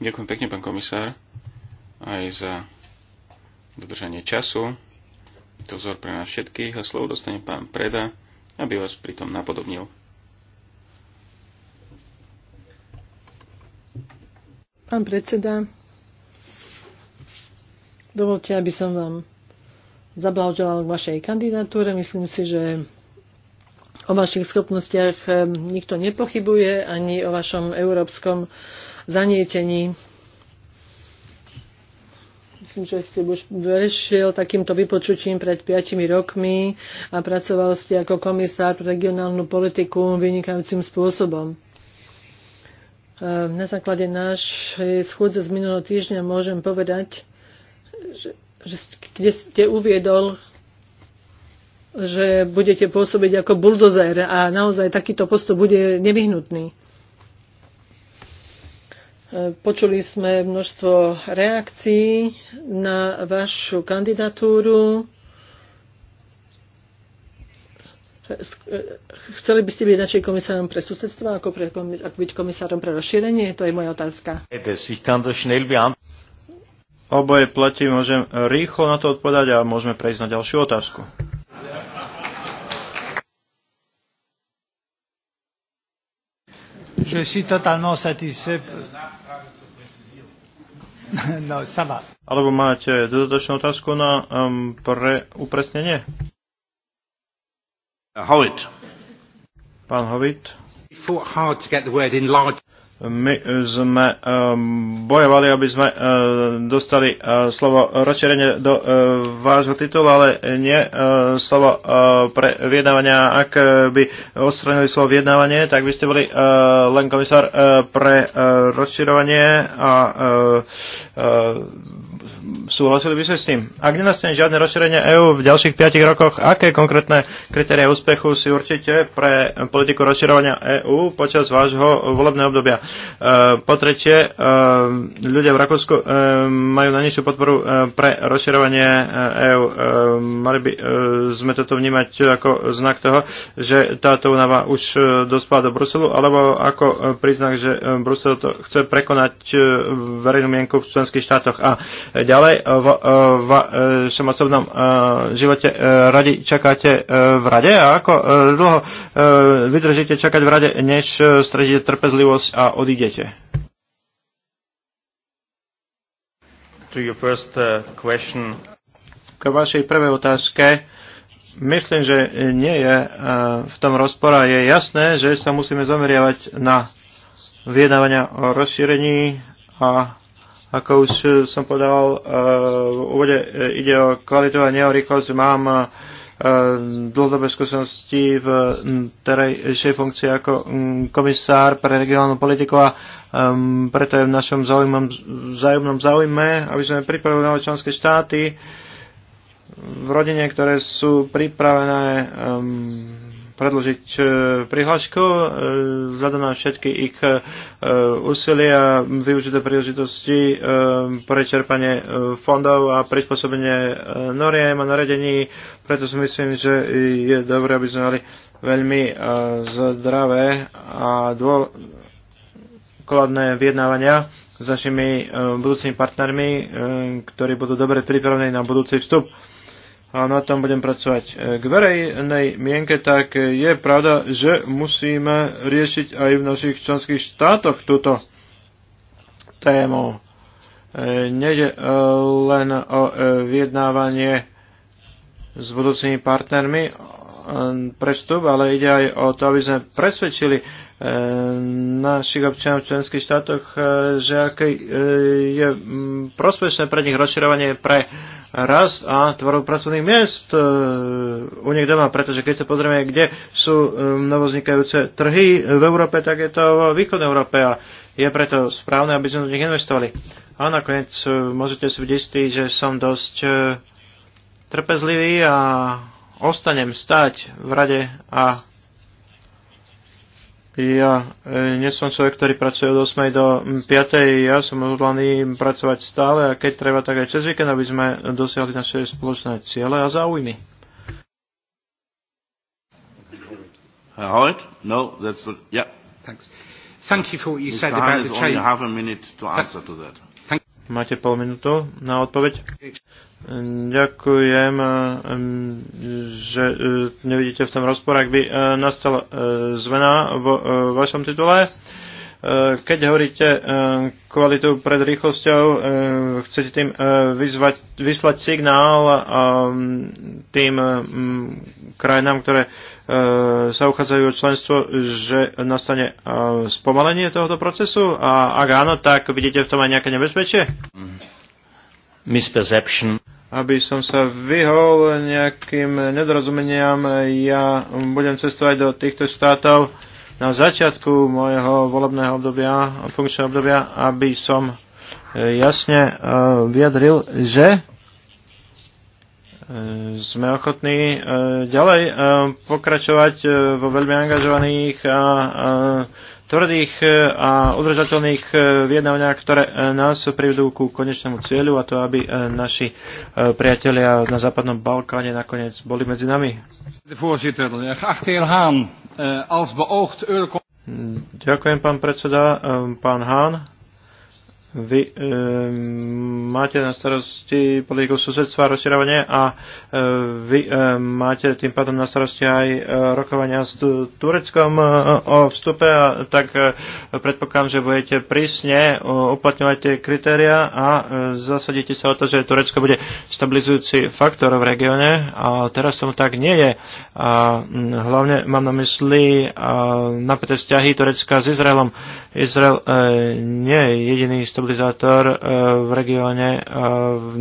Ďakujem pekne, pán komisár, aj za dodržanie času. To vzor pre nás všetkých a slovo dostane pán Preda, aby vás pritom napodobnil. Pán predseda, dovolte, aby som vám zablahoželal k vašej kandidatúre. Myslím si, že o vašich schopnostiach ehm, nikto nepochybuje, ani o vašom európskom zanietení. Myslím, že ste už prešiel takýmto vypočutím pred 5 rokmi a pracoval ste ako komisár pre regionálnu politiku vynikajúcim spôsobom. E, na základe našej schôdze z minulého týždňa môžem povedať, že, že kde ste uviedol, že budete pôsobiť ako buldozer a naozaj takýto postup bude nevyhnutný. Počuli sme množstvo reakcií na vašu kandidatúru. Chceli by ste byť radšej komisárom pre susedstvo ako, pre, ako byť komisárom pre rozšírenie? To je moja otázka. Oboje platí, môžem rýchlo na to odpovedať a môžeme prejsť na ďalšiu otázku. Je suis totalement satisfait no, sama. Alebo máte dodatočnú otázku na um, pre upresnenie? Hovit. Pán Hovit my sme eh, bojovali, aby sme eh, dostali eh, slovo rozšírenie do vášho titulu, ale nie slovo pre vyjednávania. Ak by odstranili slovo vyjednávanie, tak by ste boli len komisár pre rozširovanie a súhlasili by ste s tým? Ak nenastane žiadne rozšírenie EÚ v ďalších 5 rokoch, aké konkrétne kritéria úspechu si určite pre politiku rozširovania EÚ počas vášho volebného obdobia? E, po tretie, e, ľudia v Rakúsku e, majú najnižšiu podporu pre rozširovanie EÚ. Mali by sme toto vnímať ako znak toho, že táto únava už dospela do Bruselu, alebo ako príznak, že Brusel to chce prekonať verejnú mienku v členských štátoch. A Ďalej, e, e, v e, vašom osobnom živote radi čakáte v rade a ako dlho vydržíte čakať v rade, než stredíte trpezlivosť a odídete? To your first uh, question. K vašej prvej otázke. Myslím, že nie je v tom rozpora. Je jasné, že sa musíme zameriavať na vyjednávania o rozšírení a ako už eh, som povedal eh, v úvode, eh, ide o kvalitu a nie o rýchlosť. Mám dlhodobé skúsenosti v terajšej funkcii ako komisár pre regionálnu politiku a preto je v našom vzájomnom záujme, aby sme pripravili nové členské štáty v rodine, ktoré sú pripravené predložiť e, prihlášku e, vzhľadom na všetky ich e, úsilia, využité príležitosti pre čerpanie fondov a prispôsobenie noriem a naredení. Preto si myslím, že je dobré, aby sme mali veľmi zdravé a dôkladné vyjednávania s našimi budúcimi partnermi, ktorí budú dobre pripravení na budúci vstup a na tom budem pracovať. E, k verejnej mienke tak e, je pravda, že musíme riešiť aj v našich členských štátoch túto tému. E, Nede len o vyjednávanie s budúcimi partnermi prestup, ale ide aj o to, aby sme presvedčili E, našich občanov v členských štátoch, e, že aké e, je prospešné pre nich rozširovanie pre rast a tvorbu pracovných miest u nich doma, pretože keď sa pozrieme, kde sú novoznikajúce trhy v Európe, tak je to v východnej Európe a je preto správne, aby sme do nich investovali. A nakoniec môžete si byť istí, že som dosť trpezlivý a ostanem stať v rade a ja e, nie som človek, ktorý pracuje od 8. do 5. Ja som odhodlaný pracovať stále a keď treba, tak aj cez víkend, aby sme dosiahli naše spoločné ciele a záujmy. Howard? No, that's what, yeah. Thanks. Thank you for what you Mr. said Hahn about the change. Mr. Hahn only half a minute to answer to that. Máte pol minútu na odpoveď? Ďakujem, že e, nevidíte v tom rozpor, ak by e, nastala e, zmena v vašom titule. Keď hovoríte kvalitu pred rýchlosťou, chcete tým vyzvať, vyslať signál tým krajinám, ktoré E, sa uchádzajú o členstvo, že nastane e, spomalenie tohoto procesu? A ak áno, tak vidíte v tom aj nejaké nebezpečie? Misperception. Aby som sa vyhol nejakým nedorozumeniam, ja budem cestovať do týchto štátov na začiatku môjho volebného obdobia, funkčného obdobia, aby som e, jasne vyjadril, že E, sme ochotní e, ďalej e, pokračovať vo veľmi angažovaných a tvrdých a udržateľných vyjednávaniach, ktoré nás privedú ku konečnému cieľu a to, aby naši priatelia na Západnom Balkáne nakoniec boli medzi nami. Hm, ďakujem, pán predseda. Pán Hán. Vy e, máte na starosti politiku susedstva a rozširovanie a e, vy e, máte tým pádom na starosti aj e, rokovania s Tureckom e, o vstupe, a, tak e, predpokladám, že budete prísne uplatňovať tie kritéria a e, zasadíte sa o to, že Turecko bude stabilizujúci faktor v regióne a teraz tomu tak nie je. A, m, hlavne mám na mysli napäté vzťahy Turecka s Izraelom. Izrael e, nie je jediný stabilizujúci stabilizátor eh, v regióne eh,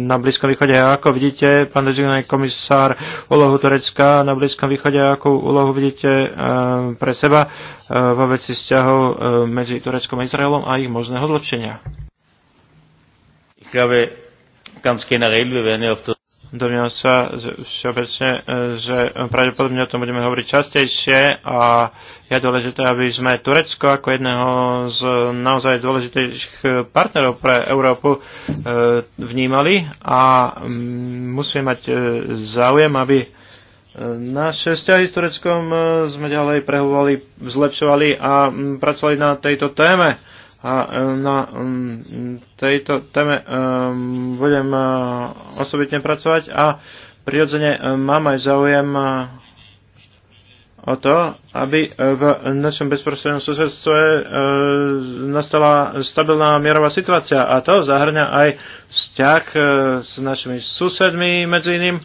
na Blízkom východe. A ako vidíte, pán dezignovaný komisár, úlohu Turecka na Blízkom východe, a akú úlohu vidíte eh, pre seba vo veci vzťahov medzi Tureckom a Izraelom a ich možného zločenia? Ich glaube, ganz generell, wir werden ja auf der domnievam sa všeobecne, e, že pravdepodobne o tom budeme hovoriť častejšie a je dôležité, aby sme Turecko ako jedného z naozaj dôležitých partnerov pre Európu e, vnímali a musíme mať e, záujem, aby naše vzťahy s Tureckom sme ďalej prehovovali, zlepšovali a pracovali na tejto téme a e, na tejto téme e, budem e, osobitne pracovať a prirodzene mám aj záujem o to, aby v našom bezprostrednom susedstve nastala stabilná mierová situácia. A to zahrňa aj vzťah s našimi susedmi medzi iným.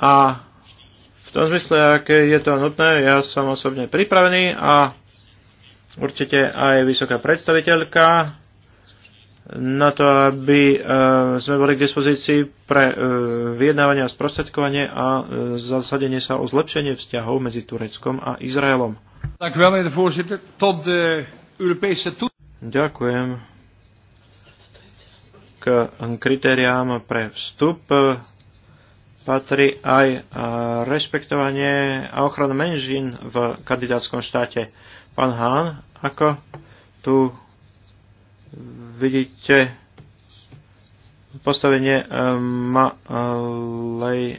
A v tom zmysle, aké je to nutné, ja som osobne pripravený a určite aj vysoká predstaviteľka na to, aby e, sme boli k dispozícii pre e, vyjednávanie a sprostredkovanie a e, zasadenie sa o zlepšenie vzťahov medzi Tureckom a Izraelom. Ďakujem. K kritériám pre vstup patrí aj rešpektovanie a ochrana menžín v kandidátskom štáte. Pán Hán ako tu vidíte postavenie eh, malej eh,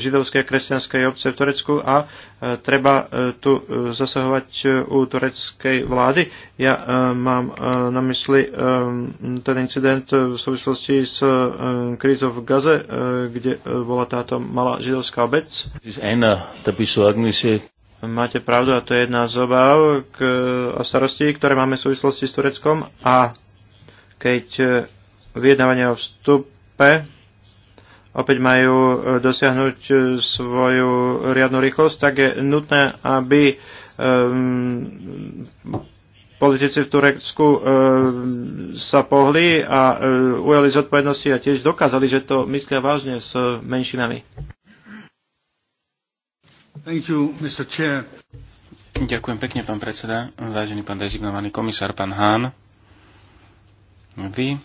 židovskej a kresťanskej obce v Turecku a eh, treba tu zasahovať u tureckej vlády. Ja mám na mysli ten incident v súvislosti s krízou v Gaze, kde bola táto malá židovská obec máte pravdu a to je jedna z obav k, a starostí, ktoré máme v súvislosti s Tureckom a keď e, vyjednávanie o vstupe opäť majú e, dosiahnuť e, svoju riadnu rýchlosť, tak je nutné, aby um, politici v Turecku um, sa pohli a um, ujali zodpovednosti a tiež dokázali, že to myslia vážne s menšinami. Ďakujem pekne, pán predseda. Vážený pán dezignovaný komisár, pán Hán. Vy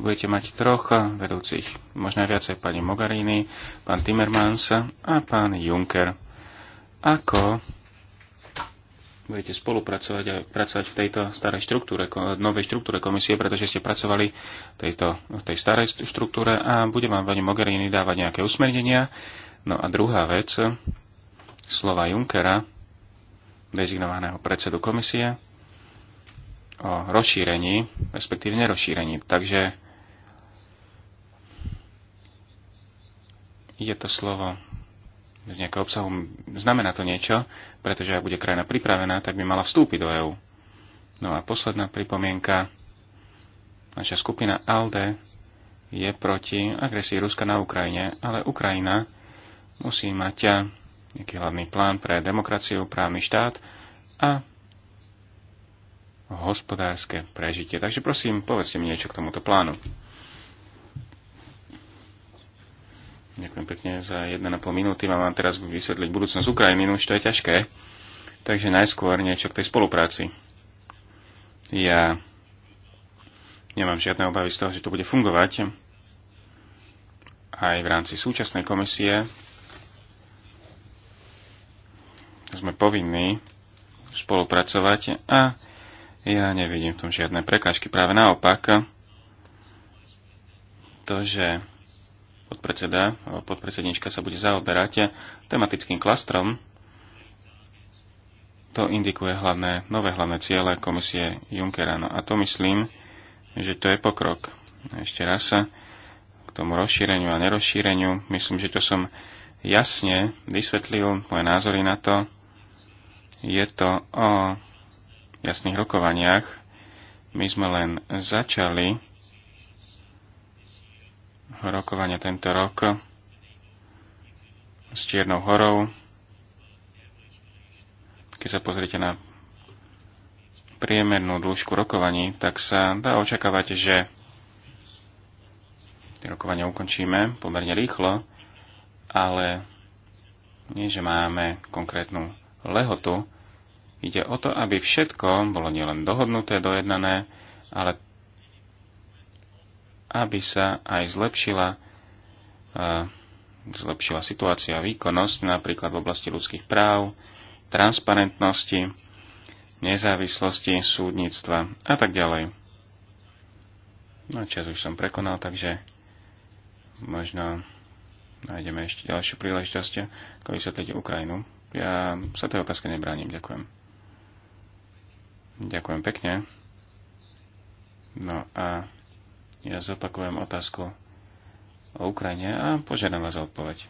budete mať troch vedúcich, možno viacej pani Mogarini, pán Timmermans a pán Juncker. Ako budete spolupracovať a pracovať v tejto starej štruktúre, novej štruktúre komisie, pretože ste pracovali tejto, v tej starej štruktúre a bude vám pani Mogherini dávať nejaké usmernenia. No a druhá vec, slova Junckera, dezignovaného predsedu komisie, o rozšírení, respektíve nerozšírení. Takže je to slovo z nejakého obsahu, znamená to niečo, pretože ak bude krajina pripravená, tak by mala vstúpiť do EÚ. No a posledná pripomienka. Naša skupina ALDE je proti agresii Ruska na Ukrajine, ale Ukrajina musí mať nejaký hlavný plán pre demokraciu, právny štát a hospodárske prežitie. Takže prosím, povedzte mi niečo k tomuto plánu. Ďakujem pekne za 1,5 minúty. Mám vám teraz vysvetliť budúcnosť Ukrajiny, no už to je ťažké. Takže najskôr niečo k tej spolupráci. Ja nemám žiadne obavy z toho, že to bude fungovať aj v rámci súčasnej komisie, sme povinní spolupracovať a ja nevidím v tom žiadne prekážky. Práve naopak, to, že podpredseda, podpredsednička sa bude zaoberať tematickým klastrom, to indikuje hlavné, nové hlavné ciele komisie Junckera. No a to myslím, že to je pokrok. Ešte raz sa k tomu rozšíreniu a nerozšíreniu. Myslím, že to som jasne vysvetlil moje názory na to. Je to o jasných rokovaniach. My sme len začali rokovania tento rok s Čiernou horou. Keď sa pozrite na priemernú dĺžku rokovaní, tak sa dá očakávať, že tie rokovania ukončíme pomerne rýchlo, ale nie, že máme konkrétnu lehotu, Ide o to, aby všetko bolo nielen dohodnuté, dojednané, ale aby sa aj zlepšila, e, zlepšila situácia a výkonnosť, napríklad v oblasti ľudských práv, transparentnosti, nezávislosti súdnictva a tak ďalej. No čas už som prekonal, takže možno nájdeme ešte ďalšiu príležitosť, ako vysvetliť Ukrajinu. Ja sa tej otázke nebránim. Ďakujem. Ďakujem pekne. No a ja zopakujem otázku o Ukrajine a požiadam vás o odpoveď.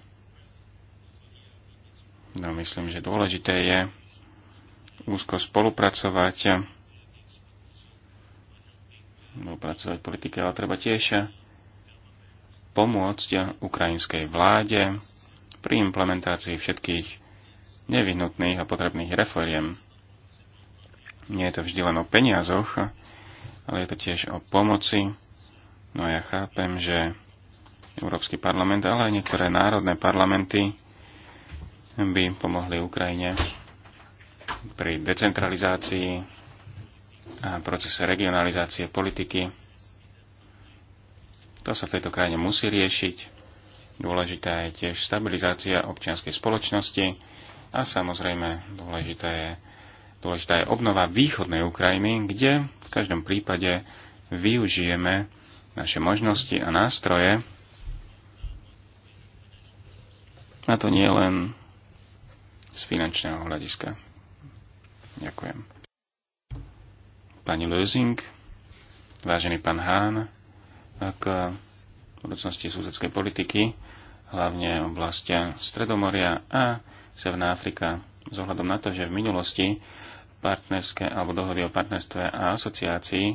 No myslím, že dôležité je úzko spolupracovať, spolupracovať politike, ale treba tiež pomôcť ukrajinskej vláde pri implementácii všetkých nevyhnutných a potrebných reforiem nie je to vždy len o peniazoch, ale je to tiež o pomoci. No a ja chápem, že Európsky parlament, ale aj niektoré národné parlamenty by pomohli Ukrajine pri decentralizácii a procese regionalizácie politiky. To sa v tejto krajine musí riešiť. Dôležitá je tiež stabilizácia občianskej spoločnosti a samozrejme dôležité je Dôležitá je obnova východnej Ukrajiny, kde v každom prípade využijeme naše možnosti a nástroje. A to nie len z finančného hľadiska. Ďakujem. Pani Lösing, vážený pán Hán, k budúcnosti súzeckej politiky, hlavne oblasti Stredomoria a Severná Afrika. zohľadom na to, že v minulosti partnerské alebo dohody o partnerstve a asociácii,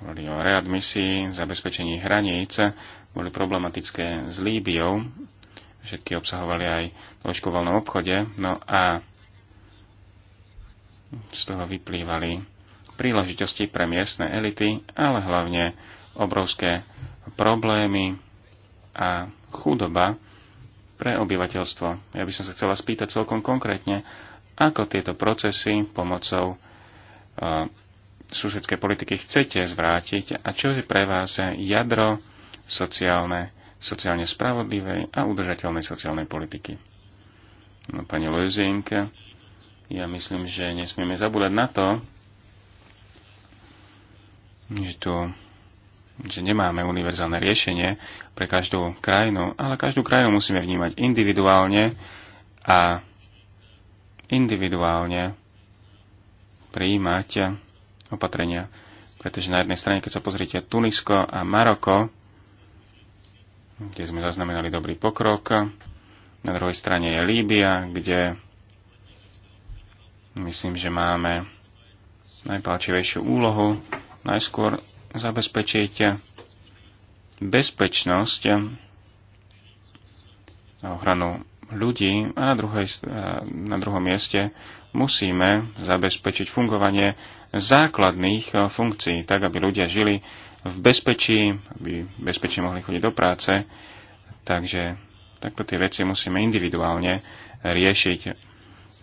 hovorili o readmisii, zabezpečení hraníc, boli problematické s Líbiou, všetky obsahovali aj doložku voľnom obchode, no a z toho vyplývali príležitosti pre miestne elity, ale hlavne obrovské problémy a chudoba, pre obyvateľstvo. Ja by som sa chcela spýtať celkom konkrétne, ako tieto procesy pomocou uh, susedskej politiky chcete zvrátiť a čo je pre vás jadro sociálne, sociálne spravodlivej a udržateľnej sociálnej politiky. No, pani Lojzink, ja myslím, že nesmieme zabúdať na to, že tu že nemáme univerzálne riešenie pre každú krajinu, ale každú krajinu musíme vnímať individuálne a individuálne prijímať opatrenia. Pretože na jednej strane, keď sa pozrite Tunisko a Maroko, kde sme zaznamenali dobrý pokrok, na druhej strane je Líbia, kde myslím, že máme najpalčivejšiu úlohu. Najskôr zabezpečiť bezpečnosť a ochranu ľudí a na, druhej, na druhom mieste musíme zabezpečiť fungovanie základných funkcií, tak aby ľudia žili v bezpečí, aby bezpečne mohli chodiť do práce. Takže takto tie veci musíme individuálne riešiť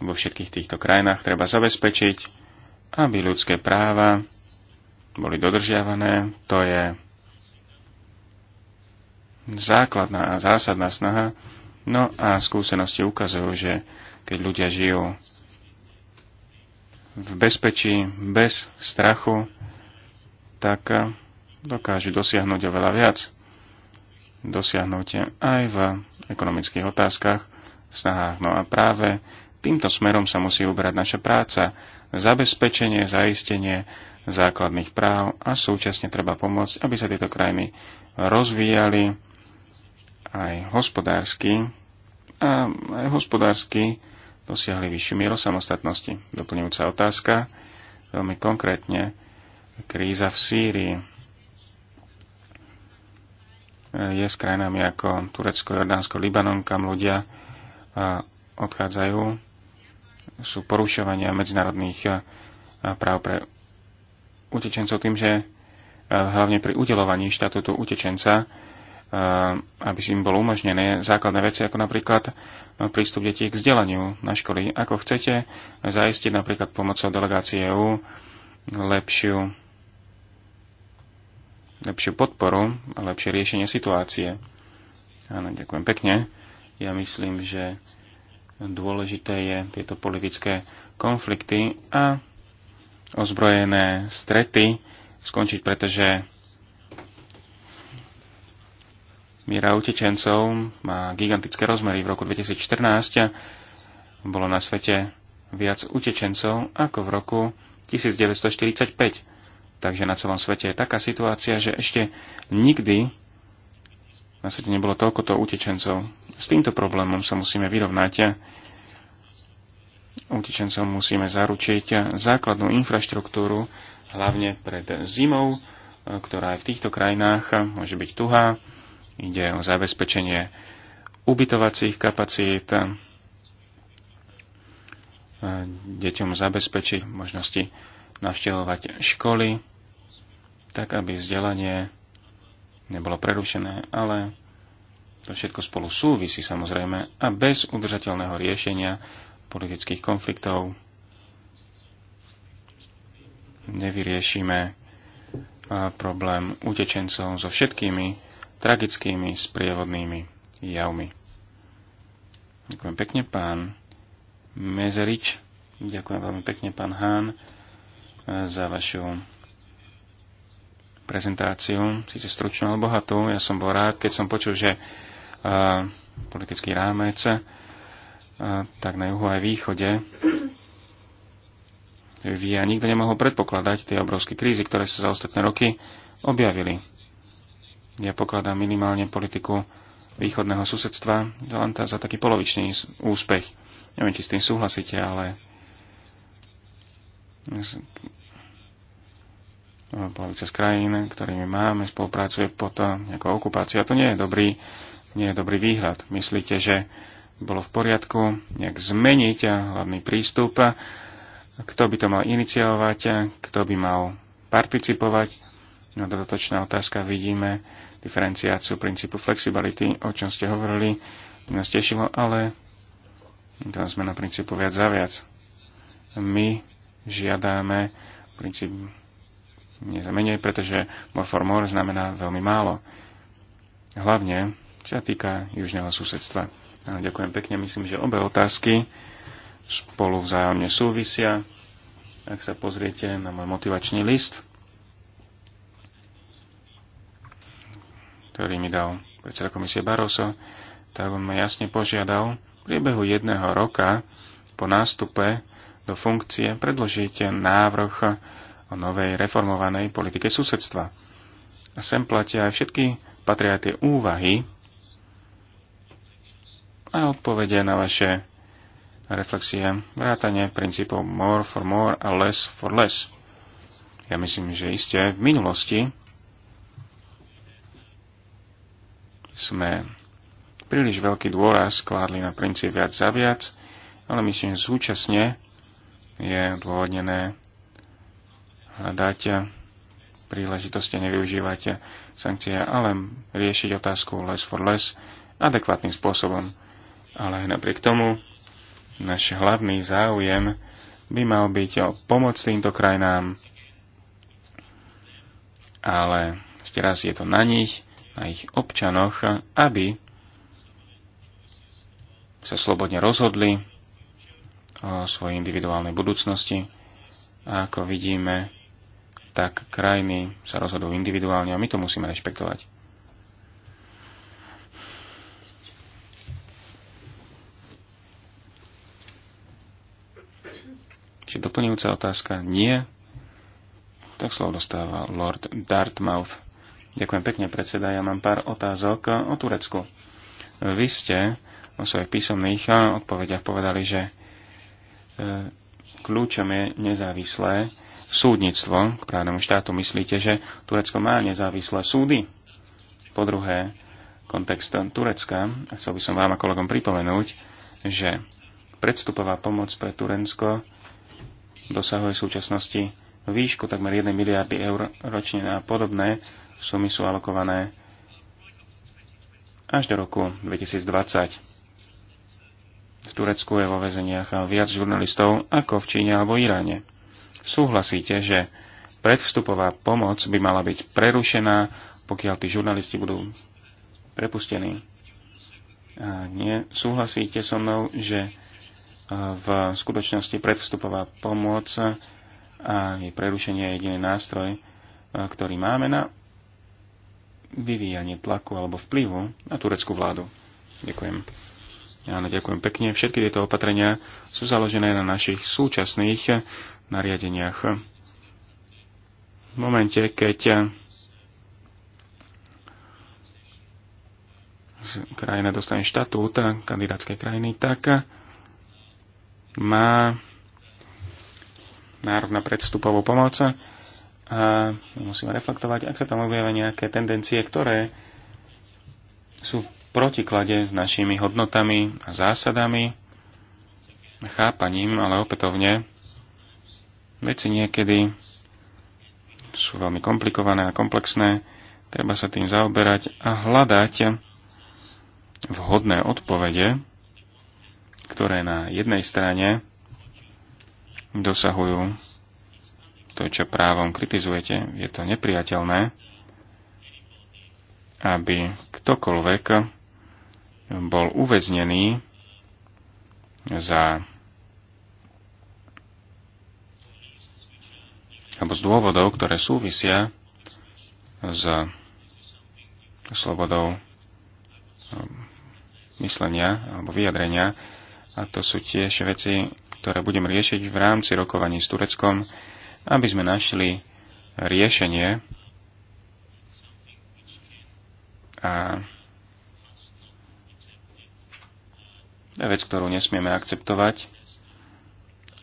vo všetkých týchto krajinách. Treba zabezpečiť, aby ľudské práva boli dodržiavané. To je základná a zásadná snaha. No a skúsenosti ukazujú, že keď ľudia žijú v bezpečí, bez strachu, tak eh, dokážu dosiahnuť oveľa viac. Dosiahnuť aj v ekonomických otázkach, v snahách. No a práve týmto smerom sa musí ubrať naša práca. Zabezpečenie, zaistenie základných práv a súčasne treba pomôcť, aby sa tieto krajiny rozvíjali aj hospodársky a aj hospodársky dosiahli vyššiu mieru samostatnosti. Doplňujúca otázka, veľmi konkrétne, kríza v Sýrii je s krajinami ako Turecko, Jordánsko, Libanon, kam ľudia odchádzajú, sú porušovania medzinárodných práv pre utečencov tým, že eh, hlavne pri udelovaní štatútu utečenca, eh, aby si im bolo umožnené základné veci, ako napríklad eh, prístup detí k vzdelaniu na školy. Ako chcete zaistiť napríklad pomocou delegácie EU lepšiu, lepšiu podporu a lepšie riešenie situácie. Áno, ďakujem pekne. Ja myslím, že dôležité je tieto politické konflikty a ozbrojené strety skončiť, pretože miera utečencov má gigantické rozmery. V roku 2014 bolo na svete viac utečencov ako v roku 1945. Takže na celom svete je taká situácia, že ešte nikdy na svete nebolo toľkoto utečencov. S týmto problémom sa musíme vyrovnať utečencom musíme zaručiť základnú infraštruktúru, hlavne pred zimou, e, ktorá aj v týchto krajinách môže byť tuhá. Ide o zabezpečenie ubytovacích kapacít, e, deťom zabezpečiť možnosti navštevovať školy, tak aby vzdelanie nebolo prerušené, ale to všetko spolu súvisí samozrejme a bez udržateľného riešenia politických konfliktov, nevyriešime problém utečencov so všetkými tragickými sprievodnými javmi. Ďakujem pekne, pán Mezerič. Ďakujem veľmi pekne, pán Hán, za vašu prezentáciu, síce stručnú, ale bohatú. Ja som bol rád, keď som počul, že politický rámec tak na juhu aj východe vyvíja. Nikto nemohol predpokladať tie obrovské krízy, ktoré sa za ostatné roky objavili. Ja pokladám minimálne politiku východného susedstva Zalanta za taký polovičný úspech. Neviem, či s tým súhlasíte, ale polovica z krajín, ktorými máme, spolupracuje potom ako okupácia To nie je dobrý, nie je dobrý výhľad. Myslíte, že bolo v poriadku nejak zmeniť hlavný prístup, kto by to mal iniciovať, kto by mal participovať. No dodatočná otázka, vidíme diferenciáciu princípu flexibility, o čom ste hovorili, nás tešilo, ale tam sme na princípu viac za viac. My žiadame princíp nezamenej, pretože more for more znamená veľmi málo. Hlavne, čo sa týka južného susedstva ďakujem pekne. Myslím, že obe otázky spolu vzájomne súvisia. Ak sa pozriete na môj motivačný list, ktorý mi dal predseda komisie Barroso, tak on ma jasne požiadal v priebehu jedného roka po nástupe do funkcie predložiť návrh o novej reformovanej politike susedstva. A sem platia aj všetky patria tie úvahy, a odpovede na vaše reflexie, vrátanie princípov more for more a less for less. Ja myslím, že iste v minulosti sme príliš veľký dôraz kládli na princíp viac za viac, ale myslím, že súčasne je dôvodnené hľadať príležitosti nevyužívať sankcie, ale riešiť otázku less for less adekvátnym spôsobom ale napriek tomu náš hlavný záujem by mal byť o pomoc týmto krajinám, ale ešte raz je to na nich, na ich občanoch, aby sa slobodne rozhodli o svojej individuálnej budúcnosti. A ako vidíme, tak krajiny sa rozhodujú individuálne a my to musíme rešpektovať. Ešte doplňujúca otázka? Nie. Tak slovo dostáva Lord Dartmouth. Ďakujem pekne, predseda. Ja mám pár otázok o Turecku. Vy ste o svojich písomných odpovediach povedali, že e, kľúčom je nezávislé súdnictvo k právnemu štátu. Myslíte, že Turecko má nezávislé súdy? Po druhé, kontext Turecka, chcel by som vám a kolegom pripomenúť, že predstupová pomoc pre Turecko dosahuje v súčasnosti výšku takmer 1 miliardy eur ročne a podobné sumy sú alokované až do roku 2020. V Turecku je vo väzeniach viac žurnalistov ako v Číne alebo Iráne. Súhlasíte, že predvstupová pomoc by mala byť prerušená, pokiaľ tí žurnalisti budú prepustení. A nie, súhlasíte so mnou, že v skutočnosti predvstupová pomoc a jej prerušenie je jediný nástroj, e, ktorý máme na vyvíjanie tlaku alebo vplyvu na tureckú vládu. Ďakujem. Áno, ďakujem pekne. Všetky tieto opatrenia sú založené na našich súčasných nariadeniach. V momente, keď krajina dostane štatút kandidátskej krajiny, tak má národná na predstupovú pomoc a musíme reflektovať, ak sa tam objavia nejaké tendencie, ktoré sú v protiklade s našimi hodnotami a zásadami, chápaním, ale opätovne veci niekedy sú veľmi komplikované a komplexné, treba sa tým zaoberať a hľadať vhodné odpovede, ktoré na jednej strane dosahujú to, čo právom kritizujete. Je to nepriateľné, aby ktokoľvek bol uväznený za alebo z dôvodov, ktoré súvisia s slobodou ehm, myslenia alebo vyjadrenia. A to sú tiež veci, ktoré budem riešiť v rámci rokovaní s Tureckom, aby sme našli riešenie a vec, ktorú nesmieme akceptovať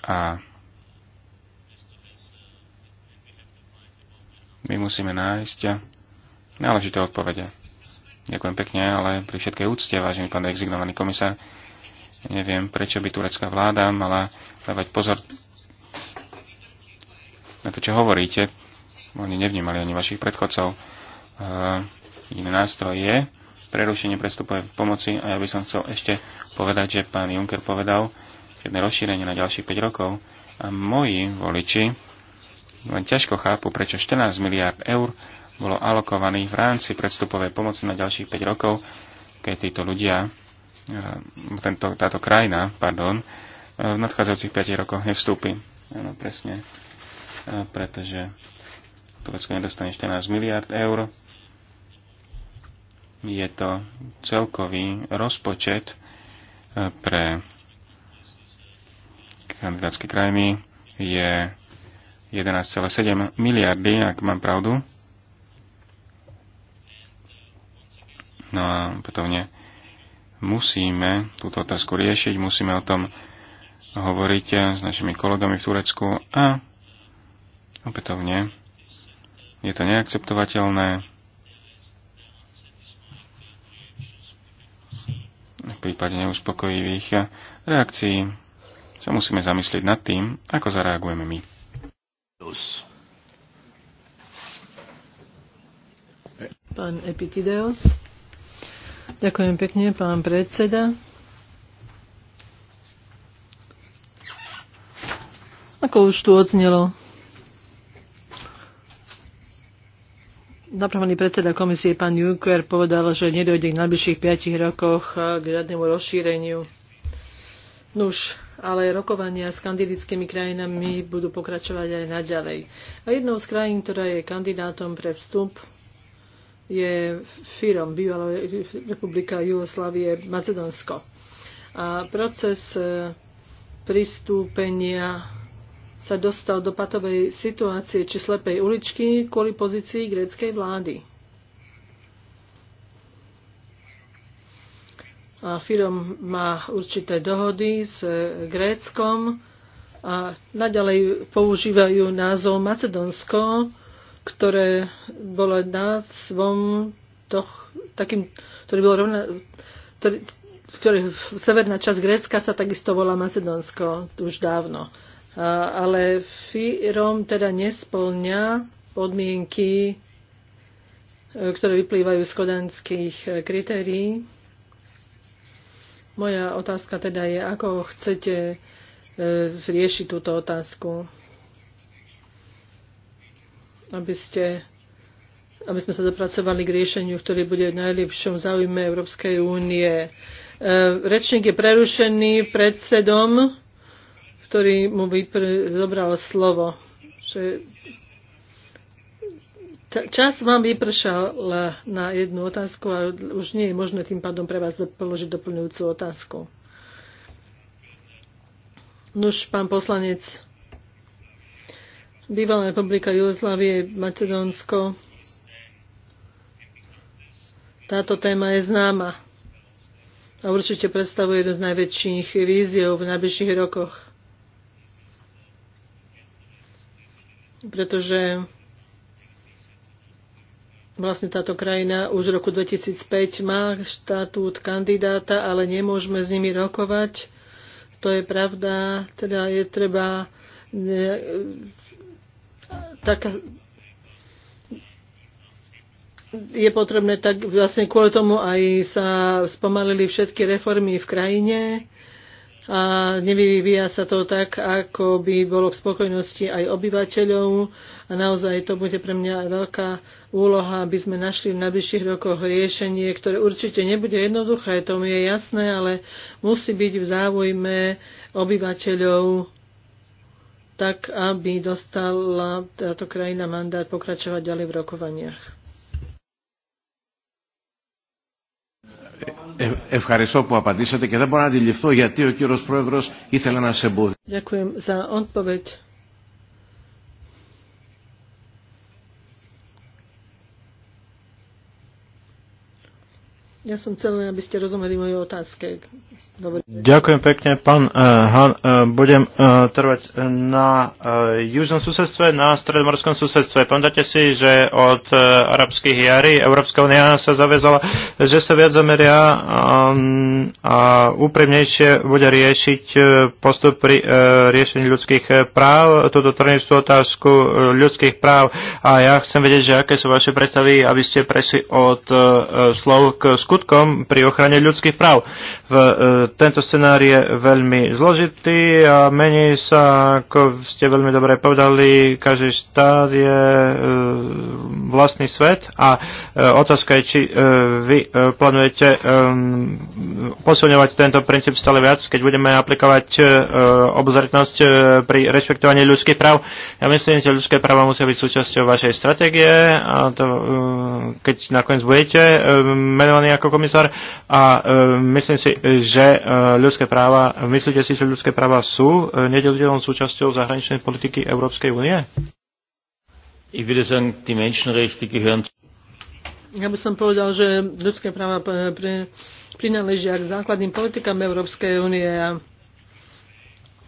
a my musíme nájsť náležité odpovede. Ďakujem pekne, ale pri všetkej úcte, vážený pán exignovaný komisár, Neviem, prečo by turecká vláda mala dávať pozor na to, čo hovoríte. Oni nevnímali ani vašich predchodcov. Eh, jediný nástroj je prerušenie prestupovej pomoci a ja by som chcel ešte povedať, že pán Juncker povedal jedné rozšírenie na ďalších 5 rokov a moji voliči len ťažko chápu, prečo 14 miliard eur bolo alokovaných v rámci predstupovej pomoci na ďalších 5 rokov, keď títo ľudia E, tento, táto krajina pardon, e, v nadchádzajúcich 5 rokoch nevstúpi. Áno, presne. E, pretože Turecko nedostane 14 miliard eur. Je to celkový rozpočet pre kandidátske krajiny je 11,7 miliardy, ak mám pravdu. No a potom nie musíme túto otázku riešiť, musíme o tom hovoriť s našimi kolegami v Turecku a opätovne je to neakceptovateľné. V prípade neuspokojivých reakcií sa musíme zamyslieť nad tým, ako zareagujeme my. Pán Epitideos. Ďakujem pekne, pán predseda. Ako už tu odznelo, Napravený predseda komisie pán Juncker povedal, že nedojde k najbližších 5 rokoch eh, k žiadnemu rozšíreniu. Nuž, ale rokovania s kandidickými krajinami budú pokračovať aj naďalej. A jednou z krajín, ktorá je kandidátom pre vstup je firom bývalá republika Jugoslávie Macedónsko. A proces e, pristúpenia sa dostal do patovej situácie či slepej uličky kvôli pozícii gréckej vlády. A Firom má určité dohody s e, Gréckom a naďalej používajú názov Macedónsko, ktoré bolo názvom toch, takým, ktorý bol rovná, ktorý, ktorý, severná časť Grécka sa takisto volá Macedónsko už dávno. A, ale Fyrom teda nesplňa podmienky, e, ktoré vyplývajú z kodanských e, kritérií. Moja otázka teda je, ako chcete e, riešiť túto otázku aby ste aby sme sa dopracovali k riešeniu, ktoré bude v najlepšom záujme Európskej únie. E, rečník je prerušený predsedom, ktorý mu vypr- zobral slovo. Že čas vám vypršal na jednu otázku a už nie je možné tým pádom pre vás položiť doplňujúcu otázku. Nuž, pán poslanec, Bývalá republika Jugoslávie, Macedónsko. Táto téma je známa a určite predstavuje jednu z najväčších víziev v najbližších rokoch. Pretože vlastne táto krajina už v roku 2005 má štatút kandidáta, ale nemôžeme s nimi rokovať. To je pravda, teda je treba e, taká, je potrebné, tak vlastne kvôli tomu aj sa spomalili všetky reformy v krajine a nevyvíja sa to tak, ako by bolo v spokojnosti aj obyvateľov a naozaj to bude pre mňa veľká úloha, aby sme našli v najbližších rokoch riešenie, ktoré určite nebude jednoduché, to mi je jasné, ale musí byť v záujme obyvateľov tak aby dostala táto krajina mandát pokračovať ďalej v rokovaniach. E, Ευχαριστώ που απαντήσατε και δεν μπορώ να αντιληφθώ γιατί ο κύριος Πρόεδρος ήθελε να σε εμποδίσει. Ďakujem za odpoveď. Ja som chcel, aby ste rozumeli moje otázke. Dobre. Ďakujem pekne, pán uh, Han. Uh, budem uh, trvať na uh, južnom susedstve, na stredomorskom susedstve. Pamätáte si, že od uh, arabských jary Európska unia sa zavezala, že sa viac zameria um, a úprimnejšie bude riešiť uh, postup pri uh, riešení ľudských práv, túto trnistú otázku uh, ľudských práv. A ja chcem vedieť, že aké sú vaše predstavy, aby ste prešli od uh, slov k skutkom pri ochrane ľudských práv. V, e, tento scenár je veľmi zložitý a mení sa, ako ste veľmi dobre povedali, každý štát je e, vlastný svet a e, otázka je, či vy plánujete posilňovať tento princíp stále viac, keď budeme aplikovať obozretnosť pri rešpektovaní ľudských práv. Ja myslím, že ľudské práva musia byť súčasťou vašej stratégie a to, keď nakoniec budete menovaní ako komisár a myslím si, že e, ľudské práva, myslíte si, že ľudské práva sú e, nedeliteľnou súčasťou zahraničnej politiky Európskej únie? Ich würde sagen, die Menschenrechte gehören ja by som povedal, že ľudské práva e, prináležia k základným politikám Európskej únie a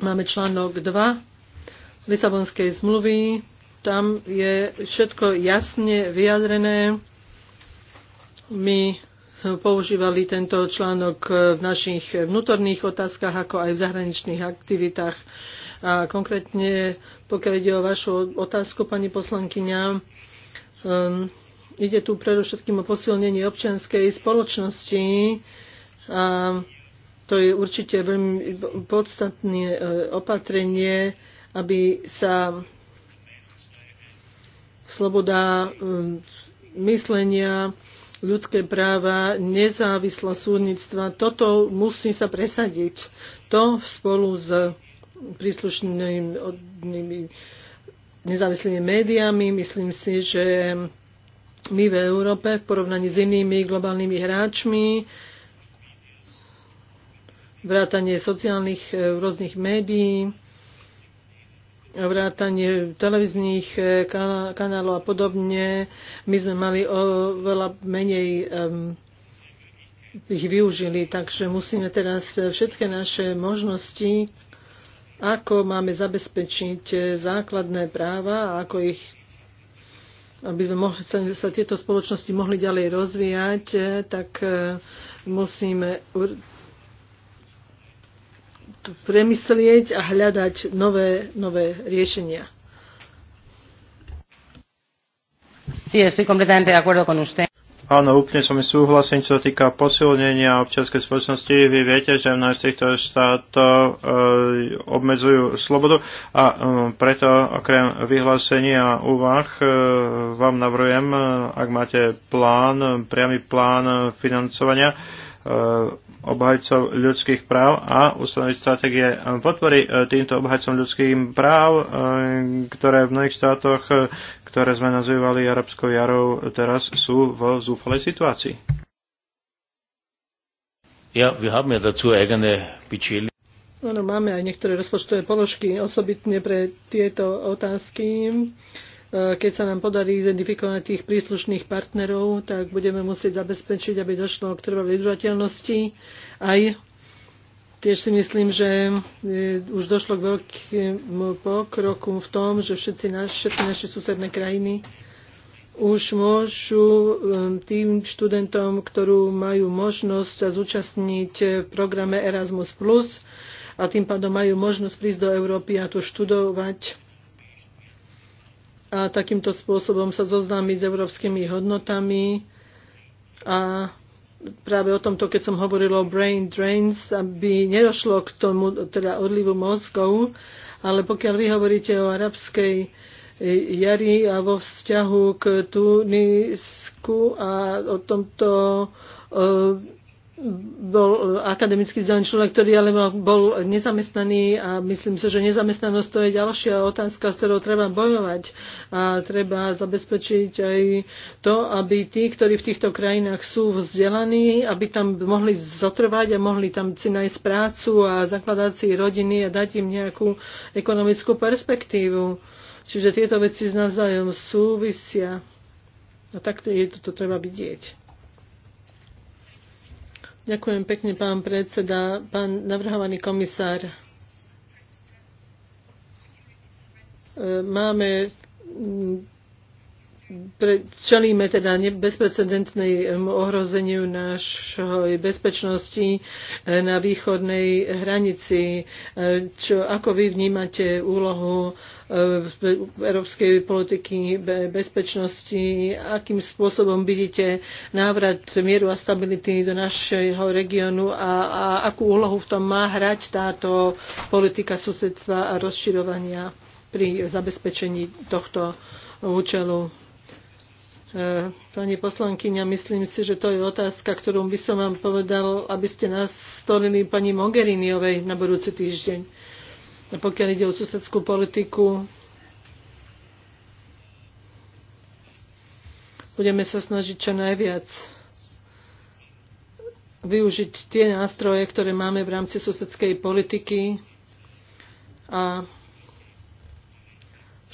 máme článok 2 Lisabonskej zmluvy. Tam je všetko jasne vyjadrené. My používali tento článok v našich vnútorných otázkach, ako aj v zahraničných aktivitách. A konkrétne, pokiaľ ide o vašu otázku, pani poslankyňa, um, ide tu predovšetkým o posilnenie občianskej spoločnosti. A to je určite veľmi podstatné e, opatrenie, aby sa sloboda e, myslenia ľudské práva, nezávislá súdnictva. Toto musí sa presadiť. To spolu s príslušnými nezávislými médiami. Myslím si, že my v Európe v porovnaní s inými globálnymi hráčmi vrátanie sociálnych eh, rôznych médií vrátanie televíznych e, kanálov a podobne, my sme mali oveľa menej ich využili. Takže musíme teraz všetky naše možnosti, ako máme zabezpečiť e, základné práva, ako ich aby sme mohli, sa, sa tieto spoločnosti mohli ďalej rozvíjať, e, tak musíme premyslieť a hľadať nové, nové riešenia. Sí, estoy completamente de acuerdo con usted. Áno, úplne som súhlasím, čo sa týka posilnenia občianskej spoločnosti. Vy viete, že v z týchto štátov e, eh, obmedzujú slobodu a e, preto okrem vyhlásenia úvah e, vám navrujem, ak máte plán, priamy plán financovania, e, obhajcov ľudských práv a ustanoviť stratégie eh, podpory eh, týmto obhajcom ľudských práv, eh, ktoré v mnohých štátoch, ktoré sme nazývali arabskou jarou, teraz sú v zúfalej situácii. Ja, wir haben ja dazu eigene Budget. Áno, máme aj niektoré rozpočtové položky osobitne pre tieto otázky. E, keď sa nám podarí identifikovať tých príslušných partnerov, tak budeme musieť zabezpečiť, aby došlo k trvalej udržateľnosti. Aj tiež si myslím, že už došlo k veľkému pokroku v tom, že všetci naš, všetky naše susedné krajiny už môžu um, tým študentom, ktorú majú možnosť sa zúčastniť v programe Erasmus+, a tým pádom majú možnosť prísť do Európy a tu študovať a takýmto spôsobom sa zoznámiť s európskymi hodnotami a práve o tomto, keď som hovorila o brain drains, aby nedošlo k tomu teda odlivu mozgov, ale pokiaľ vy hovoríte o arabskej e, jari a vo vzťahu k Tunisku a o tomto e, bol e, akademický vzdelaný človek, ktorý ale bol nezamestnaný a myslím si, že nezamestnanosť to je ďalšia otázka, s ktorou treba bojovať a treba zabezpečiť aj to, aby tí, ktorí v týchto krajinách sú vzdelaní, aby tam mohli zotrvať a mohli tam si nájsť prácu a zakladať si rodiny a dať im nejakú ekonomickú perspektívu. Čiže tieto veci s navzájom súvisia. A takto je to, to treba vidieť. Ďakujem pekne, pán predseda, pán navrhovaný komisár. E, máme mm, čelíme teda bezprecedentnej ohrozeniu našej bezpečnosti e, na východnej hranici. E, čo, ako vy vnímate úlohu E, európskej politiky bezpečnosti, akým spôsobom vidíte návrat mieru a stability do našeho regiónu a, a akú úlohu v tom má hrať táto politika susedstva a rozširovania pri zabezpečení tohto účelu. E, pani poslankyňa, myslím si, že to je otázka, ktorú by som vám povedal, aby ste nás stolili pani Mogheriniovej na budúci týždeň pokiaľ ide o susedskú politiku, budeme sa snažiť čo najviac využiť tie nástroje, ktoré máme v rámci susedskej politiky a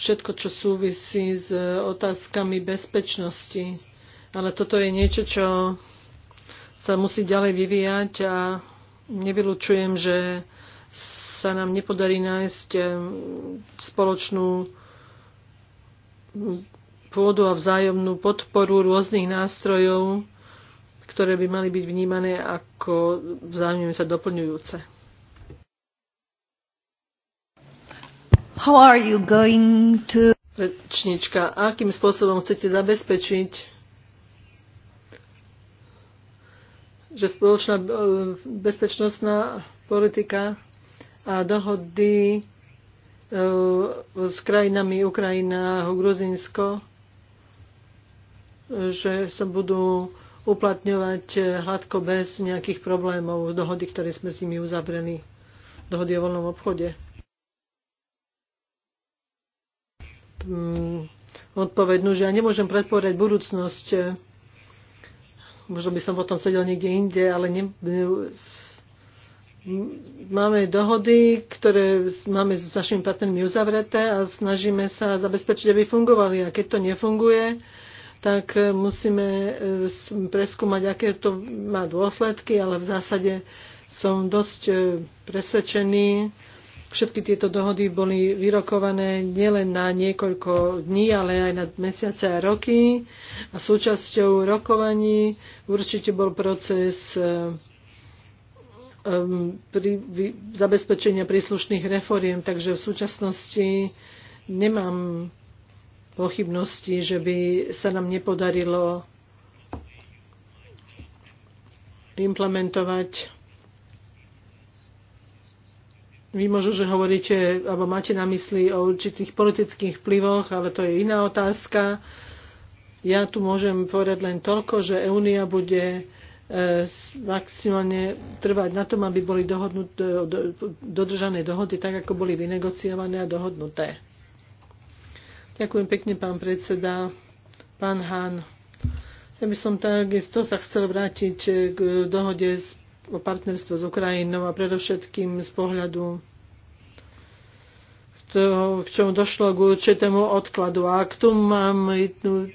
všetko, čo súvisí s otázkami bezpečnosti. Ale toto je niečo, čo sa musí ďalej vyvíjať a nevylučujem, že sa nám nepodarí nájsť eh, spoločnú pôdu a vzájomnú podporu rôznych nástrojov, ktoré by mali byť vnímané ako vzájomne sa doplňujúce. How are you going to... Rečnička, akým spôsobom chcete zabezpečiť, že spoločná eh, bezpečnostná politika a dohody e, s krajinami Ukrajina a Gruzinsko, že sa budú uplatňovať hladko bez nejakých problémov dohody, ktoré sme s nimi uzavreli, dohody o voľnom obchode. Mm, Odpovednú, no, že ja nemôžem predpovedať budúcnosť možno by som potom sedel niekde inde, ale ne, máme dohody, ktoré máme s našimi partnermi uzavreté a snažíme sa zabezpečiť, aby fungovali. A keď to nefunguje, tak e, musíme e, preskúmať, aké to má dôsledky, ale v zásade som dosť e, presvedčený. Všetky tieto dohody boli vyrokované nielen na niekoľko dní, ale aj na mesiace a roky. A súčasťou rokovaní určite bol proces Um, pri, vy, zabezpečenia príslušných reforiem, takže v súčasnosti nemám pochybnosti, že by sa nám nepodarilo implementovať. Vy možno, že hovoríte, alebo máte na mysli o určitých politických vplyvoch, ale to je iná otázka. Ja tu môžem povedať len toľko, že Únia bude E, maximálne trvať na tom, aby boli dohodnuté e, dodržané dohody tak, ako boli vynegociované a dohodnuté. Ďakujem pekne, pán predseda. Pán Hán, ja by som takisto sa chcel vrátiť k dohode o partnerstvo s Ukrajinou a predovšetkým z pohľadu toho, k čomu došlo k určitému odkladu. A k tomu mám,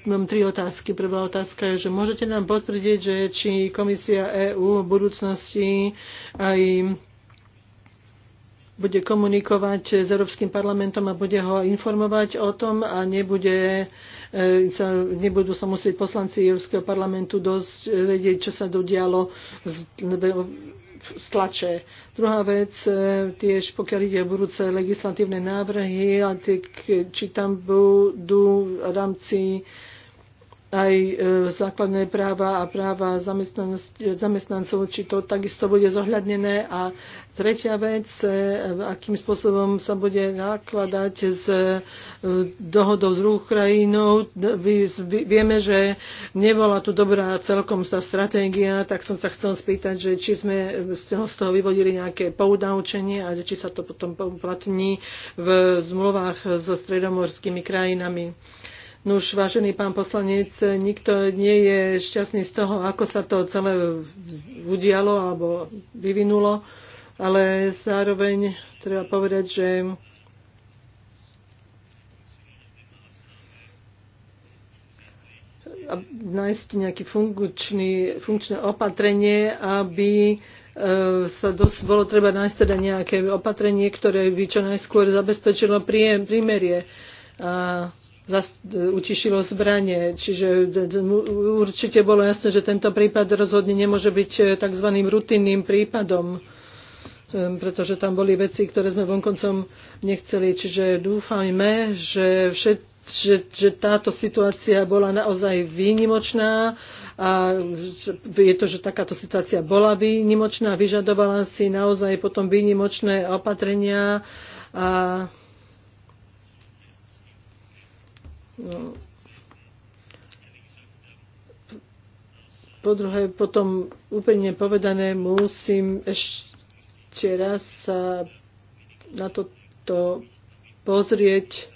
mám tri otázky. Prvá otázka je, že môžete nám potvrdiť, že či komisia EÚ v budúcnosti aj bude komunikovať s Európskym parlamentom a bude ho informovať o tom a nebude, e, sa, nebudú sa musieť poslanci Európskeho parlamentu dosť vedieť, čo sa dodialo stlače. Druhá vec, e, tiež pokiaľ ide o budúce legislatívne návrhy, či tam budú rámci aj e, základné práva a práva zamestnancov, či to takisto bude zohľadnené. A tretia vec, e, akým spôsobom sa bude nakladať s e, dohodou s druhou krajinou. Vieme, že nebola tu dobrá celkom tá stratégia, tak som sa chcel spýtať, že či sme z toho vyvodili nejaké poudaučenie a či sa to potom platní v zmluvách so stredomorskými krajinami. Nuž, vážený pán poslanec, nikto nie je šťastný z toho, ako sa to celé udialo alebo vyvinulo, ale zároveň treba povedať, že nájsť nejaké funkčné opatrenie, aby e, sa dosť, bolo treba nájsť teda nejaké opatrenie, ktoré by čo najskôr zabezpečilo príjem, prímerie. A utišilo zbranie. Čiže určite bolo jasné, že tento prípad rozhodne nemôže byť e, tzv. rutinným prípadom e, pretože tam boli veci, ktoré sme vonkoncom nechceli. Čiže dúfajme, že, všet, že, že táto situácia bola naozaj výnimočná a je to, že takáto situácia bola výnimočná, vyžadovala si naozaj potom výnimočné opatrenia a No. Po druhé, potom úplne povedané, musím ešte raz sa na toto pozrieť,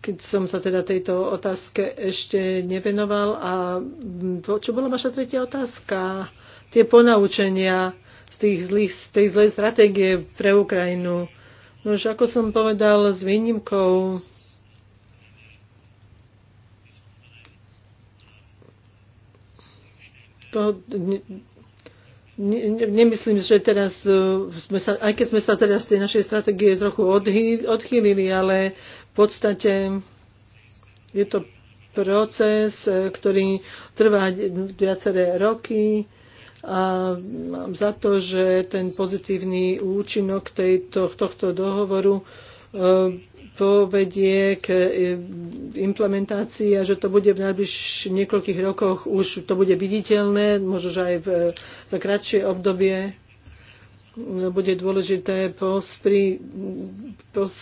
keď som sa teda tejto otázke ešte nevenoval. A čo bola vaša tretia otázka? Tie ponaučenia z, tých zlých, z tej zlej stratégie pre Ukrajinu. No už ako som povedal, s výnimkou to nemyslím, že teraz e, sme sa, aj keď sme sa teraz z tej našej stratégie trochu odchýlili, ale v podstate je to proces, e, ktorý trvá viaceré roky a mám za to, že ten pozitívny účinok tejto, tohto dohovoru e, povedie k e, implementácii a že to bude v najbližších niekoľkých rokoch už to bude viditeľné, možno že aj v, za kratšie obdobie no, bude dôležité pospri, pos,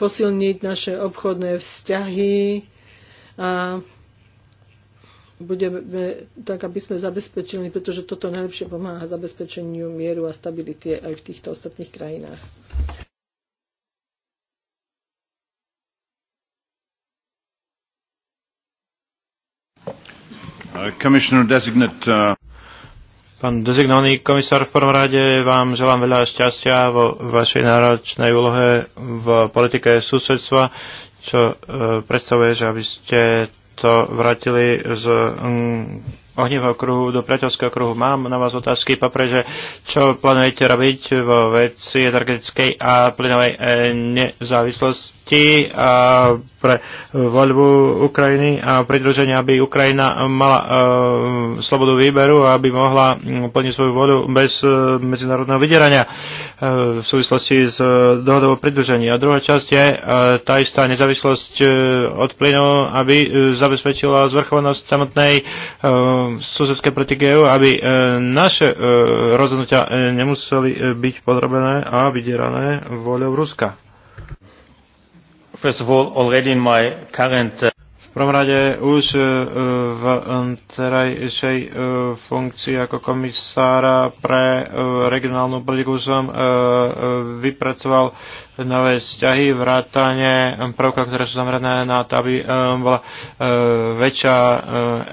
posilniť naše obchodné vzťahy a budeme, tak aby sme zabezpečili, pretože toto najlepšie pomáha zabezpečeniu mieru a stability aj v týchto ostatných krajinách. Uh, Pán dezignovaný komisár, v prvom rade vám želám veľa šťastia vo vašej náročnej úlohe v politike susedstva, čo uh, predstavuje, že aby ste to vrátili z um, ohnivého kruhu do priateľského kruhu. Mám na vás otázky, papre, že čo plánujete robiť vo veci energetickej a plynovej eh, nezávislosti a pre eh, voľbu Ukrajiny a pridruženia, aby Ukrajina mala eh, slobodu výberu a aby mohla mm, plniť svoju vodu bez eh, medzinárodného vydierania v súvislosti s dohodou o pridružení. A druhá časť je tá istá nezávislosť od plynu, aby zabezpečila zvrchovanosť samotnej susedskej politiky EU, aby naše rozhodnutia nemuseli byť podrobené a vydierané voľou Ruska first of all, already in my current uh, v prvom rade už uh, v um, terajšej uh, funkcii ako komisára pre uh, regionálnu politiku som vypracoval nové vzťahy, vrátanie um, prvka, ktoré sú zamerané na to, aby um, bola väčšia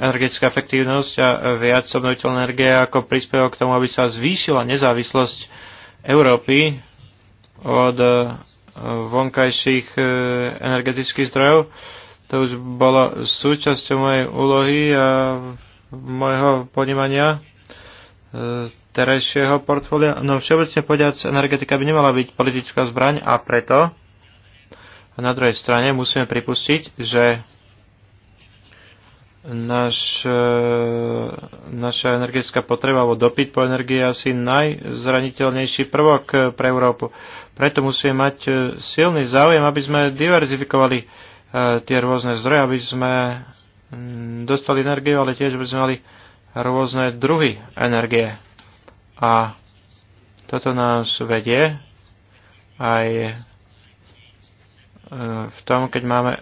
energetická efektívnosť a viac obnoviteľná energie ako príspevok k tomu, aby sa zvýšila nezávislosť Európy od vonkajších e, energetických zdrojov. To už bolo súčasťou mojej úlohy a môjho ponímania e, terajšieho portfólia. No všeobecne povedať, energetika by nemala byť politická zbraň a preto a na druhej strane musíme pripustiť, že naš, e, naša energetická potreba alebo dopyt po energii je asi najzraniteľnejší prvok e, pre Európu. Preto musíme mať e, silný záujem, aby sme diverzifikovali tie rôzne zdroje, aby sme dostali energiu, ale tiež aby sme mali rôzne druhy energie. A toto nás vedie aj v tom, keď máme e,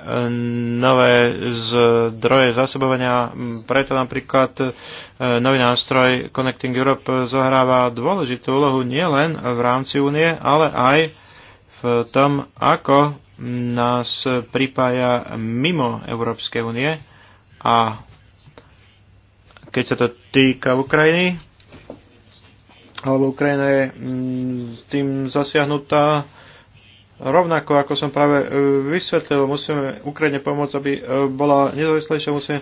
nové zdroje zásobovania. Preto napríklad e, nový nástroj Connecting Europe zohráva dôležitú úlohu nielen v rámci únie, ale aj v tom, ako nás pripája mimo Európskej únie a keď sa to týka Ukrajiny, alebo Ukrajina je mm, tým zasiahnutá rovnako ako som práve e, vysvetlil, musíme Ukrajine pomôcť, aby e, bola nezávislejšia, musíme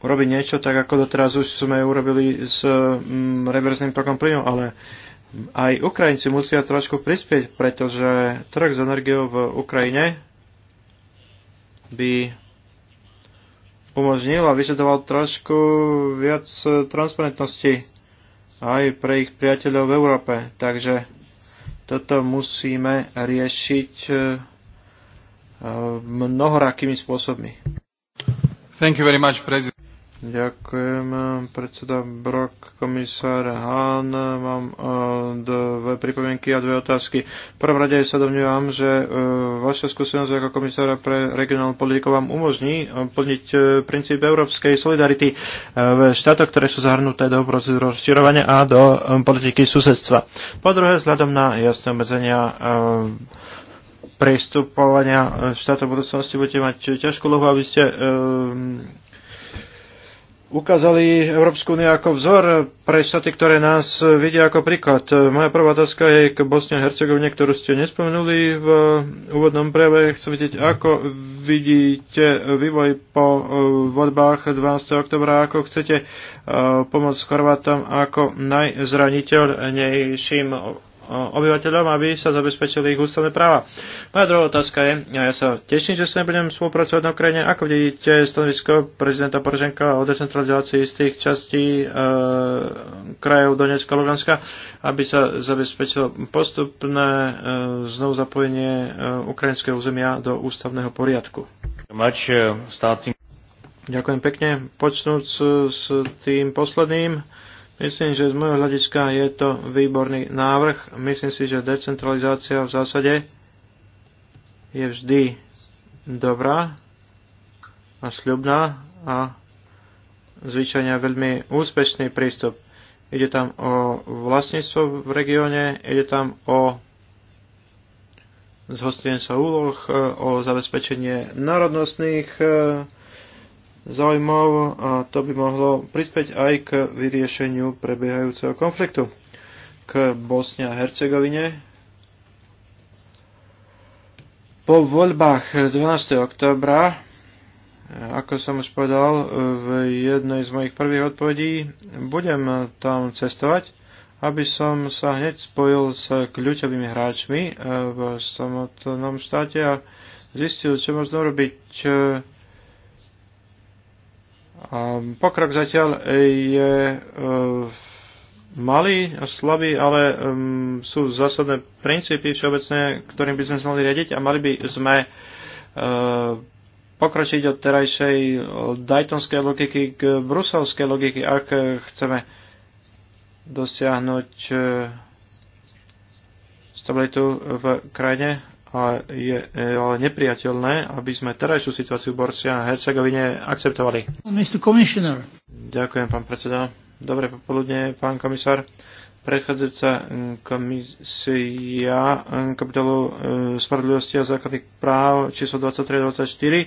urobiť niečo tak, ako doteraz už sme urobili s mm, reverzným tokom plynu, ale aj Ukrajinci musia trošku prispieť, pretože trh s energiou v Ukrajine by umožnil a vyžadoval trošku viac transparentnosti aj pre ich priateľov v Európe. Takže toto musíme riešiť e, e, mnohorakými spôsobmi. Thank you very much, president. Ďakujem, predseda Brok, komisár Hahn. Mám eh, dve pripomienky a dve otázky. prvom rade sa domnívam, že eh, vaša skúsenosť ako komisára pre regionálnu politiku vám umožní eh, plniť princíp európskej solidarity v štátoch, ktoré sú zahrnuté do procesu rozširovania a do politiky susedstva. Po druhé, vzhľadom na jasné obmedzenia prístupovania štátov budúcnosti budete mať ťažkú lohu, aby ste ukázali Európsku úniu ako vzor pre štáty, ktoré nás vidia ako príklad. Moja prvá otázka je k Bosne a Hercegovine, ktorú ste nespomenuli v úvodnom prejave. Chcem vidieť, ako vidíte vývoj po e, voľbách 12. oktobra, ako chcete e, pomôcť Chorvátom ako najzraniteľnejším obyvateľom, aby sa zabezpečili ich ústavné práva. Moja druhá otázka je, ja sa teším, že sa nebudem spolupracovať na Ukrajine. Ako vidíte stanovisko prezidenta Poroženka o decentralizácii z tých častí e, krajov Donetska a Luganska, aby sa zabezpečilo postupné e, znovu zapojenie e, ukrajinského územia do ústavného poriadku? Uh, Ďakujem pekne. Počnúť e, s tým posledným, Myslím, že z môjho hľadiska je to výborný návrh. Myslím si, že decentralizácia v zásade je vždy dobrá a sľubná a zvyčajne veľmi úspešný prístup. Ide tam o vlastníctvo v regióne, ide tam o zhostenie sa úloh, o zabezpečenie národnostných e, záujmov a to by mohlo prispäť aj k vyriešeniu prebiehajúceho konfliktu k Bosne a Hercegovine. Po voľbách 12. oktobra, ako som už povedal v jednej z mojich prvých odpovedí, budem tam cestovať, aby som sa hneď spojil s kľúčovými hráčmi eh, v samotnom štáte a zistil, čo možno robiť eh, Pokrok zatiaľ je e, malý, a slabý, ale sú zásadné princípy všeobecné, ktorým by sme mali riadiť a mali by sme e, pokročiť od terajšej dajtonskej logiky k bruselskej logiky, ak chceme dosiahnuť e, stabilitu v krajine ale je e, ale nepriateľné, aby sme terajšiu situáciu v Borsia a Hercegovine akceptovali. Ďakujem, pán predseda. Dobre popoludne, pán komisár. Predchádzajúca mm, komisia mm, kapitolu mm, spravodlivosti a základných práv číslo 23-24 e,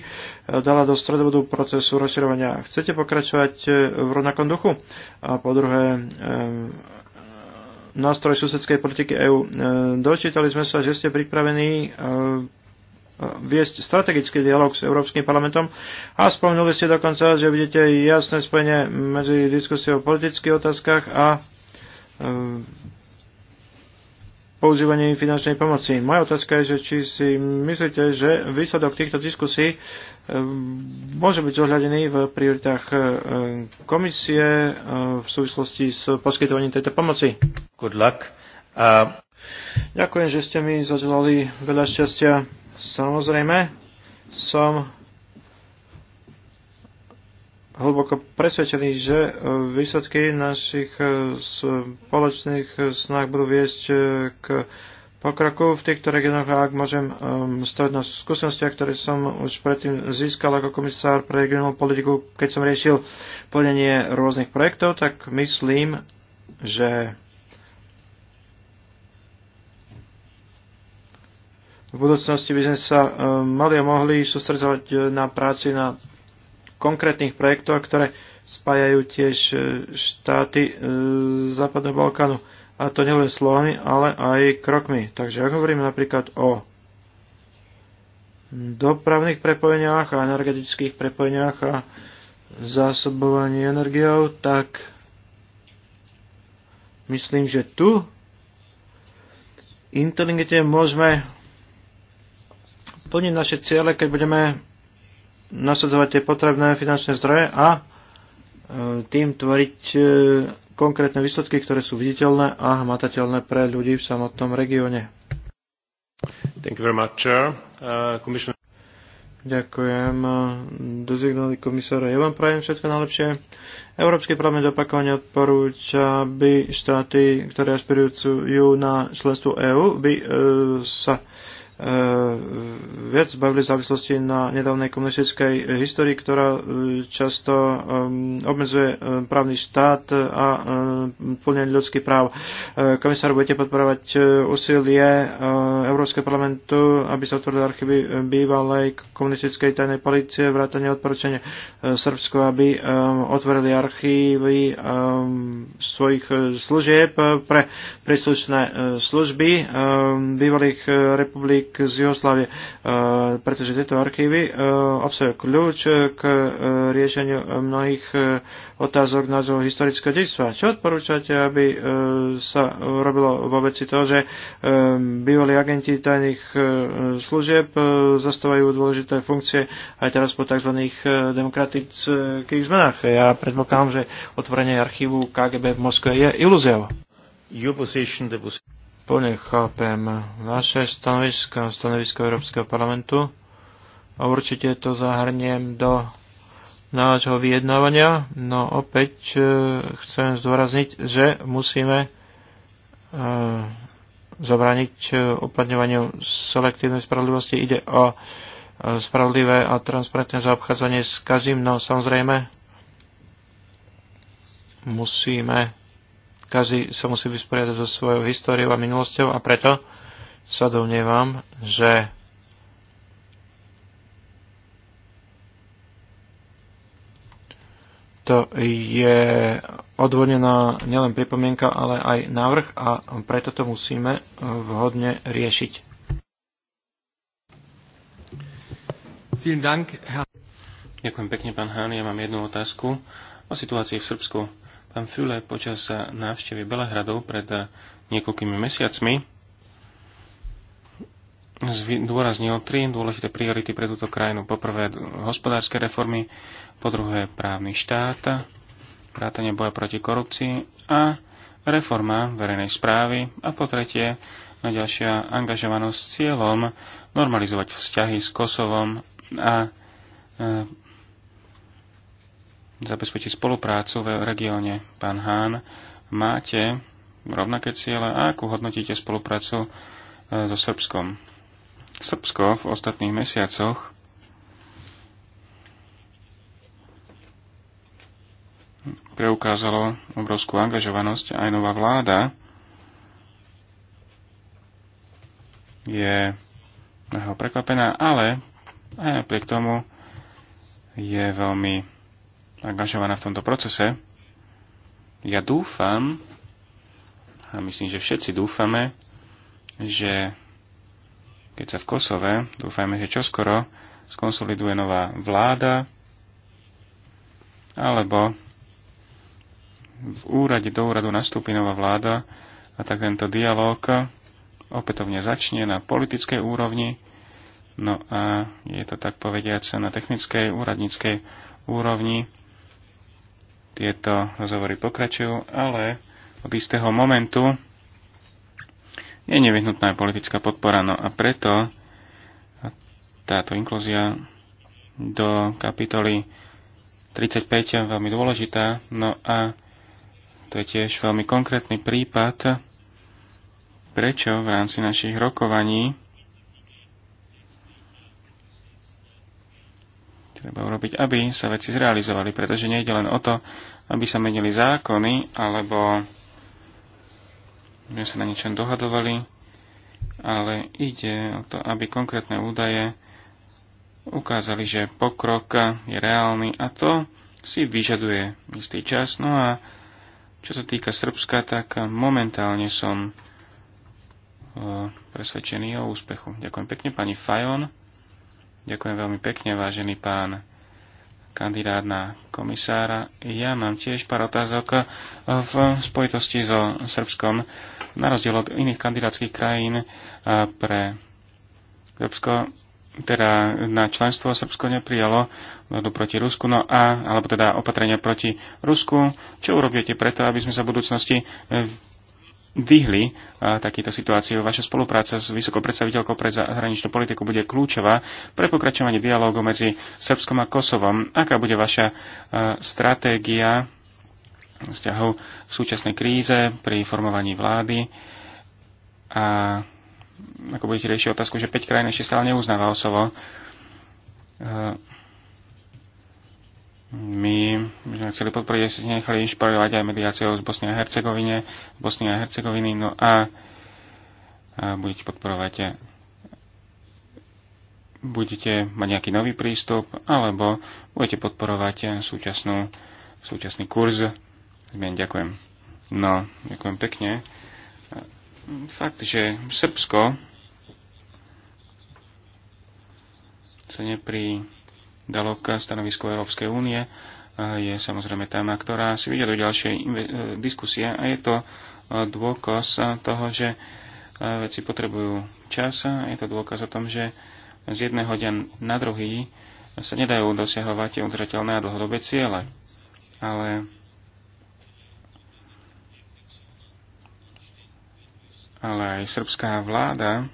dala do stredovodu procesu rozširovania. Chcete pokračovať e, v rovnakom duchu? A po druhé, nástroj susedskej politiky EÚ. E, dočítali sme sa, že ste pripravení e, e, viesť strategický dialog s Európskym parlamentom a spomnuli ste dokonca, že vidíte jasné spojenie medzi diskusiou o politických otázkach a používaním finančnej pomoci. Moja otázka je, že či si myslíte, že výsledok týchto diskusí Ehm, môže byť zohľadený v prioritách ehm, komisie ehm, v súvislosti s poskytovaním tejto pomoci. Good luck. A... Ďakujem, že ste mi zaželali veľa šťastia. Samozrejme, som hlboko presvedčený, že výsledky našich spoločných snah budú viesť k pokroku v týchto regiónoch a ak môžem um, stať na skúsenostiach, ktoré som už predtým získal ako komisár pre regionálnu politiku, keď som riešil plnenie rôznych projektov, tak myslím, že v budúcnosti by sme sa um, mali a mohli sústredovať uh, na práci na konkrétnych projektoch, ktoré spájajú tiež uh, štáty e, Západného Balkánu. E, a to nielen slovami, ale aj krokmi. Takže ak hovoríme napríklad o dopravných prepojeniach a energetických prepojeniach a zásobovaní energiou, tak myslím, že tu inteligentne môžeme plniť naše ciele, keď budeme nasadzovať tie potrebné finančné zdroje a e, tým tvoriť e, konkrétne výsledky, ktoré sú viditeľné a hmatateľné pre ľudí v samotnom regióne. Thank you very much, Chair. Uh, Ďakujem. Dozignali komisára. Ja vám prajem všetko najlepšie. Európsky parlament opakovane odporúča, aby štáty, ktoré aspirujú na členstvo EÚ, by uh, sa Eh, viac bavili v závislosti na nedávnej komunistickej histórii, ktorá eh, často eh, obmedzuje právny štát a plnenie ľudských práv. Komisár, budete podporovať úsilie Európskeho parlamentu, aby sa otvorili archívy bývalej komunistickej tajnej policie, vrátane odporúčania Srbsko, aby otvorili archívy svojich služieb pre príslušné služby bývalých republik k z e, pretože tieto archívy e, obsahujú kľúč k e, riešeniu mnohých otázok zvoj historického dejstva. Čo odporúčate, aby sa robilo vo veci toho, že bývalí agenti tajných služieb zastávajú dôležité funkcie aj teraz po tzv. demokratických zmenách? Ja predpokladám, že otvorenie archívu KGB v Moskve je ilúziou plne chápem vaše stanovisko stanovisko Európskeho parlamentu a určite to zahrniem do nášho vyjednávania. No opäť e, chcem zdôrazniť, že musíme e, zabrániť e, uplatňovaniu selektívnej spravodlivosti. Ide o spravodlivé a transparentné zaobchádzanie s každým, no samozrejme musíme každý sa musí vysporiadať so svojou históriou a minulosťou a preto sa domnievam, že to je odvodnená nielen pripomienka, ale aj návrh a preto to musíme vhodne riešiť. Ďakujem pekne, pán Hán. Ja mám jednu otázku o situácii v Srbsku. Pán Füle počas návštevy Belehradov pred eh, niekoľkými mesiacmi zdôraznil tri dôležité priority pre túto krajinu. Po prvé hospodárske reformy, po druhé právny štát, vrátanie boja proti korupcii a reforma verejnej správy a po tretie na ďalšia angažovanosť s cieľom normalizovať vzťahy s Kosovom a eh, zabezpečiť spoluprácu v regióne. Pán Hán, máte rovnaké ciele a ako hodnotíte spoluprácu e, so Srbskom? Srbsko v ostatných mesiacoch preukázalo obrovskú angažovanosť aj nová vláda je mnoho prekvapená, ale aj napriek tomu je veľmi angažovaná v tomto procese. Ja dúfam, a myslím, že všetci dúfame, že keď sa v Kosove, dúfajme, že čoskoro skonsoliduje nová vláda, alebo v úrade do úradu nastúpi nová vláda a tak tento dialog opätovne začne na politickej úrovni, no a je to tak povediať sa na technickej úradníckej úrovni tieto rozhovory pokračujú, ale od istého momentu je nevyhnutná aj politická podpora. No a preto táto inklúzia do kapitoly 35 je veľmi dôležitá. No a to je tiež veľmi konkrétny prípad, prečo v rámci našich rokovaní treba urobiť, aby sa veci zrealizovali, pretože nejde len o to, aby sa menili zákony, alebo sme sa na niečom dohadovali, ale ide o to, aby konkrétne údaje ukázali, že pokrok je reálny a to si vyžaduje istý čas. No a čo sa týka Srbska, tak momentálne som e, presvedčený o úspechu. Ďakujem pekne pani Fajon. Ďakujem veľmi pekne, vážený pán kandidát na komisára. Ja mám tiež pár otázok v spojitosti so Srbskom. Na rozdiel od iných kandidátskych krajín pre Srbsko, teda na členstvo Srbsko neprijalo do proti Rusku, no a, alebo teda opatrenia proti Rusku. Čo urobíte preto, aby sme sa v budúcnosti vyhli takéto situáciu. Vaša spolupráca s vysokou predstaviteľkou pre zahraničnú politiku bude kľúčová pre pokračovanie dialogu medzi Srbskom a Kosovom. Aká bude vaša stratégia vzťahov v súčasnej kríze pri formovaní vlády a ako budete riešiť otázku, že 5 krajín ešte stále neuznáva Kosovo my by sme chceli podporiť, si nechali inšpirovať aj mediáciou z Bosny a Hercegovine, Bosny a Hercegoviny, no a, a budete podporovať budete mať nejaký nový prístup, alebo budete podporovať súčasnú, súčasný kurz. Zmien, ďakujem. No, ďakujem pekne. Fakt, že Srbsko sa nepri dalo k stanovisku Európskej únie, e, je samozrejme téma, ktorá si vyžaduje ďalšie e, diskusie a je to e, dôkaz toho, že veci potrebujú čas a je to dôkaz o tom, že z jedného dňa na druhý sa nedajú dosiahovať udržateľné a dlhodobé ciele. Ale ale aj srbská vláda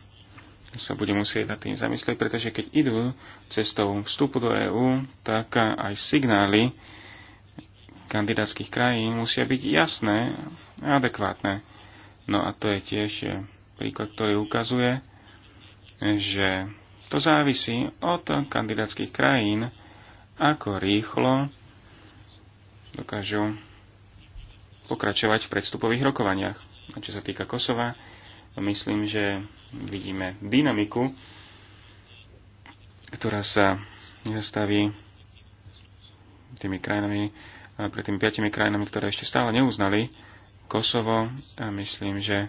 sa bude musieť nad tým zamyslieť, pretože keď idú cestou vstupu do EÚ, tak aj signály kandidátskych krajín musia byť jasné a adekvátne. No a to je tiež eh, príklad, ktorý ukazuje, že to závisí od kandidátskych krajín, ako rýchlo dokážu pokračovať v predstupových rokovaniach. A čo sa týka Kosova, myslím, že vidíme dynamiku, ktorá sa nezastaví tými krajinami, pred tými piatimi krajinami, ktoré ešte stále neuznali Kosovo a myslím, že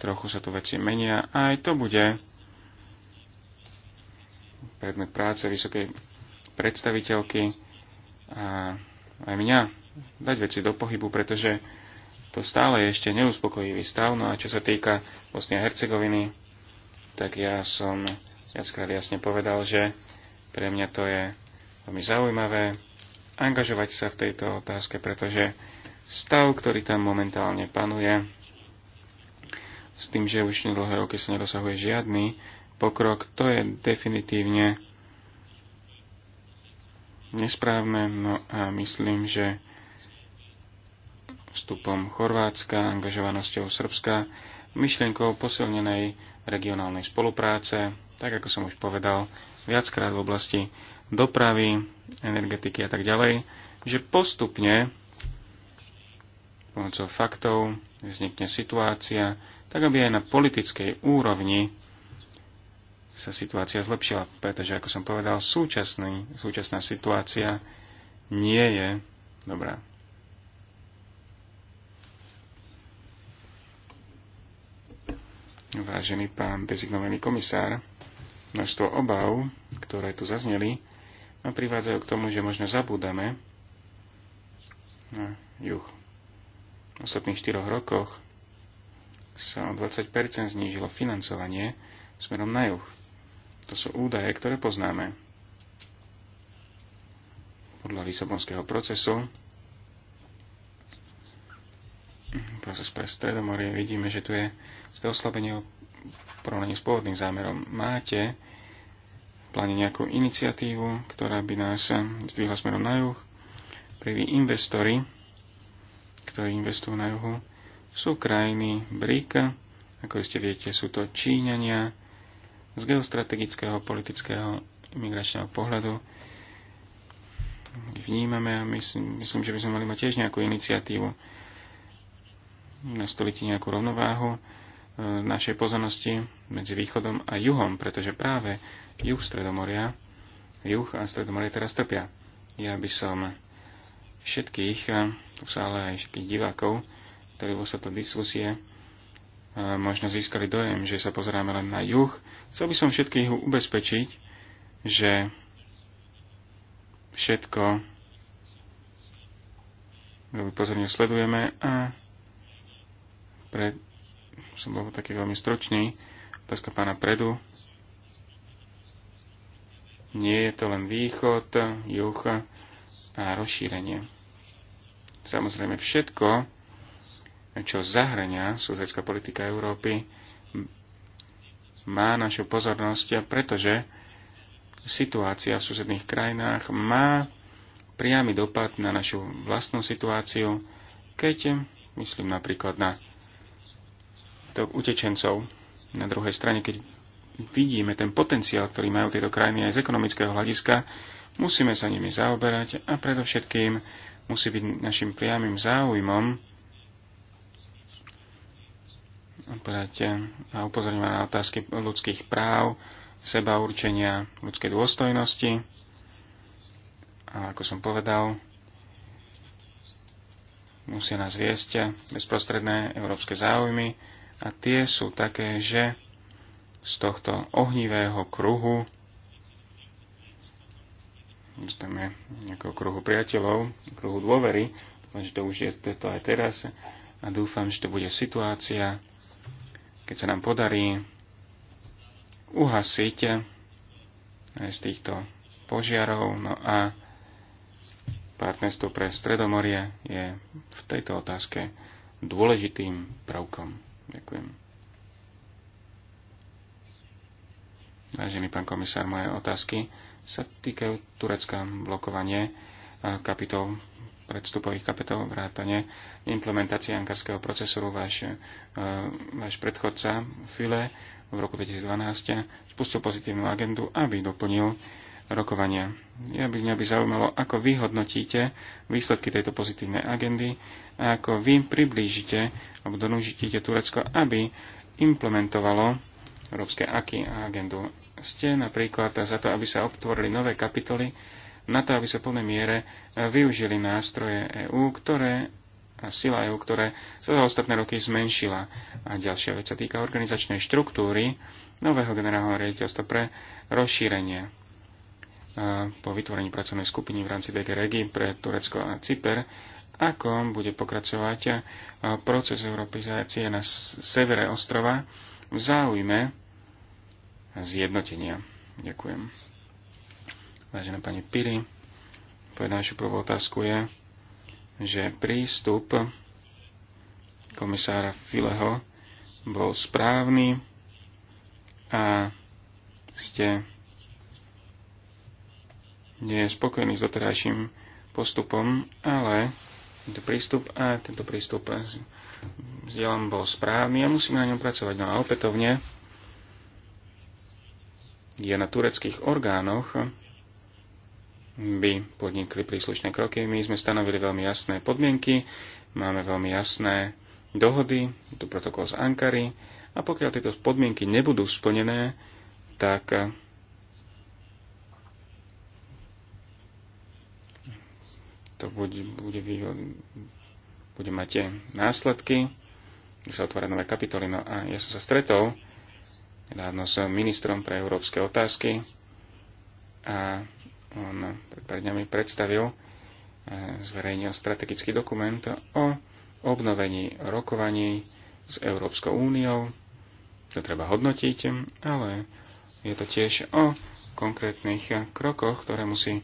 trochu sa tu veci menia a aj to bude predmet práce vysokej predstaviteľky a aj mňa dať veci do pohybu, pretože to stále je ešte neuspokojivý stav. No a čo sa týka Bosnia a Hercegoviny, tak ja som viackrát jasne povedal, že pre mňa to je veľmi zaujímavé angažovať sa v tejto otázke, pretože stav, ktorý tam momentálne panuje, s tým, že už nedlhé roky sa nedosahuje žiadny pokrok, to je definitívne nesprávne, no a myslím, že vstupom Chorvátska, angažovanosťou Srbska, myšlienkou posilnenej regionálnej spolupráce, tak ako som už povedal, viackrát v oblasti dopravy, energetiky a tak ďalej, že postupne pomocou faktov vznikne situácia, tak aby aj na politickej úrovni sa situácia zlepšila, pretože, ako som povedal, súčasný, súčasná situácia nie je dobrá. vážený pán dezignovaný komisár. Množstvo obav, ktoré tu zazneli, ma privádzajú k tomu, že možno zabúdame na juh. V ostatných 4 rokoch sa o 20% znížilo financovanie smerom na juh. To sú údaje, ktoré poznáme. Podľa Lisabonského procesu proces pre Stredomorie, vidíme, že tu je to oslabenie v porovnaní s pôvodným zámerom. Máte v pláne nejakú iniciatívu, ktorá by nás zdvihla smerom na juh. Prví investori, ktorí investujú na juhu, sú krajiny BRIC, ako ste viete, sú to Číňania z geostrategického, politického, imigračného pohľadu. Vnímame a myslím, myslím, že by sme mali mať tiež nejakú iniciatívu nastoliť nejakú rovnováhu e, našej pozornosti medzi východom a juhom, pretože práve juh Stredomoria, juh a Stredomoria teraz trpia. Ja by som všetkých, tu e, sa ale aj všetkých divákov, ktorí vo svetle diskusie e, možno získali dojem, že sa pozeráme len na juh, chcel by som všetkých ubezpečiť, že všetko veľmi pozorne sledujeme a pre, som bol taký veľmi stročný, otázka pána Predu. Nie je to len východ, juh a rozšírenie. Samozrejme všetko, čo zahrania susedská politika Európy, má našu pozornosť, pretože situácia v susedných krajinách má priamy dopad na našu vlastnú situáciu, keď myslím napríklad na to utečencov. Na druhej strane, keď vidíme ten potenciál, ktorý majú tieto krajiny aj z ekonomického hľadiska, musíme sa nimi zaoberať a predovšetkým musí byť našim priamým záujmom a upozorňovať na otázky ľudských práv, seba určenia ľudskej dôstojnosti. A ako som povedal, musia nás viesť bezprostredné európske záujmy, a tie sú také, že z tohto ohnivého kruhu dostaneme nejakého kruhu priateľov, kruhu dôvery, dúfam, že to už je to aj teraz a dúfam, že to bude situácia, keď sa nám podarí uhasiť aj z týchto požiarov. No a partnerstvo pre Stredomorie je v tejto otázke dôležitým prvkom. Ďakujem. Vážený pán komisár, moje otázky sa týkajú Turecka blokovanie kapitol predstupových kapitol vrátane implementácie ankarského procesoru váš, váš predchodca File v roku 2012 spustil pozitívnu agendu, aby doplnil rokovania. Ja by mňa by zaujímalo, ako vy hodnotíte výsledky tejto pozitívnej agendy a ako vy priblížite alebo donúžite Turecko, aby implementovalo európske aky a agendu. Ste napríklad za to, aby sa obtvorili nové kapitoly, na to, aby sa v plnej miere využili nástroje EÚ, ktoré a sila EU, ktoré sa za ostatné roky zmenšila. A ďalšia vec sa týka organizačnej štruktúry nového generálneho riaditeľstva pre rozšírenie po vytvorení pracovnej skupiny v rámci DG Regi pre Turecko a Cyper, ako bude pokračovať proces europizácie na severe ostrova v záujme zjednotenia. Ďakujem. Vážená pani Piri, povedal našu prvú otázku je, že prístup komisára Fileho bol správny a ste nie je spokojný s doterajším postupom, ale tento prístup a tento prístup dielom bol správny a musíme na ňom pracovať. No a opätovne je na tureckých orgánoch, by podnikli príslušné kroky. My sme stanovili veľmi jasné podmienky, máme veľmi jasné dohody, tu protokol z Ankary a pokiaľ tieto podmienky nebudú splnené, tak to bude, bude, bude mať následky, že sa otvára nové kapitoly. No a ja som sa stretol nedávno s ministrom pre európske otázky a on pred pár dňami predstavil, e, zverejnil strategický dokument o obnovení rokovaní s Európskou úniou. To treba hodnotiť, ale je to tiež o konkrétnych krokoch, ktoré musí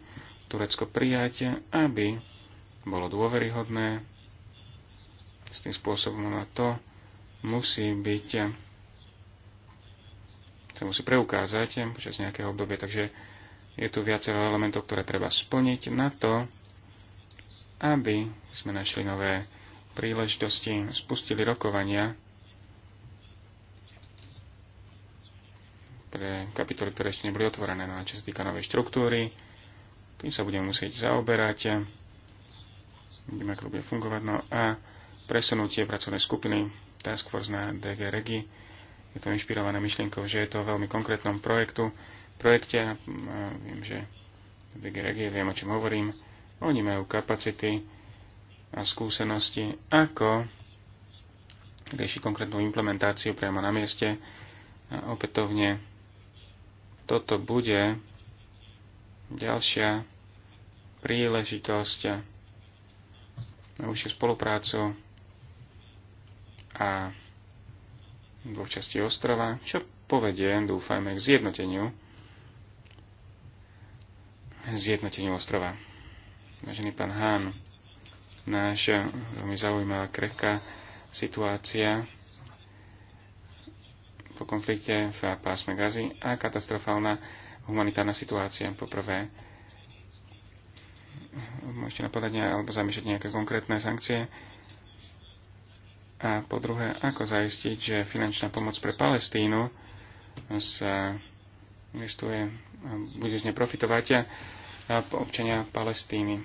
Turecko prijať, aby bolo dôveryhodné. S tým spôsobom na to musí byť sa musí preukázať počas nejakého obdobia. Takže je tu viacero elementov, ktoré treba splniť na to, aby sme našli nové príležitosti, spustili rokovania pre kapitoly, ktoré ešte neboli otvorené. No a čo sa týka novej štruktúry, tým sa budeme musieť zaoberať. Vidíme, ako bude fungovať. No a presunutie pracovnej skupiny Task Force na DG Regi. Je to inšpirované myšlienkou, že je to o veľmi konkrétnom projektu, projekte. Viem, že DG Regi, viem, o čom hovorím. Oni majú kapacity a skúsenosti, ako rieši konkrétnu implementáciu priamo na mieste a opätovne toto bude ďalšia príležitosť na užšiu spoluprácu a vo časti ostrova, čo povedie, dúfajme, k zjednoteniu zjednoteniu ostrova. Vážený pán Hán, náš veľmi zaujímavá krehká situácia po konflikte v pásme Gazy a katastrofálna humanitárna situácia. Poprvé, môžete napadať alebo zamýšľať nejaké konkrétne sankcie. A po druhé, ako zaistiť, že finančná pomoc pre Palestínu sa investuje a bude z neprofitovať a občania Palestíny.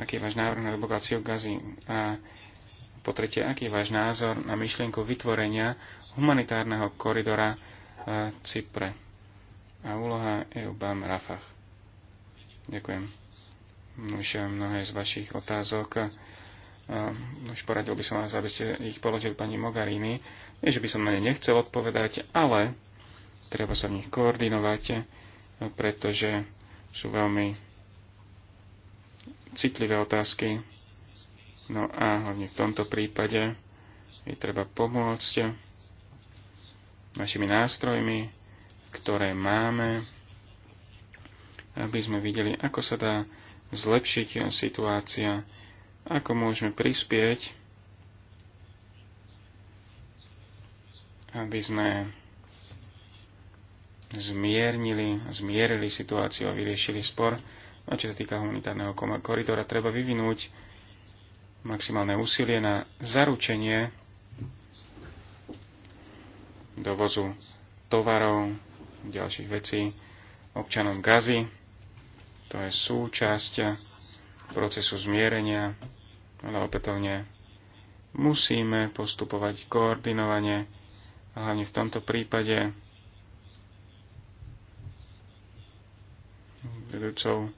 Aký je váš návrh na revokáciu Gazy? A po tretie, aký je váš názor na myšlienku vytvorenia humanitárneho koridora eh, Cypre? a úloha EUBAM Rafach. Ďakujem. Už mnohé z vašich otázok už poradil by som vás, aby ste ich položili pani Mogarini. Nie, že by som na ne nechcel odpovedať, ale treba sa v nich koordinovať, pretože sú veľmi citlivé otázky. No a hlavne v tomto prípade je treba pomôcť našimi nástrojmi, ktoré máme, aby sme videli, ako sa dá zlepšiť situácia, ako môžeme prispieť, aby sme zmiernili, zmierili situáciu a vyriešili spor. A čo sa týka humanitárneho koridora, treba vyvinúť maximálne úsilie na zaručenie dovozu tovarov, ďalších vecí občanom Gazy. To je súčasť procesu zmierenia, ale opätovne musíme postupovať koordinovane, hlavne v tomto prípade vedúcou,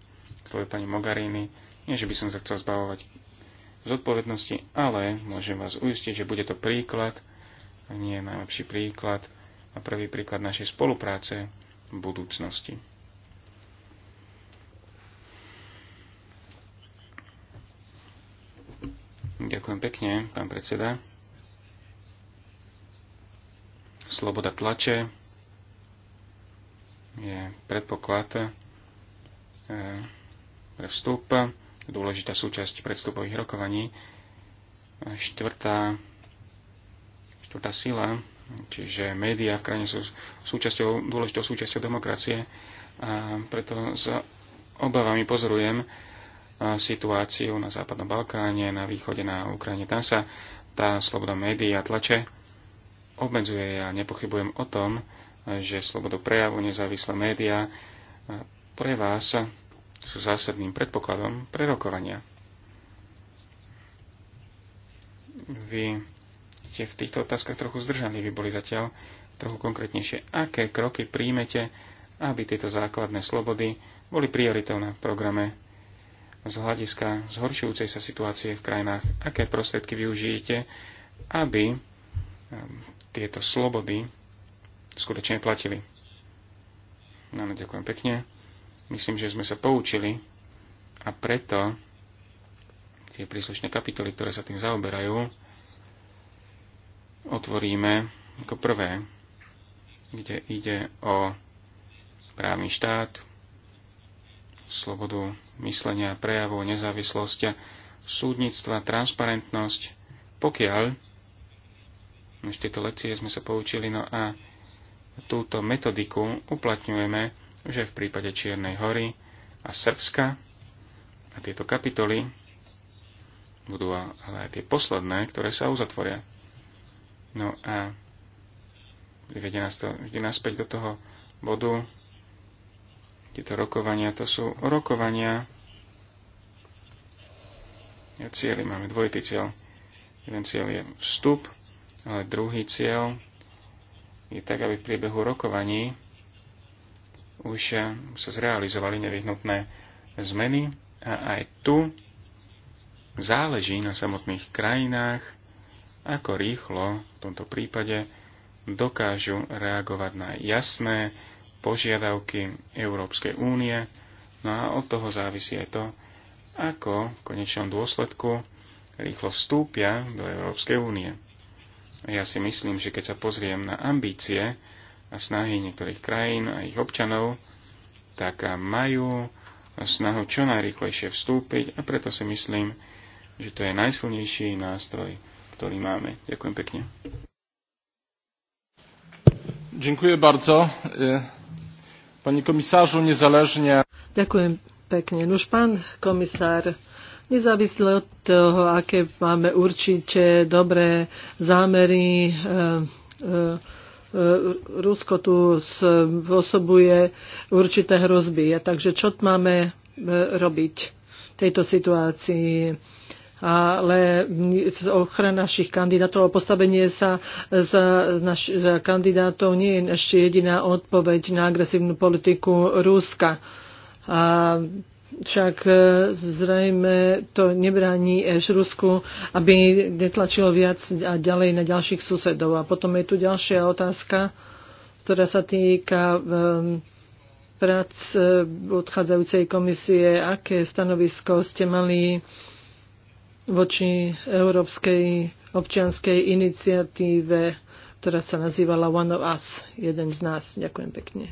ktorú pani Mogarini, nie že by som sa chcel zbavovať zodpovednosti, ale môžem vás uistiť, že bude to príklad, a nie najlepší príklad a prvý príklad našej spolupráce v budúcnosti. Ďakujem pekne, pán predseda. Sloboda tlače je predpoklad eh, pre vstup, dôležitá súčasť predstupových rokovaní. Štvrtá, štvrtá sila Čiže médiá v krajine sú súčasťou, dôležitou súčasťou demokracie a preto s obavami pozorujem situáciu na Západnom Balkáne, na východe, na Ukrajine. Tam sa tá sloboda médií a tlače obmedzuje. Ja nepochybujem o tom, že slobodu prejavu, nezávislé médiá pre vás sú zásadným predpokladom prerokovania. Vy ste v týchto otázkach trochu zdržanliví boli zatiaľ, trochu konkrétnejšie. Aké kroky príjmete, aby tieto základné slobody boli prioritou na programe z hľadiska zhoršujúcej sa situácie v krajinách? Aké prostriedky využijete, aby um, tieto slobody skutočne platili? No, no, ďakujem pekne. Myslím, že sme sa poučili a preto tie príslušné kapitoly, ktoré sa tým zaoberajú, otvoríme ako prvé, kde ide o právny štát, slobodu myslenia, prejavu, nezávislosť, súdnictva, transparentnosť, pokiaľ z tieto lekcie sme sa poučili, no a túto metodiku uplatňujeme že v prípade Čiernej hory a Srbska a tieto kapitoly budú ale aj tie posledné, ktoré sa uzatvoria. No a vyvedie nás to vždy naspäť do toho bodu. Tieto rokovania, to sú rokovania. A cieľi máme dvojitý cieľ. Jeden cieľ je vstup, ale druhý cieľ je tak, aby v priebehu rokovaní už sa zrealizovali nevyhnutné zmeny a aj tu záleží na samotných krajinách, ako rýchlo v tomto prípade dokážu reagovať na jasné požiadavky Európskej únie, no a od toho závisí aj to, ako v konečnom dôsledku rýchlo vstúpia do Európskej únie. Ja si myslím, že keď sa pozriem na ambície a snahy niektorých krajín a ich občanov, tak majú snahu čo najrýchlejšie vstúpiť a preto si myslím, že to je najsilnejší nástroj ktorý máme. Ďakujem pekne. Dziękuję bardzo. E, Pani komisarzu, niezależnie... Ďakujem pekne. Nuž pán komisár, nezávisle od toho, aké máme určite dobré zámery, e, e, e Rusko tu spôsobuje určité hrozby. Takže čo máme e, robiť v tejto situácii? ale ochrana našich kandidátov a postavenie sa za, naš, za kandidátov nie je ešte jediná odpoveď na agresívnu politiku Ruska. A však e, zrejme to nebráni Rusku, aby netlačilo viac a ďalej na ďalších susedov. A potom je tu ďalšia otázka, ktorá sa týka e, prác e, odchádzajúcej komisie. Aké stanovisko ste mali voči Európskej občianskej iniciatíve, ktorá sa nazývala One of Us, jeden z nás. Ďakujem pekne.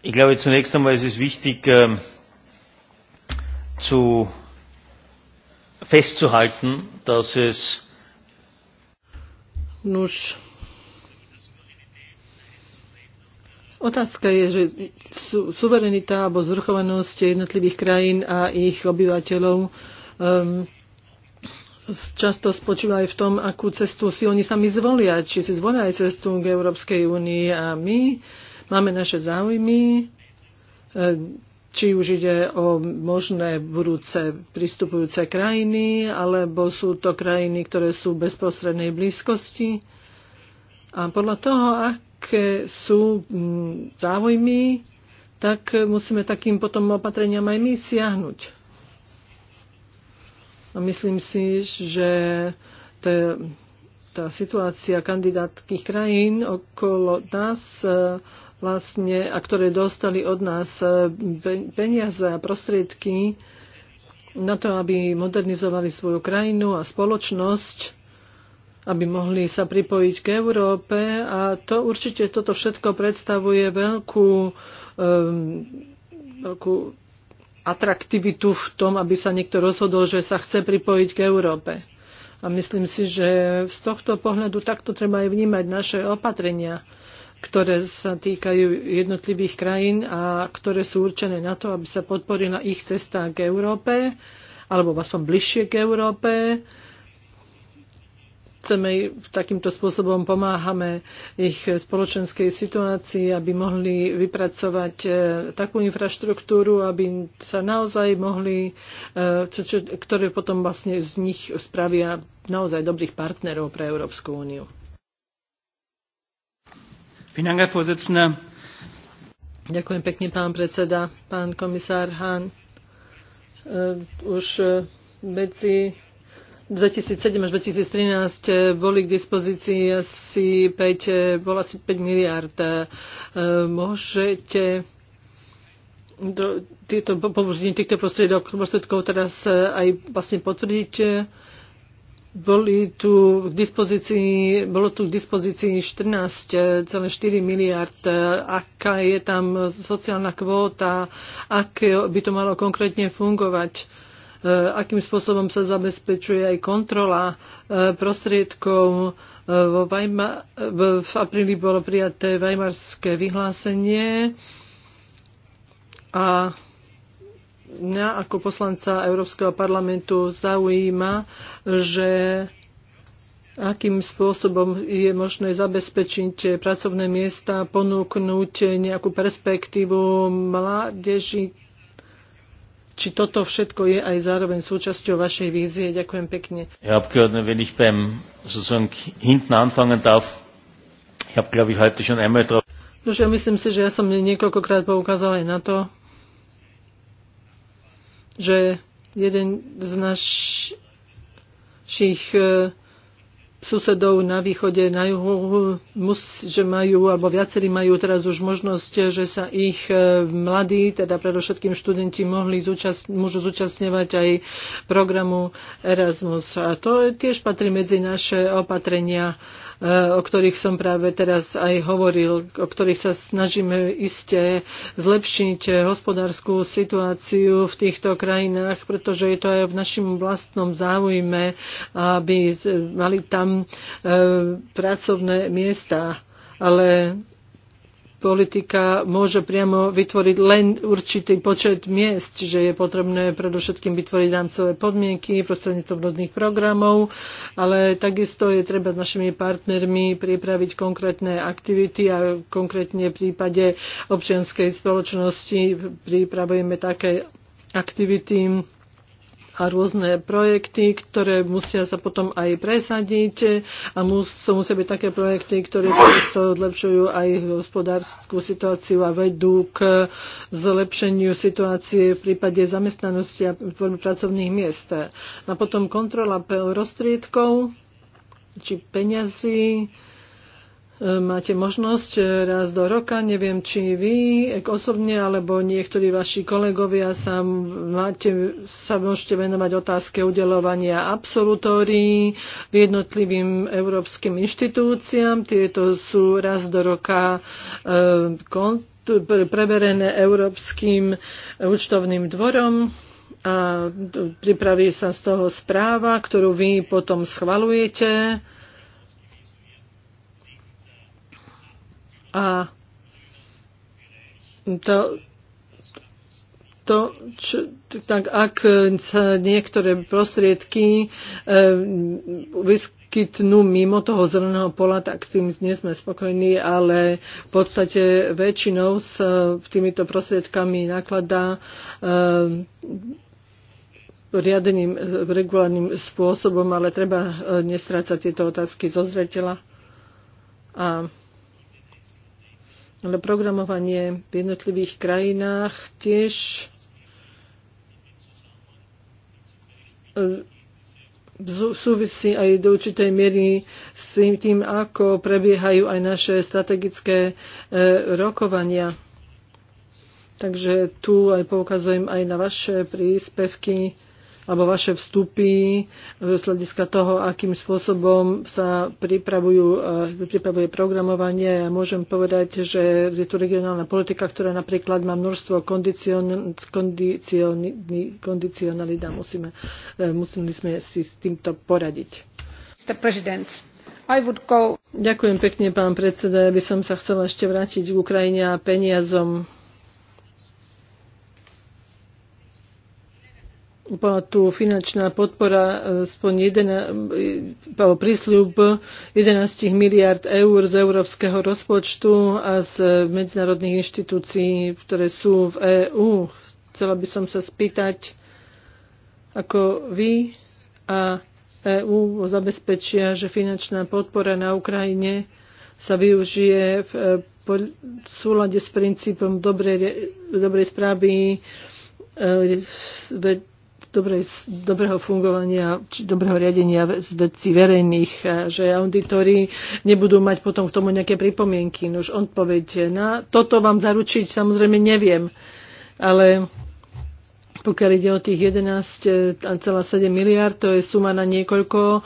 Ich glaube, zunächst einmal ist es wichtig ähm, zu, festzuhalten, dass es Nuž, Otázka je, že su, suverenita alebo zvrchovanosť jednotlivých krajín a ich obyvateľov um, často spočíva aj v tom, akú cestu si oni sami zvolia. Či si zvolia aj cestu k Európskej únii a my máme naše záujmy, ehm, či už ide o možné budúce pristupujúce krajiny, alebo sú to krajiny, ktoré sú v bezprostrednej blízkosti. A podľa toho, ak aké sú mm, záujmy, tak musíme takým potom opatreniam aj my siahnuť. A myslím si, že to, tá situácia kandidátkých krajín okolo nás e, vlastne, a ktoré dostali od nás e, peniaze a prostriedky na to, aby modernizovali svoju krajinu a spoločnosť, aby mohli sa pripojiť k Európe a to určite toto všetko predstavuje veľkú, um, veľkú atraktivitu v tom, aby sa niekto rozhodol, že sa chce pripojiť k Európe. A myslím si, že z tohto pohľadu takto treba aj vnímať naše opatrenia, ktoré sa týkajú jednotlivých krajín a ktoré sú určené na to, aby sa podporila ich cesta k Európe, alebo aspoň bližšie k Európe, chceme takýmto spôsobom pomáhame ich spoločenskej situácii, aby mohli vypracovať e, takú infraštruktúru, aby sa naozaj mohli, e, ktoré potom vlastne z nich spravia naozaj dobrých partnerov pre Európsku úniu. Ďakujem pekne, pán predseda, pán komisár Hahn. E, už medzi 2007 až 2013 eh, boli k dispozícii asi 5, eh, bol asi 5 miliard. Eh, môžete do, tieto, použitím týchto prostriedkov teraz aj vlastne potvrdiť, boli tu k dispozícii, bolo tu k dispozícii 14,4 miliard. Aká je tam sociálna kvóta? Aké by to malo konkrétne fungovať? E, akým spôsobom sa zabezpečuje aj kontrola e, prostriedkov. E, v, apríli bolo prijaté Weimarské vyhlásenie a mňa ako poslanca Európskeho parlamentu zaujíma, že akým spôsobom je možné zabezpečiť pracovné miesta, ponúknuť nejakú perspektívu mládeži, či toto všetko je aj zároveň súčasťou vašej vízie. Ďakujem pekne. Herr Abgeordneter, wenn ich beim sozusagen hinten anfangen darf, ich habe glaube ich heute schon einmal drauf. No, ja myslím si, že ja som niekoľkokrát poukázal aj na to, že jeden z našich e, susedov na východe, na juhu, mus, že majú, alebo viacerí majú teraz už možnosť, že sa ich e, mladí, teda predovšetkým študenti, mohli zúčast, môžu zúčastňovať aj programu Erasmus. A to tiež patrí medzi naše opatrenia Eh, o ktorých som práve teraz aj hovoril, o ktorých sa snažíme iste zlepšiť hospodárskú situáciu v týchto krajinách, pretože je to aj v našom vlastnom záujme, aby mali tam eh, pracovné miesta. Ale politika môže priamo vytvoriť len určitý počet miest, že je potrebné predovšetkým vytvoriť rámcové podmienky prostredníctvom rôznych programov, ale takisto je treba s našimi partnermi pripraviť konkrétne aktivity a konkrétne v prípade občianskej spoločnosti pripravujeme také aktivity, a rôzne projekty, ktoré musia sa potom aj presadiť a mus, musia byť také projekty, ktoré to zlepšujú aj hospodárskú situáciu a vedú k zlepšeniu situácie v prípade zamestnanosti a tvorby pracovných miest. A potom kontrola prostriedkov či peňazí, máte možnosť e, raz do roka, neviem či vy osobne alebo niektorí vaši kolegovia sa, máte, sa môžete venovať otázke udelovania absolutórií v jednotlivým európskym inštitúciám. Tieto sú raz do roka e, preberené Európskym účtovným dvorom a pripraví sa z toho správa, ktorú vy potom schvalujete A to, to, čo, tak ak sa niektoré prostriedky e, vyskytnú mimo toho zeleného pola, tak tým nie sme spokojní, ale v podstate väčšinou s týmito prostriedkami nakladá e, riadeným, regulárnym spôsobom, ale treba e, nestrácať tieto otázky zo zretela. A ale programovanie v jednotlivých krajinách tiež e, súvisí aj do určitej miery s tým, ako prebiehajú aj naše strategické e, rokovania. Takže tu aj poukazujem aj na vaše príspevky alebo vaše vstupy e, z hľadiska toho, akým spôsobom sa pripravujú, e, pripravuje programovanie. Ja môžem povedať, že je tu regionálna politika, ktorá napríklad má množstvo kondicionalita. Musíme, e, museli sme si s týmto poradiť. Mr. President, Ďakujem pekne, pán predseda. Ja by som sa chcela ešte vrátiť k Ukrajine a peniazom. bola tu finančná podpora e, aspoň jeden, e, prísľub 11 miliard eur z európskeho rozpočtu a z medzinárodných inštitúcií, ktoré sú v EÚ. Chcela by som sa spýtať, ako vy a EÚ zabezpečia, že finančná podpora na Ukrajine sa využije v, e, v súlade s princípom dobrej, dobrej správy dobrej, dobrého fungovania, či dobrého riadenia vecí verejných, že auditori nebudú mať potom k tomu nejaké pripomienky. No už odpoveď na toto vám zaručiť samozrejme neviem, ale pokiaľ ide o tých 11,7 miliard, to je suma na niekoľko e,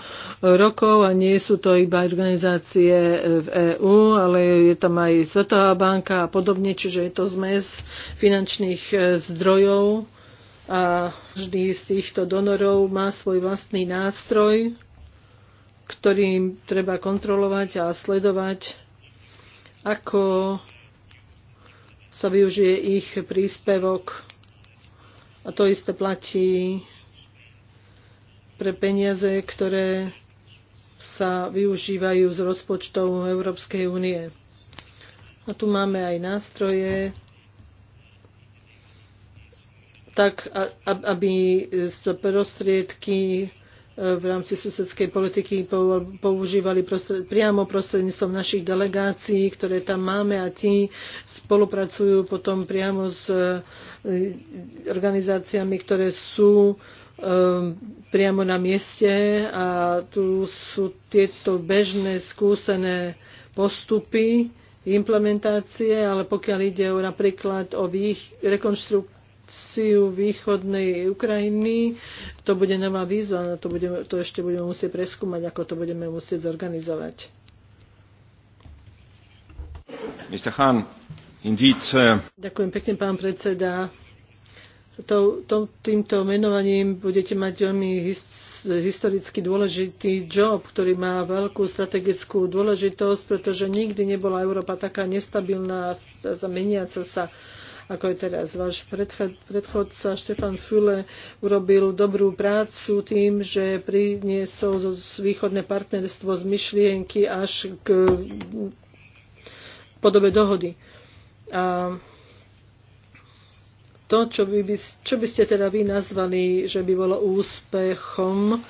rokov a nie sú to iba organizácie e, v EÚ, ale je tam aj Svetová banka a podobne, čiže je to zmes finančných e, zdrojov a vždy z týchto donorov má svoj vlastný nástroj, ktorým treba kontrolovať a sledovať, ako sa využije ich príspevok. A to isté platí pre peniaze, ktoré sa využívajú z rozpočtov Európskej únie. A tu máme aj nástroje, tak aby prostriedky e, v rámci susedskej politiky používali prostred, priamo prostredníctvom našich delegácií, ktoré tam máme a tí spolupracujú potom priamo s e, organizáciami, ktoré sú e, priamo na mieste a tu sú tieto bežné skúsené postupy implementácie, ale pokiaľ ide o napríklad o ich rekonštru- situáciu východnej Ukrajiny. To bude nová výzva, to, budeme, to ešte budeme musieť preskúmať, ako to budeme musieť zorganizovať. Mr. Khan, indeed, uh... Ďakujem pekne, pán predseda. To, to, týmto menovaním budete mať veľmi his, historicky dôležitý job, ktorý má veľkú strategickú dôležitosť, pretože nikdy nebola Európa taká nestabilná a zameniaca sa. Uh, ako je teraz váš predchodca Štefan Füle urobil dobrú prácu tým, že priniesol východné partnerstvo z myšlienky až k podobe dohody. A to, čo by, čo by ste teda vy nazvali, že by bolo úspechom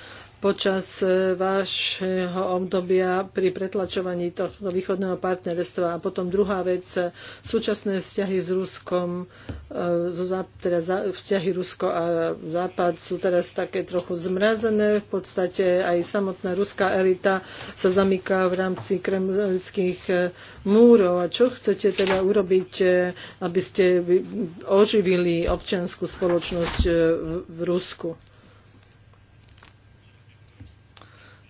počas e, vášho obdobia pri pretlačovaní tohto východného partnerstva. A potom druhá vec, e, súčasné vzťahy s Ruskom, e, teda vzťahy Rusko a Západ sú teraz také trochu zmrazené. V podstate aj samotná ruská elita sa zamyká v rámci kremlských múrov. A čo chcete teda urobiť, aby ste oživili občianskú spoločnosť v Rusku?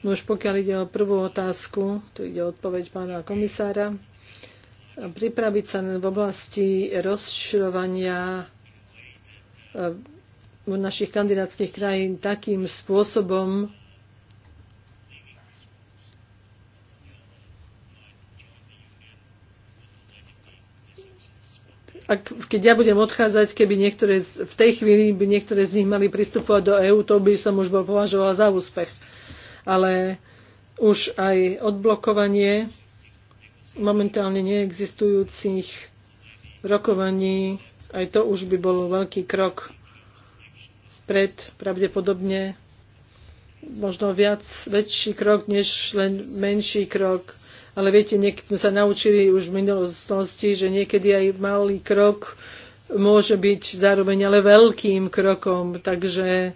No už pokiaľ ide o prvú otázku, tu ide o odpoveď pána komisára, pripraviť sa v oblasti rozširovania eh, našich kandidátskych krajín takým spôsobom, ak, keď ja budem odchádzať, keby niektoré, v tej chvíli by niektoré z nich mali pristupovať do EÚ, to by som už bol považoval za úspech ale už aj odblokovanie momentálne neexistujúcich rokovaní, aj to už by bol veľký krok vpred, pravdepodobne možno viac väčší krok, než len menší krok. Ale viete, niekedy sa naučili už v minulosti, že niekedy aj malý krok môže byť zároveň ale veľkým krokom. Takže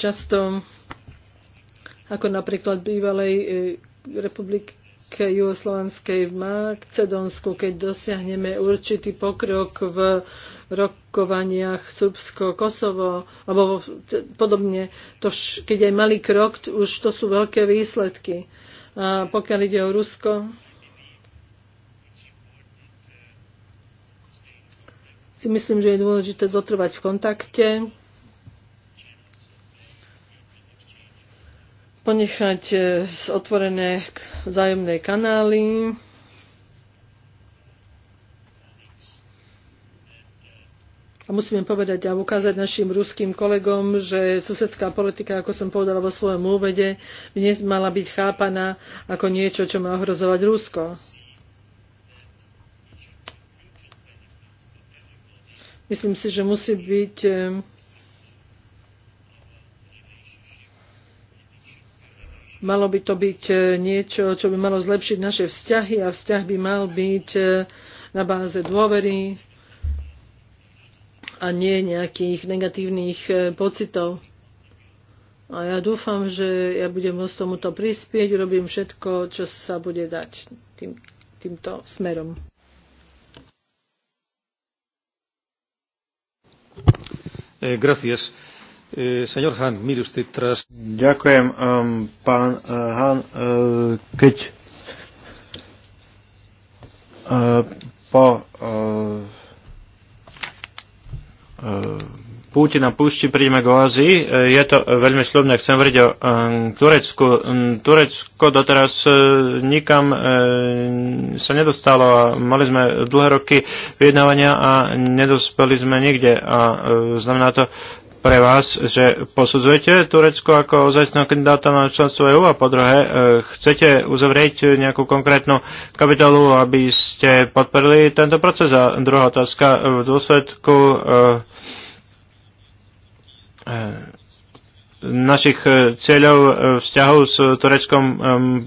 často ako napríklad bývalej e, republiky Jugoslovanskej v Macedónsku, keď dosiahneme určitý pokrok v rokovaniach Srbsko-Kosovo, alebo podobne, to, keď aj malý krok, už to sú veľké výsledky. A pokiaľ ide o Rusko, si myslím, že je dôležité zotrvať v kontakte ponechať e, otvorené vzájomné kanály, A musíme povedať a ukázať našim ruským kolegom, že susedská politika, ako som povedala vo svojom úvede, dnes mala byť chápaná ako niečo, čo má ohrozovať Rusko. Myslím si, že musí byť e, Malo by to byť e, niečo, čo by malo zlepšiť naše vzťahy a vzťah by mal byť e, na báze dôvery a nie nejakých negatívnych e, pocitov. A ja dúfam, že ja budem môcť tomuto prispieť, robím všetko, čo sa bude dať tým, týmto smerom. Eh, gracias. E, señor Han, mire usted tras... Ďakujem, um, pán uh, Han. Uh, keď uh, po uh, uh, na púšti prídeme k Ázii. Uh, je to veľmi slubné. Chcem vrieť o um, Turecku. Um, Turecko doteraz uh, nikam uh, sa nedostalo a mali sme dlhé roky vyjednávania a nedospeli sme nikde. A znamená to pre vás, že posudzujete Turecko ako ozajstného kandidáta na členstvo EÚ a po druhé, e, chcete uzavrieť nejakú konkrétnu kapitolu, aby ste podporili tento proces? A druhá otázka, v dôsledku e, e, našich e, cieľov e, vzťahov s Tureckom e,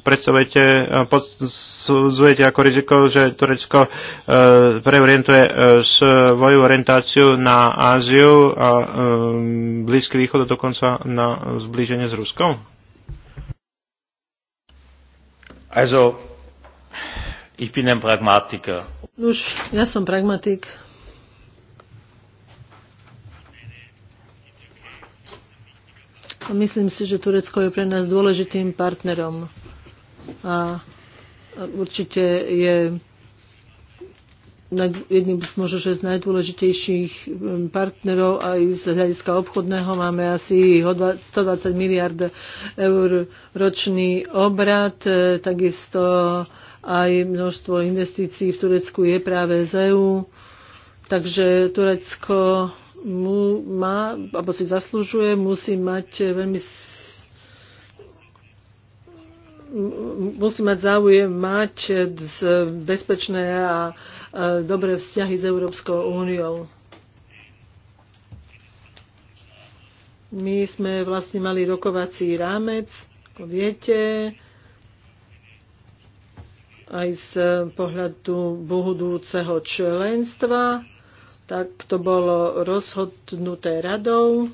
predstavujete, podsudzujete ako riziko, že Turecko preorientuje svoju orientáciu na Áziu a Blízky východ a dokonca na zblíženie s Ruskom? Also, ich bin ein Pragmatiker. Nuž, ja som pragmatik Myslím si, že Turecko je pre nás dôležitým partnerom a určite je jedným z možno, že z najdôležitejších um, partnerov aj z hľadiska obchodného. Máme asi 120 miliard eur ročný obrad, e, takisto aj množstvo investícií v Turecku je práve z EU. Takže Turecko mu má, alebo si zaslúžuje, musí mať eh, veľmi musí mať záujem mať eh, bezpečné a eh, dobré vzťahy s Európskou úniou. My sme vlastne mali rokovací rámec, ako viete, aj z pohľadu budúceho členstva tak to bolo rozhodnuté radou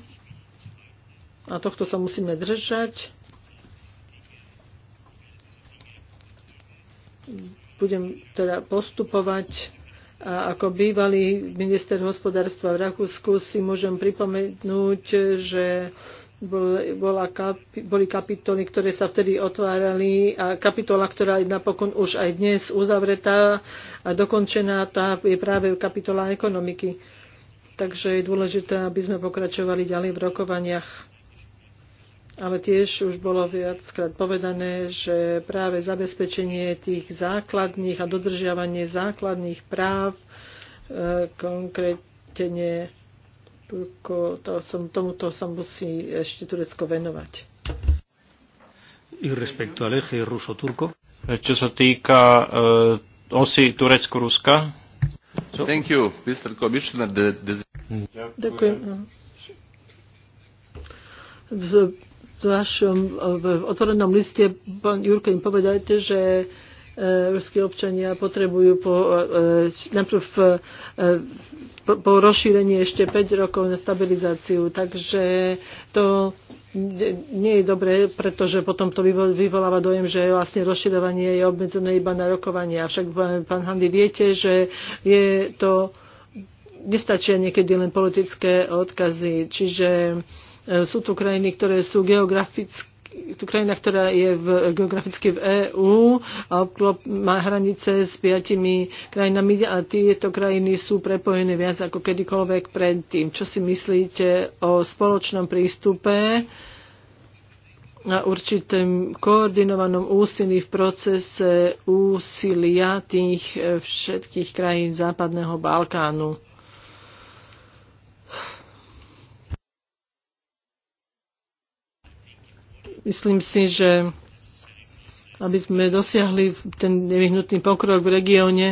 a tohto sa musíme držať. Budem teda postupovať a ako bývalý minister hospodárstva v Rakúsku si môžem pripomenúť, že bola, boli kapitoly, ktoré sa vtedy otvárali a kapitola, ktorá je napokon už aj dnes uzavretá a dokončená, tá je práve kapitola ekonomiky. Takže je dôležité, aby sme pokračovali ďalej v rokovaniach. Ale tiež už bolo viackrát povedané, že práve zabezpečenie tých základných a dodržiavanie základných práv e, konkrétne Turko, to som, tomuto sa musí ešte Turecko venovať. I respecto al eje ruso-turco? Čo sa týka uh, osy Turecko-Ruska? So... Thank you, Mr. Commissioner. The, the... Ďakujem. V, v vašom v otvorenom liste, pán Jurko, im povedajte, že ruskí občania potrebujú po, e, najprv e, po, po rozšírení ešte 5 rokov na stabilizáciu. Takže to nie je dobré, pretože potom to vyvoláva dojem, že vlastne rozširovanie je obmedzené iba na rokovanie. Avšak, pán Handy, viete, že je to nestačia niekedy len politické odkazy. Čiže e, sú tu krajiny, ktoré sú geograficky tu krajina, ktorá je v, geograficky v EÚ a má hranice s piatimi krajinami a tieto krajiny sú prepojené viac ako kedykoľvek predtým. Čo si myslíte o spoločnom prístupe na určitém koordinovanom úsilí v procese úsilia tých eh, všetkých krajín Západného Balkánu? myslím si, že aby sme dosiahli ten nevyhnutný pokrok v regióne,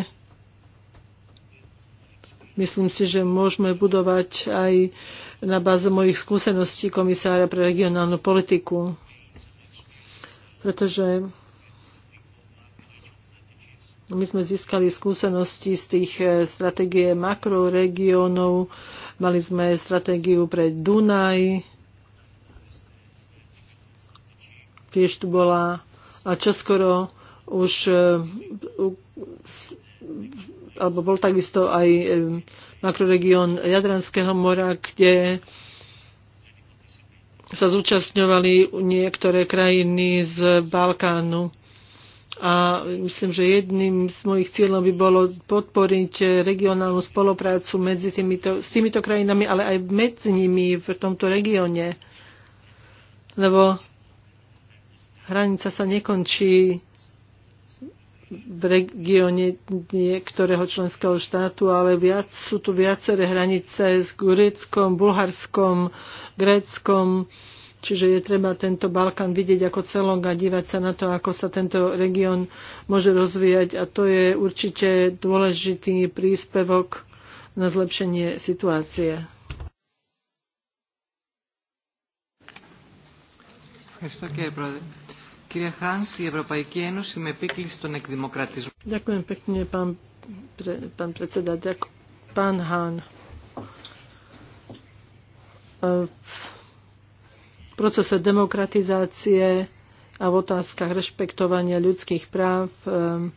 myslím si, že môžeme budovať aj na báze mojich skúseností komisára pre regionálnu politiku. Pretože my sme získali skúsenosti z tých e, stratégie makroregiónov, mali sme stratégiu pre Dunaj, tiež tu bola a čoskoro už e, alebo bol takisto aj e, makroregión Jadranského mora, kde sa zúčastňovali niektoré krajiny z Balkánu. A myslím, že jedným z mojich cieľov by bolo podporiť regionálnu spoluprácu medzi týmito, s týmito krajinami, ale aj medzi nimi v tomto regióne. Lebo Hranica sa nekončí v regióne niektorého členského štátu, ale viac, sú tu viaceré hranice s Gureckom, Bulharskom, Gréckom, čiže je treba tento Balkán vidieť ako celok a dívať sa na to, ako sa tento región môže rozvíjať a to je určite dôležitý príspevok na zlepšenie situácie. Ευχαριστώ κύριε brother. Ďakujem pekne, pán, pre, pán predseda. Ďakujem. Pán Hán. E, v procese demokratizácie a v otázkach rešpektovania ľudských práv e,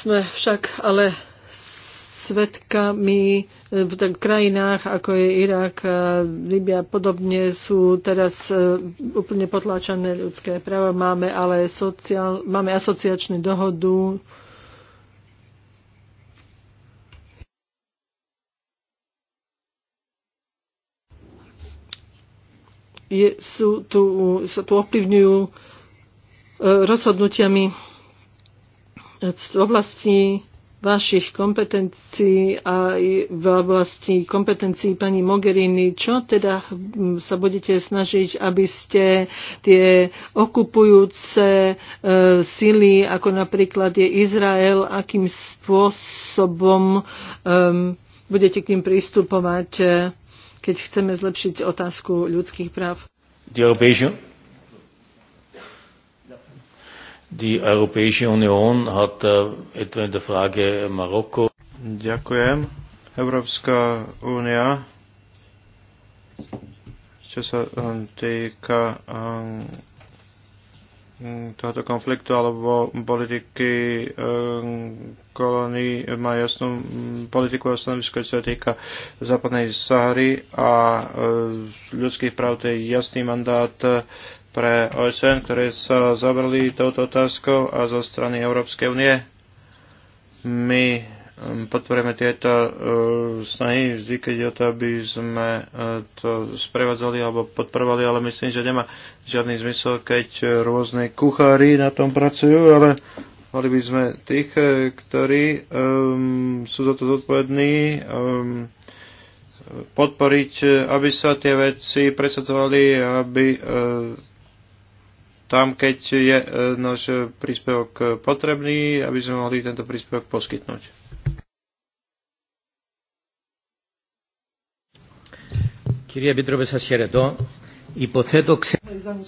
sme však ale svetkami v krajinách, ako je Irak, Libia podobne, sú teraz e, úplne potláčané ľudské práva. Máme ale sociál, máme asociačnú dohodu. Je, sú tu, sa tu ovplyvňujú e, rozhodnutiami v oblasti vašich kompetencií a v oblasti kompetencií pani Mogherini, čo teda sa budete snažiť, aby ste tie okupujúce e, sily, ako napríklad je Izrael, akým spôsobom e, budete k ním pristupovať, e, keď chceme zlepšiť otázku ľudských práv? Ďakujem. Die Europäische Union hat äh, etwa in der Frage Marokko. Ďakujem. Európska únia, čo sa hm, týka hm, tohoto konfliktu alebo politiky hm, kolóny má jasnú politiku a stanovisko, čo sa týka západnej Sahary a ľudských práv, to je jasný mandát pre OSN, ktoré sa zabrali touto otázkou a zo strany Európskej únie. My um, podporujeme tieto uh, snahy vždy, keď je o to, aby sme uh, to sprevádzali alebo podporovali, ale myslím, že nemá žiadny zmysel, keď uh, rôzne kuchári na tom pracujú, ale mali by sme tých, uh, ktorí um, sú za to zodpovední, um, podporiť, uh, aby sa tie veci presadzovali, aby uh, tam, keď je e, náš príspevok potrebný, aby sme mohli tento príspevok poskytnúť.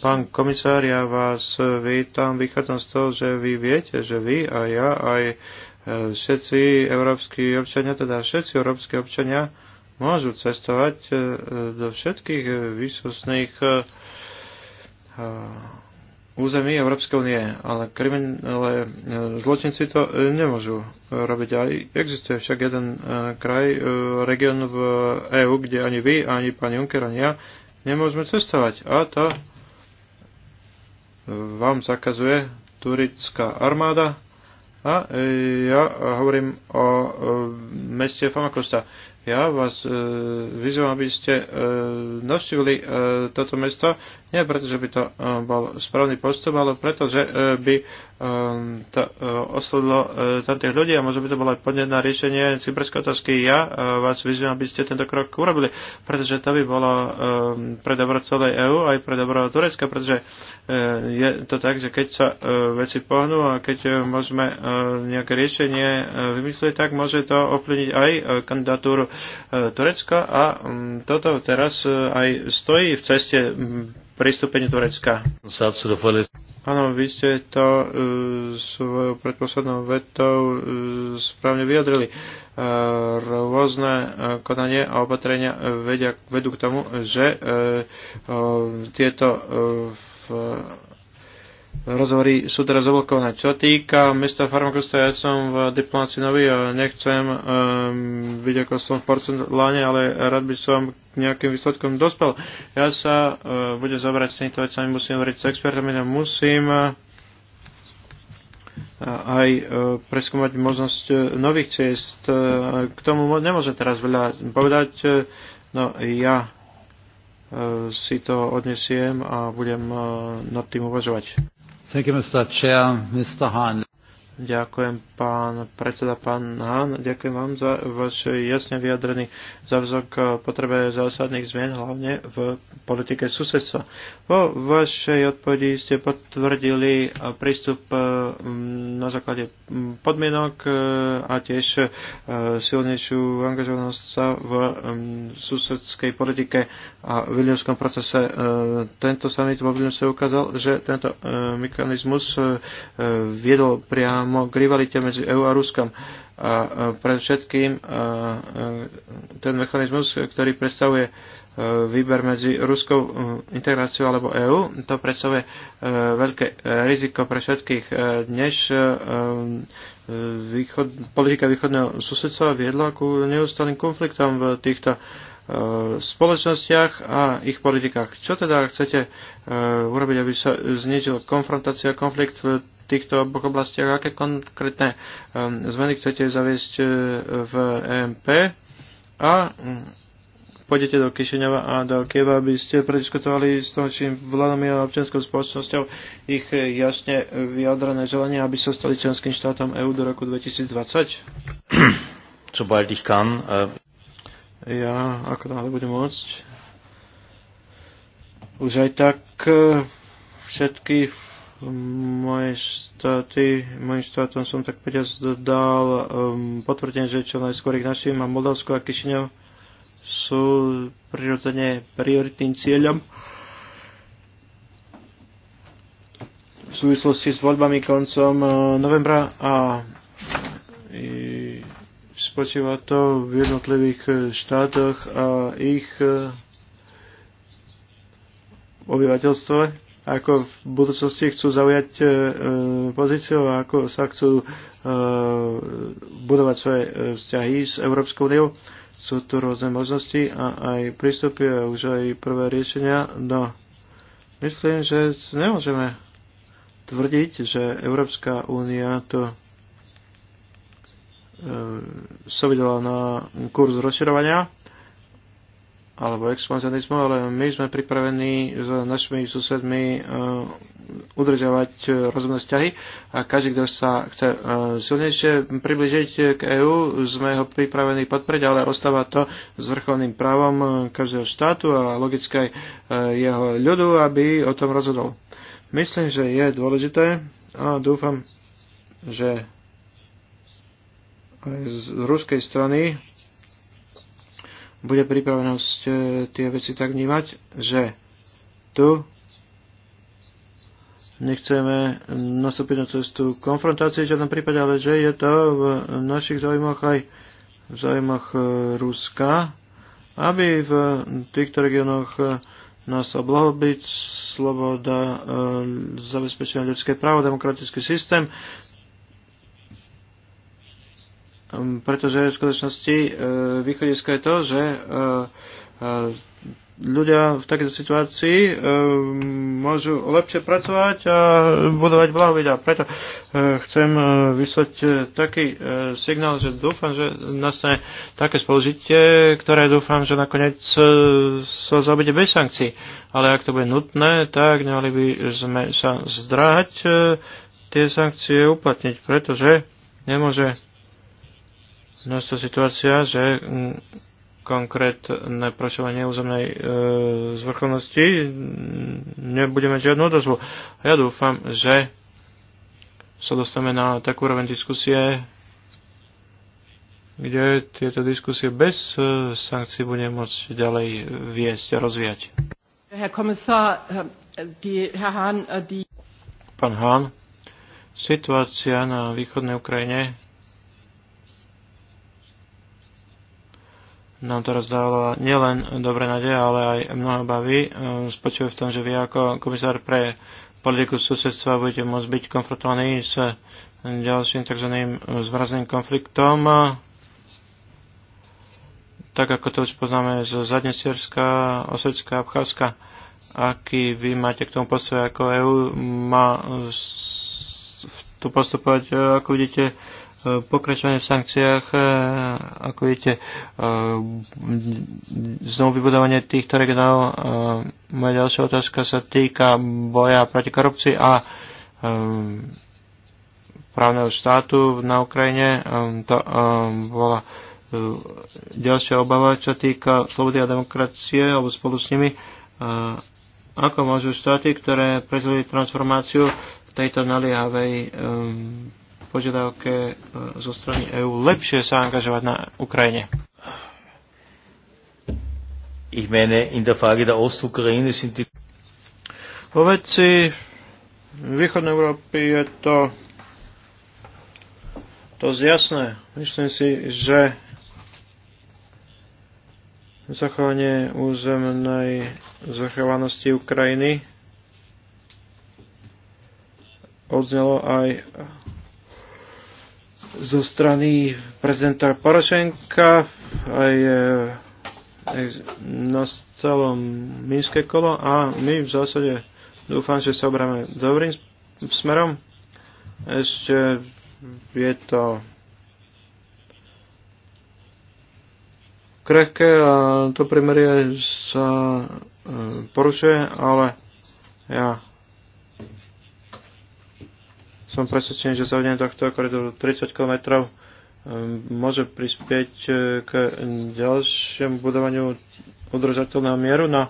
Pán komisár, ja vás vítam. Vychádzam z toho, že vy viete, že vy a ja aj e, všetci európsky občania, teda všetci európsky občania môžu cestovať e, do všetkých výsostných území Európskej únie, ale, krimin, ale e, zločinci to e, nemôžu robiť. Aj existuje však jeden e, kraj, region v EÚ, kde ani vy, ani pán Juncker, ani ja nemôžeme cestovať. A to vám zakazuje turická armáda. A ja hovorím o meste Famakosta. Ja vás e, vyzývam, aby ste e, navštívili e, toto mesto, nie preto, že by to e, bol správny postup, ale preto, že e, by e, Ehm, t- e, oslovilo e, tamtých ľudí a možno by to bolo aj podnet na riešenie cyberskej otázky. Ja e, vás vyzývam, aby ste tento krok urobili, pretože to by bolo ehm, pre dobro celej EÚ aj pre dobro Turecka, pretože je to tak, že keď sa veci pohnú a keď môžeme nejaké riešenie vymyslieť, tak môže to ovplyvniť aj kandidatúru Turecka a mm, toto teraz aj stojí v ceste pristúpenie Turecka. Áno, vy ste to e, svojou predposlednou vetou e, správne vyjadrili. E, rôzne e, konanie a opatrenia vedia, vedú k tomu, že e, e, tieto e, v, rozhovory sú teraz oblokované. Čo týka mesta Farmakosta, ja som v diplomácii nový a nechcem um, byť ako som v porceláne, ale rád by som k nejakým výsledkom dospel. Ja sa uh, budem zabrať s týmito vecami, musím hovoriť s expertami, a no musím uh, aj uh, preskúmať možnosť uh, nových ciest. Uh, k tomu nemôžem teraz veľa povedať, uh, no ja si to odnesiem a budem nad tým uvažovať. Thank you, Mr. Chair, Mr. Hahn. Ďakujem pán predseda, pán Hán, ďakujem vám za vaš jasne vyjadrený závzok potrebe zásadných zmien, hlavne v politike susedstva. Vo vašej odpovedi ste potvrdili prístup eh, na základe podmienok eh, a tiež eh, silnejšiu angažovanosť sa v susedskej politike a v Vilniuskom procese. Tento summit vo Vilniuse ukázal, že tento mechanizmus viedol priam priamo k rivalite medzi EU a Ruskom. A pre všetkým ten mechanizmus, ktorý predstavuje e, výber medzi ruskou e, integráciou alebo EÚ. To predstavuje e, veľké riziko pre všetkých. Dnes východ, politika východného susedstva viedla ku neustálým konfliktom v týchto spoločnostiach a ich politikách. Čo teda chcete urobiť, aby sa znižil konfrontácia, konflikt v týchto oboch oblastiach? Aké konkrétne um, zmeny chcete zaviesť uh, v EMP? A um, pôjdete do Kišiňova a do Kieva, aby ste prediskutovali s našimi vládom a občianskou spoločnosťou ich eh, jasne vyjadrené želanie, aby sa stali členským štátom EÚ do roku 2020? Sobald ich kann. Eh, ja, ako náhle budem môcť. Už aj tak eh, všetky moje štáty, môj štátom som tak povedať dal um, potvrdenie, že čo najskôr ich našim a Moldavsko a Kišiňov sú prirodzene prioritným cieľom v súvislosti s voľbami koncom uh, novembra a spočíva to v jednotlivých uh, štátoch a ich uh, obyvateľstve ako v budúcnosti chcú zaujať e, e, pozíciu a ako sa chcú e, budovať svoje e, vzťahy s Európskou úniou. Sú tu rôzne možnosti a aj prístupy a už aj prvé riešenia. No, myslím, že nemôžeme tvrdiť, že Európska únia to e, sa videla na kurz rozširovania alebo expanzionizmu, ale my sme pripravení s našimi susedmi e, udržiavať e, rozumné vzťahy a každý, kto sa chce e, silnejšie približiť k EÚ, sme ho pripravení podporiť, ale ostáva to s vrchovným právom každého štátu a logické jeho ľudu, aby o tom rozhodol. Myslím, že je dôležité a dúfam, že aj z ruskej strany bude pripravenosť e, tie veci tak vnímať, že tu nechceme nastúpiť na cestu konfrontácie v žiadnom prípade, ale že je to v našich záujmoch aj v záujmoch e, Ruska, aby v týchto regiónoch e, nás blahobyt, sloboda, zabezpečenie ľudské právo, demokratický systém, Ehm, pretože v skutočnosti ehm, východisko je to, že ehm, ľudia v takejto situácii e, môžu lepšie pracovať a budovať blahobyt. A preto e, chcem e, vyslať e, taký e, signál, že dúfam, že nastane také spolužitie, ktoré dúfam, že nakoniec e, sa zaobide bez sankcií. Ale ak to bude nutné, tak nemali by sme sa zdráhať e, tie sankcie uplatniť, pretože nemôže nastala situácia, že mm, konkrétne prošovanie územnej e, zvrchovnosti mm, nebudeme žiadnu odozvu. A ja dúfam, že sa dostaneme na takú úroveň diskusie, kde tieto diskusie bez e, sankcií budeme môcť ďalej viesť a rozvíjať. Äh, äh, Pán Hahn, situácia na východnej Ukrajine nám teraz dáva nielen dobré nádeje, ale aj mnohé obavy. Ehm, Spočuje v tom, že vy ako komisár pre politiku susedstva budete môcť byť konfrontovaní s ďalším tzv. zmrazeným konfliktom, tak ako to už poznáme z Zadnesierska, Osecka, Abcházska. Aký vy máte k tomu postoj ako EU? Má tu postupovať, e, ako vidíte, pokračovanie v sankciách, e, ako viete, e, znovu vybudovanie týchto regionov. E, moja ďalšia otázka sa týka boja proti korupcii a právneho štátu na Ukrajine. To bola ďalšia obava, čo týka slobody a demokracie, alebo spolu s nimi. Ako môžu štáty, ktoré prežili transformáciu v tejto naliehavej požiadavke e, zo strany EÚ lepšie sa angažovať na Ukrajine? Ich meine, in der Frage der Ostukraine sind die... Vo veci východnej Európy je to to jasné. Myslím si, že zachovanie územnej zachovanosti Ukrajiny odznelo aj zo strany prezidenta Porošenka aj e, nastalo minské kolo a my v zásade dúfam, že sa obráme dobrým smerom. Ešte je to krehké a to primerie sa e, porušuje, ale ja som presvedčený, že zavedenie tohto koridoru 30 km um, môže prispieť uh, k ďalšiemu budovaniu udržateľného mieru, no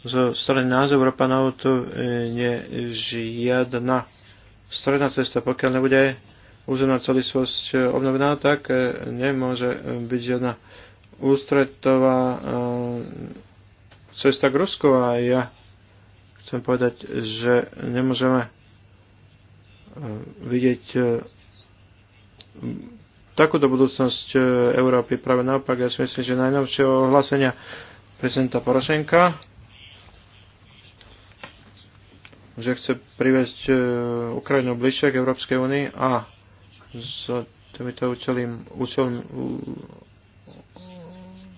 zo strany nás, Európanov, tu uh, nie žiadna stredná cesta, pokiaľ nebude územná celistvosť uh, obnovená, tak nemôže um, byť žiadna ústretová cesta k Rusku a ja chcem povedať, že nemôžeme vidieť e, takúto budúcnosť e, Európy. Práve naopak, ja si myslím, že najnovšie ohlásenia prezidenta Porošenka, že chce priviesť e, Ukrajinu bližšie k Európskej únii a s týmto účelom, účelom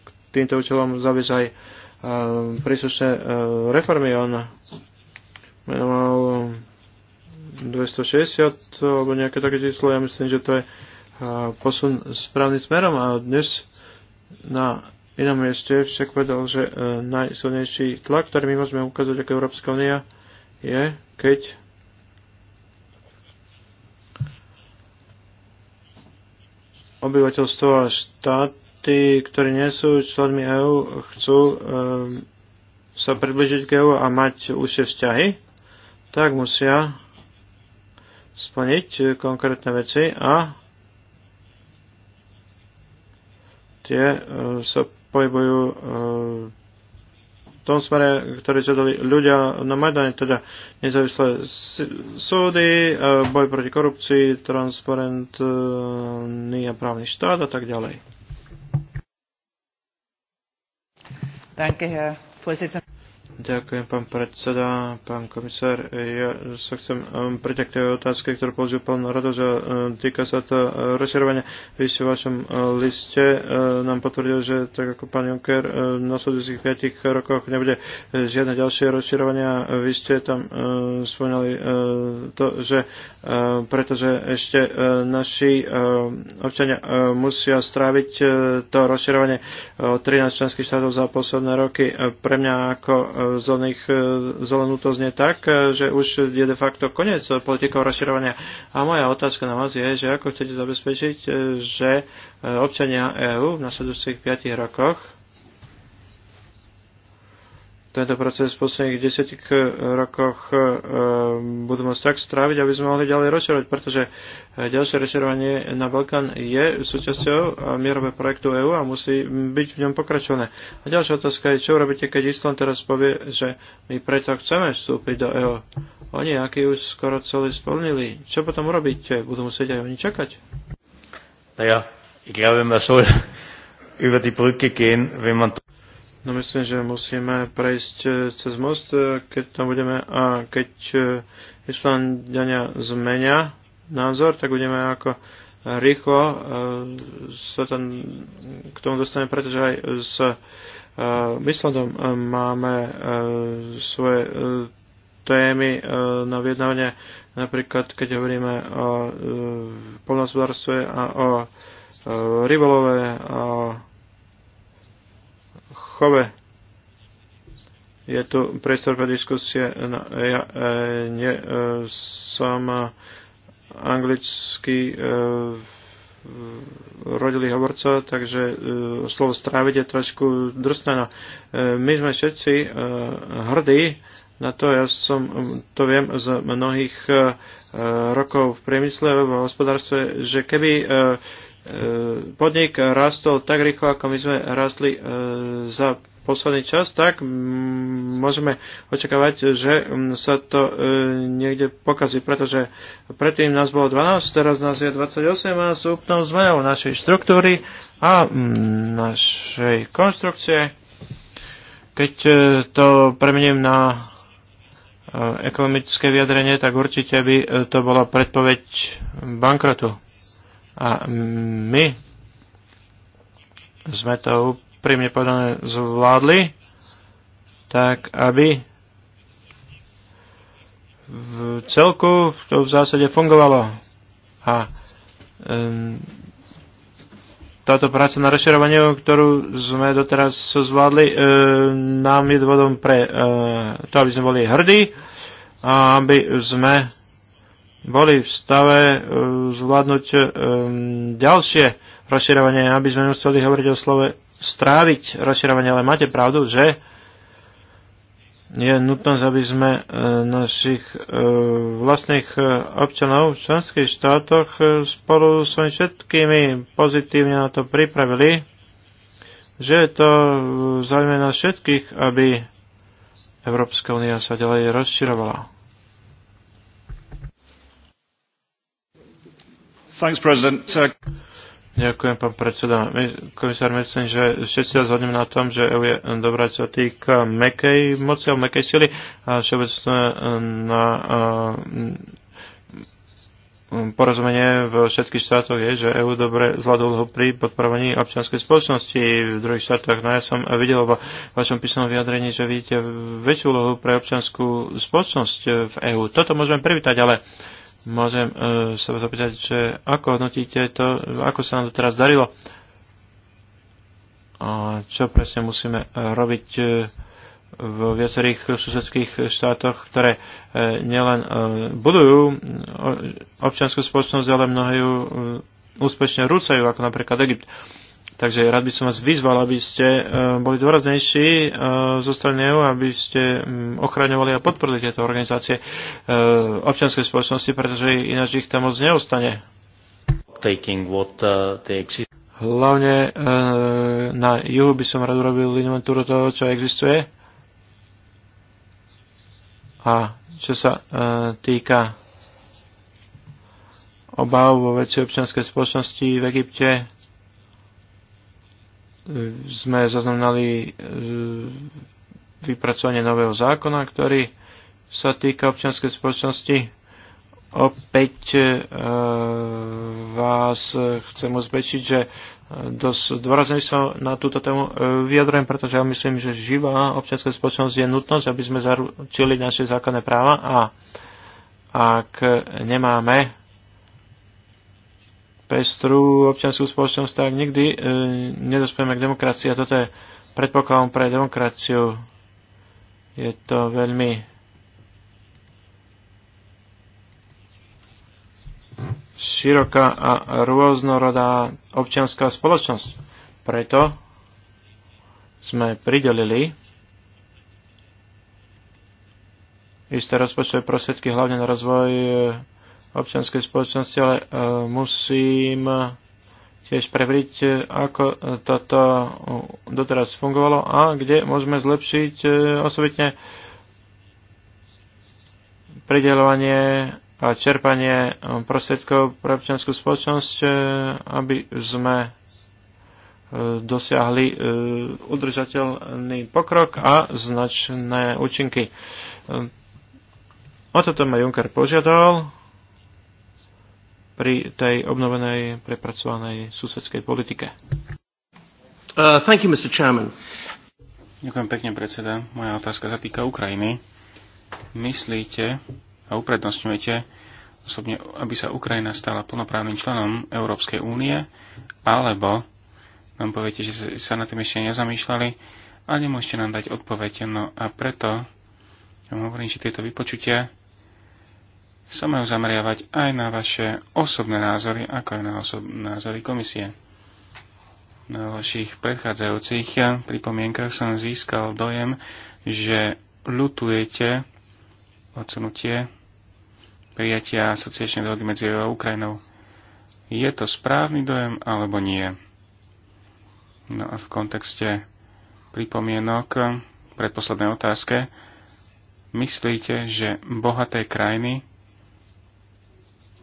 k týmto účelom zaviesť aj príslušné reformy. On menoval 260 alebo nejaké také číslo. Ja myslím, že to je posun správnym smerom a dnes na inom mieste však povedal, že e, najsilnejší tlak, ktorý my môžeme ukázať ako Európska únia, je, keď obyvateľstvo a štáty, ktorí nie sú členmi EÚ, chcú um, sa približiť k EÚ a mať užšie vzťahy, tak musia splniť e, konkrétne veci a tie e, sa pohybujú e, v tom smere, ktorý sa dali ľudia na Majdane, teda nezávislé súdy, boj proti korupcii, transparentný a právny štát a tak ďalej. Danke, Herr Vorsitzender. Ďakujem, pán predseda, pán komisár. Ja sa chcem um, priťať k tej otázke, ktorú položil pán Rado, že um, týka sa to rozširovania. Vy ste v vašom uh, liste uh, nám potvrdil, že tak ako pán Juncker uh, v nasledujúcich 5 rokoch nebude žiadne ďalšie rozširovania. Vy ste tam spomínali to, že pretože ešte naši občania musia stráviť to rozširovanie 13 členských štátov za posledné roky. pre mňa ako zelených, e, zelenú to znie tak, e, že už je de facto koniec politikov rozširovania. A moja otázka na vás je, že ako chcete zabezpečiť, e, že občania EÚ v nasledujúcich 5 rokoch tento proces v posledných desiatich eh, rokoch eh, budú môcť tak stráviť, aby sme mohli ďalej rozširovať, pretože eh, ďalšie rozširovanie na Balkán je súčasťou mierového projektu EÚ a musí byť v ňom pokračované. A ďalšia otázka je, čo urobíte, keď Island teraz povie, že my predsa chceme vstúpiť do EÚ. Oni, aký už skoro celý splnili, čo potom urobíte? Budú musieť aj oni čakať? Ja, ich glaube, man soll über die Brücke gehen, wenn man No myslím, že musíme prejsť eh, cez most, eh, keď tam budeme a keď eh, Islandiania zmenia názor, tak budeme ako rýchlo sa tam k tomu dostaneme, pretože aj s Islandom máme svoje témy na vyjednávanie, napríklad keď hovoríme o polnospodárstve a o rybolove a chove. Je tu priestor pre diskusie. No, ja e, nie, e, som e, anglický e, rodilý hovorca, takže e, slovo stráviť je trošku drsné. No, e, my sme všetci e, hrdí na to, ja som, to viem z mnohých e, rokov v priemysle v hospodárstve, že keby e, podnik rastol tak rýchlo, ako my sme rastli e, za posledný čas, tak môžeme očakávať, že sa to e, niekde pokazí, pretože predtým nás bolo 12, teraz nás je 28 a s úplnou zmenou našej štruktúry a našej konštrukcie. Keď e, to premením na ekonomické vyjadrenie, tak určite by to bola predpoveď bankrotu. A my sme to úprimne povedané zvládli, tak aby v celku to v zásade fungovalo. A um, táto práca na rozširovaniu, ktorú sme doteraz zvládli, nám je dôvodom pre to, aby sme boli hrdí a aby sme boli v stave e, zvládnuť e, ďalšie rozširovanie, aby sme museli hovoriť o slove stráviť rozširovanie, ale máte pravdu, že je nutnosť, aby sme e, našich vlastných občanov v členských štátoch spolu s všetkými pozitívne na to pripravili, že je to zaujímavé na všetkých, aby Európska únia sa ďalej rozširovala. Thanks, President. Ďakujem, pán predseda. My, komisár, myslím, že všetci sa zhodneme na tom, že EU je dobrá, čo týka mekej moci a mekej sily a všeobecne eh, na eh, porozumenie v všetkých štátoch je, že EU dobre zvládol ho pri podporovaní občianskej spoločnosti v druhých štátoch. No ja som videl vo vašom písomnom vyjadrení, že vidíte väčšiu úlohu pre občianskú spoločnosť v EU. Toto môžeme privítať, ale uh, Môžem e, sa vás opýtať, že ako hodnotíte to, ako sa nám to teraz darilo? A čo presne musíme e, robiť e, v viacerých susedských štátoch, ktoré nielen budujú občianskú spoločnosť, ale mnohé ju úspešne rúcajú, ako napríklad Egypt. Takže rád by som vás vyzval, aby ste e, boli dôraznejší e, zo strany EU, aby ste ochraňovali a podporili tieto organizácie e, občianskej spoločnosti, pretože ináč ich tam moc neostane. Uh, Hlavne na juhu by som rád urobil inventúru toho, čo existuje. A čo sa týka obáv vo väčšej občianskej spoločnosti v Egypte, sme zaznamenali e, vypracovanie nového zákona, ktorý sa týka občianskej spoločnosti. Opäť e, vás chcem uzbečiť, že dosť dôrazne sa na túto tému e, vyjadrujem, pretože ja myslím, že živá občianská spoločnosť je nutnosť, aby sme zaručili naše zákonné práva a ak nemáme pestrú občianskú spoločnosť, tak nikdy e, nedospieme k demokracii a toto je predpokladom pre demokraciu. Je to veľmi široká a rôznorodá občianská spoločnosť. Preto sme pridelili isté rozpočtové prostriedky hlavne na rozvoj e, občianskej spoločnosti, ale e, musím tiež preveriť, e, ako toto e, doteraz fungovalo a kde môžeme zlepšiť osobitne pridelovanie a čerpanie prostriedkov pre občianskú spoločnosť, aby sme dosiahli udržateľný pokrok a značné účinky. O toto ma Juncker požiadal pri tej obnovenej prepracovanej susedskej politike. Uh, thank you, Mr. Chairman. Ďakujem pekne, predseda. Moja otázka sa týka Ukrajiny. Myslíte a uprednostňujete osobne, aby sa Ukrajina stala plnoprávnym členom Európskej únie, alebo nám poviete, že sa na tým ešte nezamýšľali a nemôžete nám dať odpoveď. No a preto ja hovorím, že tieto vypočutia sa majú zameriavať aj na vaše osobné názory, ako aj na názory komisie. Na vašich predchádzajúcich pripomienkach som získal dojem, že lutujete odsunutie prijatia asociačnej dohody medzi EU a Ukrajinou. Je to správny dojem alebo nie? No a v kontexte pripomienok predposlednej otázke, myslíte, že bohaté krajiny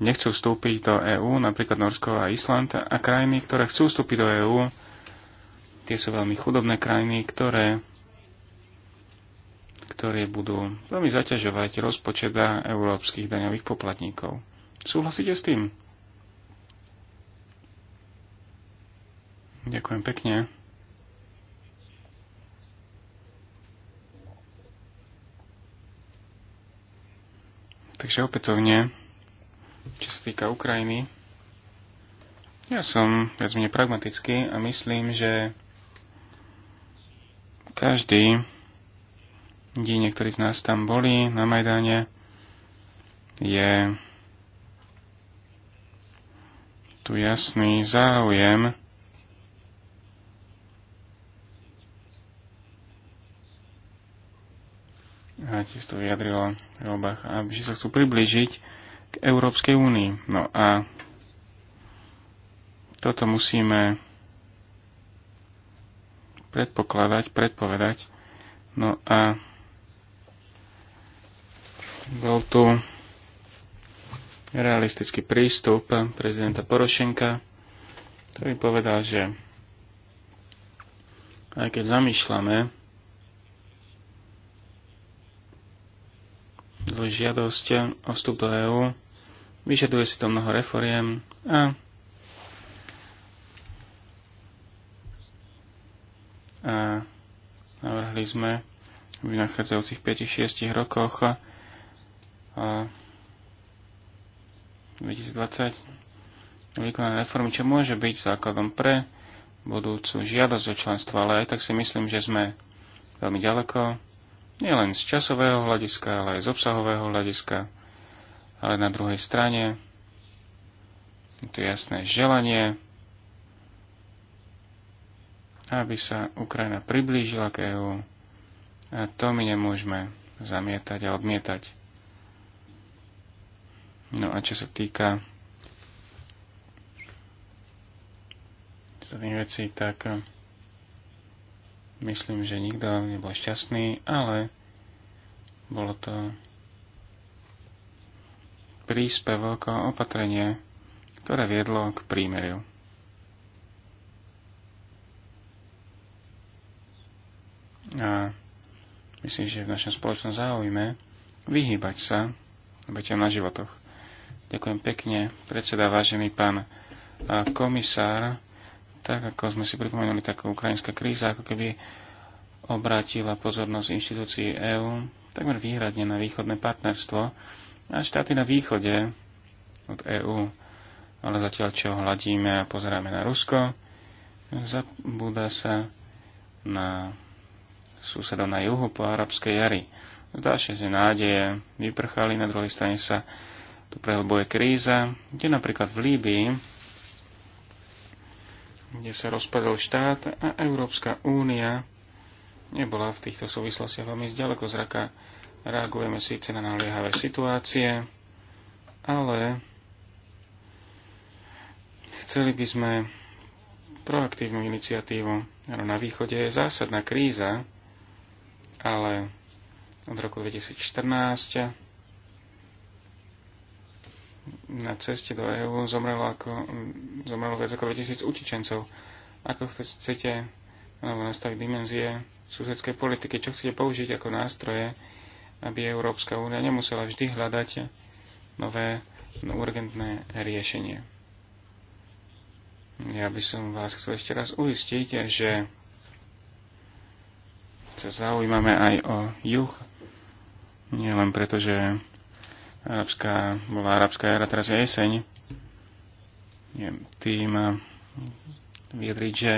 nechcú vstúpiť do EÚ, napríklad Norsko a Island, a krajiny, ktoré chcú vstúpiť do EÚ, tie sú veľmi chudobné krajiny, ktoré, ktoré budú veľmi zaťažovať rozpočet európskych daňových poplatníkov. Súhlasíte s tým? Ďakujem pekne. Takže opätovne čo sa týka Ukrajiny, ja som viac menej pragmatický a myslím, že každý, kde niektorí z nás tam boli na Majdane, je tu jasný záujem a tiež to vyjadrilo v voľbách, aby sa chcú priblížiť k Európskej únii. No a toto musíme predpokladať, predpovedať. No a bol tu realistický prístup prezidenta Porošenka, ktorý povedal, že aj keď zamýšľame žiadosť o vstup do EÚ, vyžaduje si to mnoho reforiem a, a navrhli sme v nachádzajúcich 5-6 rokoch a, 2020 vykonané reformy, čo môže byť základom pre budúcu žiadosť o členstvo, ale aj tak si myslím, že sme veľmi ďaleko, nielen z časového hľadiska, ale aj z obsahového hľadiska ale na druhej strane je to jasné želanie, aby sa Ukrajina priblížila k EÚ. A to my nemôžeme zamietať a odmietať. No a čo sa týka ostatných vecí, tak eh, myslím, že nikto nebol šťastný, ale bolo to príspevok a opatrenie, ktoré viedlo k prímeriu. A myslím, že v našom spoločnom záujme vyhýbať sa obeťam na životoch. Ďakujem pekne, predseda, vážený pán komisár. Tak ako sme si pripomenuli, taká ukrajinská kríza, ako keby obrátila pozornosť inštitúcií EÚ takmer výhradne na východné partnerstvo a štáty na východe od EÚ. Ale zatiaľ, čo hľadíme a pozeráme na Rusko, zabúda sa na susedov na juhu po arabskej jari. Zdá sa, že nádeje vyprchali, na druhej strane sa tu prehlbuje kríza, kde napríklad v Líbii, kde sa rozpadol štát a Európska únia nebola v týchto súvislostiach veľmi zďaleko zraka Reagujeme síce na naliehavé situácie, ale chceli by sme proaktívnu iniciatívu. Na východe je zásadná kríza, ale od roku 2014 na ceste do EÚ zomrelo, ako, zomrelo viac ako 2000 utečencov. Ako chcete nastaviť dimenzie susedskej politiky, čo chcete použiť ako nástroje aby Európska únia nemusela vždy hľadať nové no, urgentné riešenie. Ja by som vás chcel ešte raz uistiť, že sa zaujímame aj o juh, nielen preto, že arabská, bola arabská jara, teraz je jeseň, tým eh, vyjadriť, že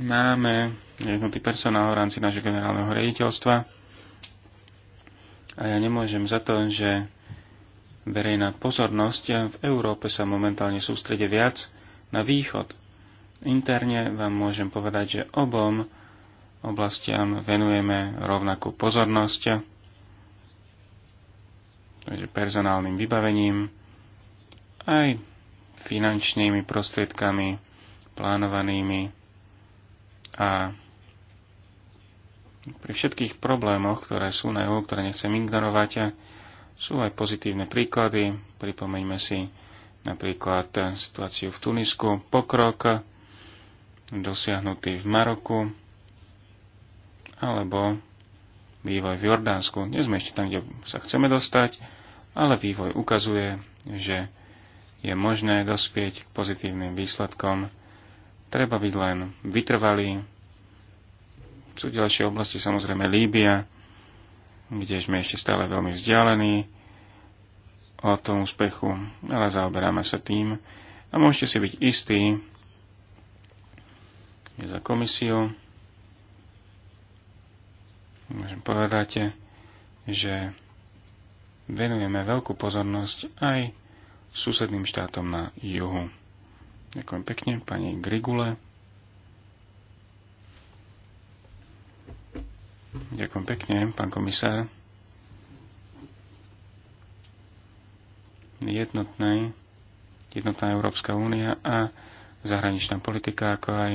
Máme jednotný personál v rámci nášho generálneho rediteľstva a ja nemôžem za to, že verejná pozornosť v Európe sa momentálne sústrede viac na východ. Interne vám môžem povedať, že obom oblastiam venujeme rovnakú pozornosť, takže personálnym vybavením, aj finančnými prostriedkami, plánovanými a pri všetkých problémoch, ktoré sú na juhu, ktoré nechcem ignorovať, sú aj pozitívne príklady. Pripomeňme si napríklad situáciu v Tunisku, pokrok dosiahnutý v Maroku, alebo vývoj v Jordánsku. Nie sme ešte tam, kde sa chceme dostať, ale vývoj ukazuje, že je možné dospieť k pozitívnym výsledkom Treba byť len vytrvalý. Sú ďalšie oblasti, samozrejme Líbia, kde sme ešte stále veľmi vzdialení o tom úspechu, ale zaoberáme sa tým a môžete si byť istí, je za komisiu, môžem povedať, že venujeme veľkú pozornosť aj susedným štátom na juhu. Ďakujem pekne, pani Grigule. Ďakujem pekne, pán komisár. Jednotnej, jednotná Európska únia a zahraničná politika, ako aj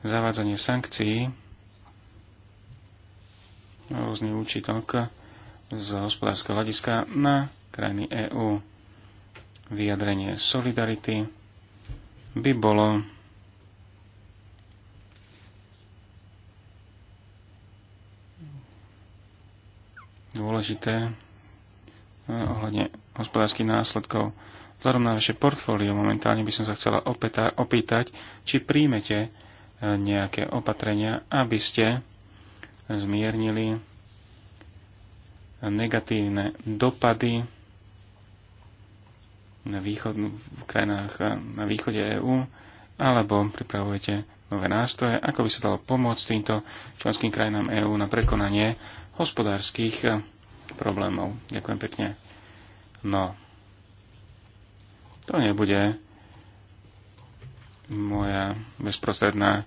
zavádzanie sankcií, rôzny účitok z hospodárskeho hľadiska na krajiny EÚ, vyjadrenie solidarity, by bolo dôležité eh, ohľadne hospodárskych následkov. Vzhľadom na vaše portfólio momentálne by som sa chcela opäta, opýtať, či príjmete eh, nejaké opatrenia, aby ste zmiernili negatívne dopady na východ v krajinách eh, na východe EÚ, alebo pripravujete nové nástroje, ako by sa dalo pomôcť týmto členským krajinám EÚ na prekonanie hospodárskych eh, problémov. Ďakujem pekne. No, to nebude moja bezprostredná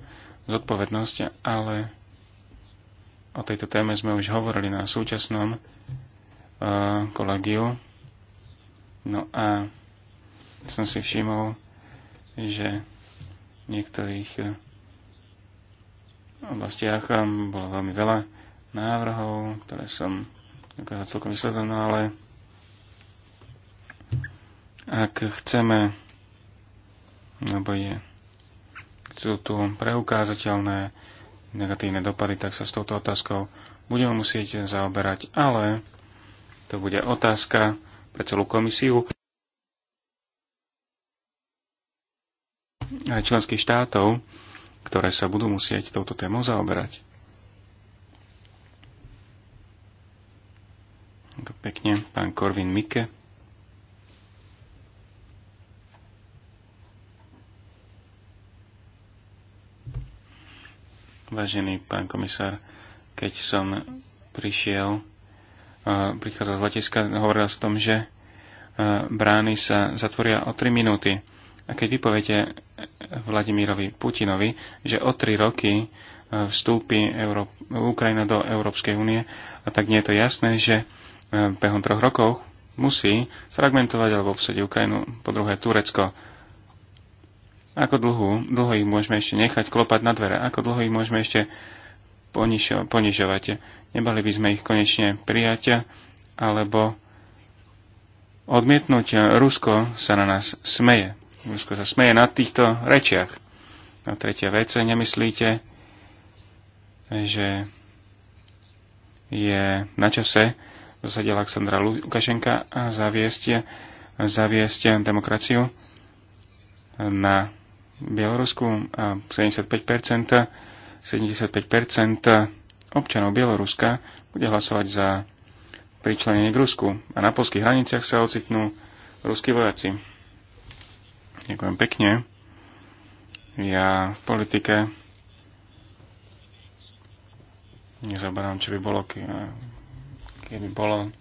zodpovednosť, ale o tejto téme sme už hovorili na súčasnom uh, kolegiu. No a som si všimol, že v niektorých eh, oblastiach eh, bolo veľmi veľa návrhov, ktoré som dokázal akože celkom vysledovať, no ale ak chceme, lebo je, sú tu preukázateľné negatívne dopady, tak sa s touto otázkou budeme musieť zaoberať, ale to bude otázka pre celú komisiu. aj členských štátov, ktoré sa budú musieť touto témou zaoberať. Pekne, pán Korvin Mike. Vážený pán komisár, keď som prišiel, prichádzal z letiska, hovoril som o tom, že brány sa zatvoria o 3 minúty a keď vy poviete Vladimirovi Putinovi, že o tri roky e, vstúpi Euró- Ukrajina do Európskej únie, a tak nie je to jasné, že e, behom troch rokov musí fragmentovať alebo obsadiť Ukrajinu, po druhé Turecko. Ako dlhu? dlho ich môžeme ešte nechať klopať na dvere? Ako dlho ich môžeme ešte ponižo- ponižovať? Nebali by sme ich konečne prijať alebo odmietnúť? Rusko sa na nás smeje. Rusko sa smeje na týchto rečiach. A tretia vec, nemyslíte, že je na čase v zásade Aleksandra Lukašenka zaviesť, zaviesť demokraciu na Bielorusku a 75%, 75% občanov Bieloruska bude hlasovať za pričlenenie k Rusku a na polských hraniciach sa ocitnú ruskí vojaci. Ďakujem pekne. Ja v politike nezabávam, čo by bolo, keby bolo,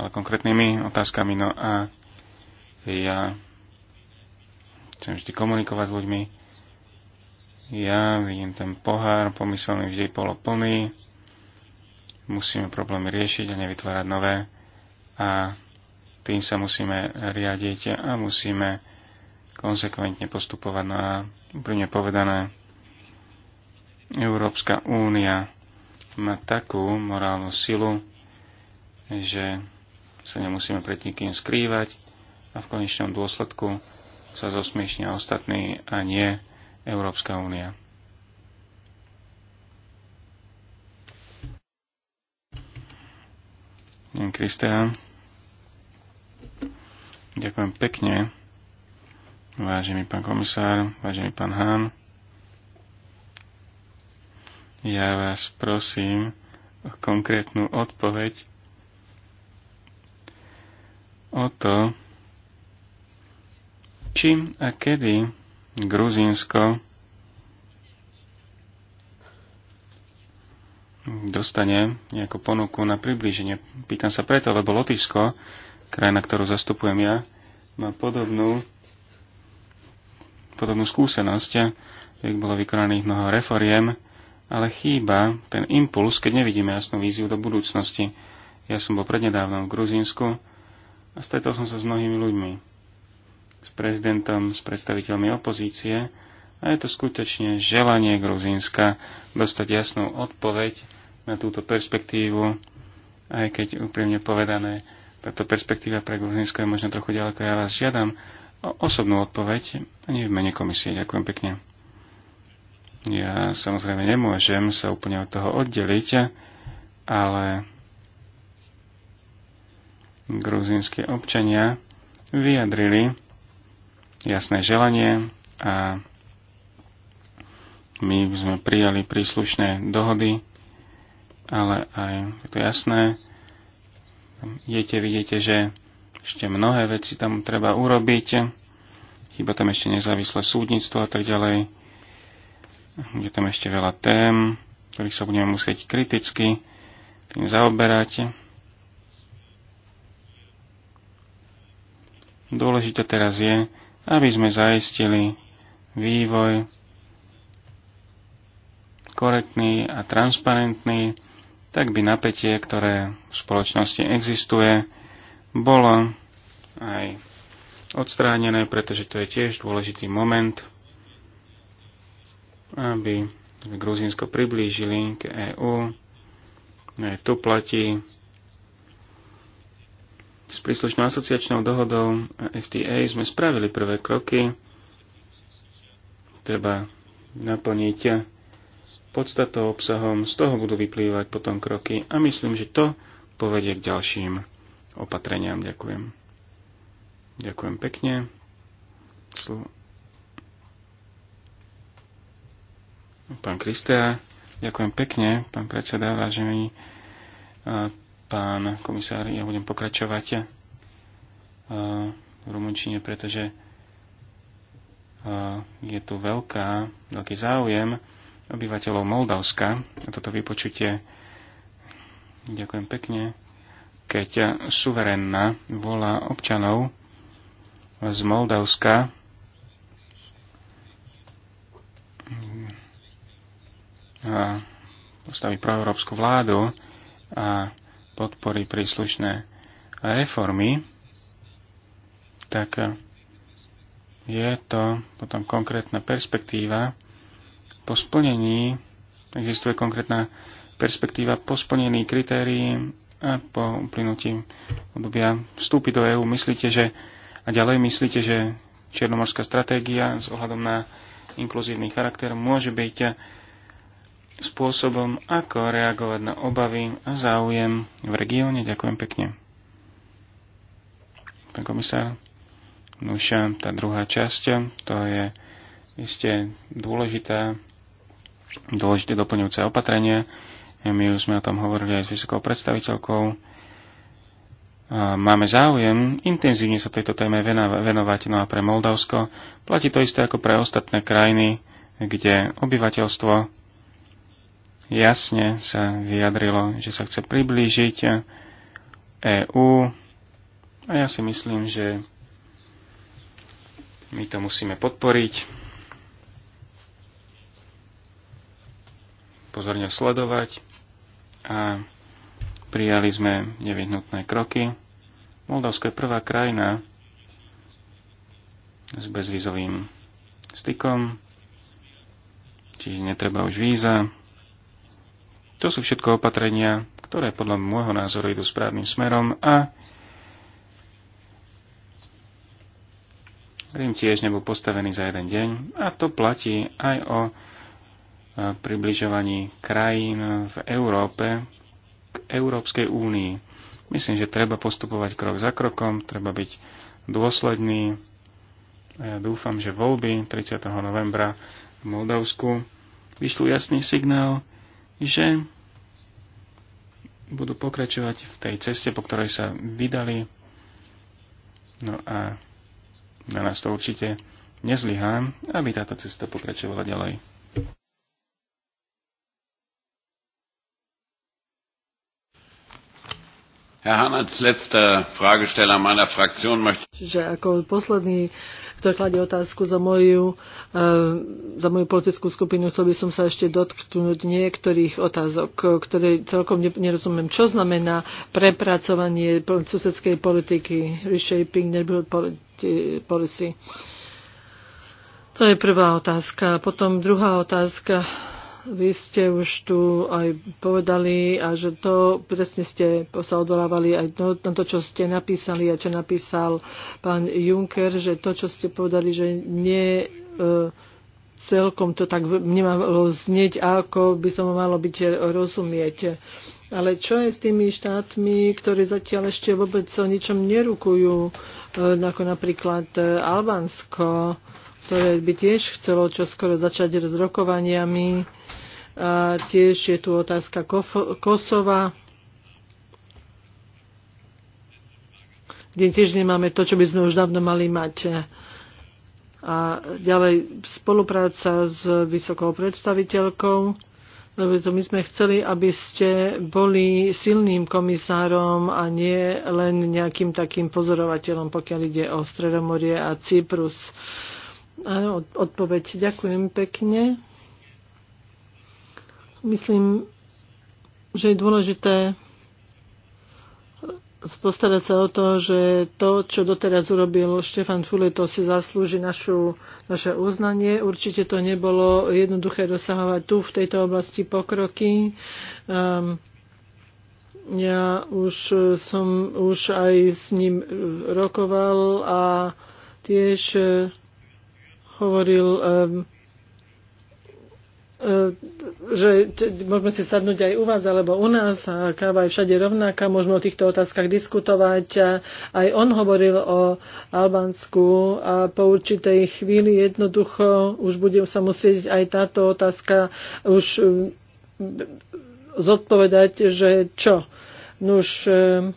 ale konkrétnymi otázkami. No a ja chcem vždy komunikovať s ľuďmi. Ja vidím ten pohár, pomyselný vždy poloplný. Musíme problémy riešiť a nevytvárať nové. A tým sa musíme riadiť a musíme konsekventne postupovať na úplne povedané Európska únia má takú morálnu silu, že sa nemusíme pred nikým skrývať a v konečnom dôsledku sa zosmiešnia ostatní a nie Európska únia. Kristián, ďakujem pekne vážený pán komisár, vážený pán Hán. Ja vás prosím o konkrétnu odpoveď o to, či a kedy Gruzínsko dostane nejakú ponuku na priblíženie. Pýtam sa preto, lebo Lotyšsko, krajina, ktorú zastupujem ja, má podobnú podobnú skúsenosť, keď bolo vykonaných mnoho reforiem, ale chýba ten impuls, keď nevidíme jasnú víziu do budúcnosti. Ja som bol prednedávnom v Gruzínsku a stretol som sa s mnohými ľuďmi. S prezidentom, s predstaviteľmi opozície a je to skutočne želanie Gruzínska dostať jasnú odpoveď na túto perspektívu, aj keď úprimne povedané, táto perspektíva pre Gruzínsko je možno trochu ďaleko. Ja vás žiadam, osobnú odpoveď, ani v mene komisie. Ďakujem pekne. Ja samozrejme nemôžem sa úplne od toho oddeliť, ale gruzínske občania vyjadrili jasné želanie a my sme prijali príslušné dohody, ale aj je to jasné, idete, vidíte, že ešte mnohé veci tam treba urobiť. Chyba tam ešte nezávislé súdnictvo a tak ďalej. Bude tam ešte veľa tém, ktorých sa budeme musieť kriticky tým zaoberať. Dôležité teraz je, aby sme zaistili vývoj korektný a transparentný, tak by napätie, ktoré v spoločnosti existuje, bolo aj odstránené, pretože to je tiež dôležitý moment, aby Gruzínsko priblížili k EÚ. E, tu platí s príslušnou asociačnou dohodou FTA sme spravili prvé kroky. Treba naplniť podstatou obsahom, z toho budú vyplývať potom kroky a myslím, že to povedie k ďalším opatreniam. Ďakujem. Ďakujem pekne. Slovo. Pán Kristea, ďakujem pekne, pán predseda, vážený pán komisár, ja budem pokračovať v Rumunčine, pretože je tu veľká, veľký záujem obyvateľov Moldavska na toto vypočutie. Ďakujem pekne keď suverénna vola občanov z Moldavska a postaví proeurópsku vládu a podporí príslušné reformy, tak je to potom konkrétna perspektíva po splnení, existuje konkrétna perspektíva po splnení kritérií a po uplynutí obdobia vstúpi do EÚ, myslíte, že a ďalej myslíte, že černomorská stratégia s ohľadom na inkluzívny charakter môže byť spôsobom, ako reagovať na obavy a záujem v regióne. Ďakujem pekne. Pán komisár, nuša, tá druhá časť, to je isté dôležitá, dôležité doplňujúce opatrenie my už sme o tom hovorili aj s vysokou predstaviteľkou. Máme záujem intenzívne sa tejto téme venovať, no a pre Moldavsko platí to isté ako pre ostatné krajiny, kde obyvateľstvo jasne sa vyjadrilo, že sa chce priblížiť EÚ a ja si myslím, že my to musíme podporiť, pozorne sledovať a prijali sme nevyhnutné kroky. Moldavsko je prvá krajina s bezvizovým stykom, čiže netreba už víza. To sú všetko opatrenia, ktoré podľa môjho názoru idú správnym smerom a Rím tiež nebol postavený za jeden deň a to platí aj o približovaní krajín v Európe k Európskej únii. Myslím, že treba postupovať krok za krokom, treba byť dôsledný. ja dúfam, že voľby 30. novembra v Moldavsku vyšlo jasný signál, že budú pokračovať v tej ceste, po ktorej sa vydali. No a na nás to určite nezlyhá, aby táto cesta pokračovala ďalej. Herr Hahn, als letzter Fragesteller meiner Fraktion möchte Čiže ako posledný, ktorý kladie otázku za moju, eh, za moju politickú skupinu, chcel by som sa ešte dotknúť niektorých otázok, ktoré celkom nerozumiem. Čo znamená prepracovanie susedskej politiky, reshaping neighborhood policy? To je prvá otázka. Potom druhá otázka vy ste už tu aj povedali a že to presne ste sa odvolávali aj to, na to, čo ste napísali a čo napísal pán Juncker, že to, čo ste povedali, že nie e, celkom to tak nemalo znieť, ako by som malo byť rozumieť. Ale čo je s tými štátmi, ktorí zatiaľ ešte vôbec o ničom nerukujú, e, ako napríklad e, Albánsko? ktoré by tiež chcelo čoskoro začať s rokovaniami. A tiež je tu otázka Kosova, kde tiež nemáme to, čo by sme už dávno mali mať. A ďalej spolupráca s vysokou predstaviteľkou lebo to my sme chceli, aby ste boli silným komisárom a nie len nejakým takým pozorovateľom, pokiaľ ide o Stredomorie a Cyprus. Áno, odpoveď. Ďakujem pekne. Myslím, že je dôležité postarať sa o to, že to, čo doteraz urobil Štefan Fule, to si zaslúži našu, naše uznanie. Určite to nebolo jednoduché dosahovať tu v tejto oblasti pokroky. Um, ja už som už aj s ním rokoval a tiež hovoril, ehm, ehm, že môžeme si sadnúť aj u vás alebo u nás a káva je všade rovnaká, môžeme o týchto otázkach diskutovať. A aj on hovoril o Albánsku a po určitej chvíli jednoducho už budem sa musieť aj táto otázka už ehm, zodpovedať, že čo. už, um,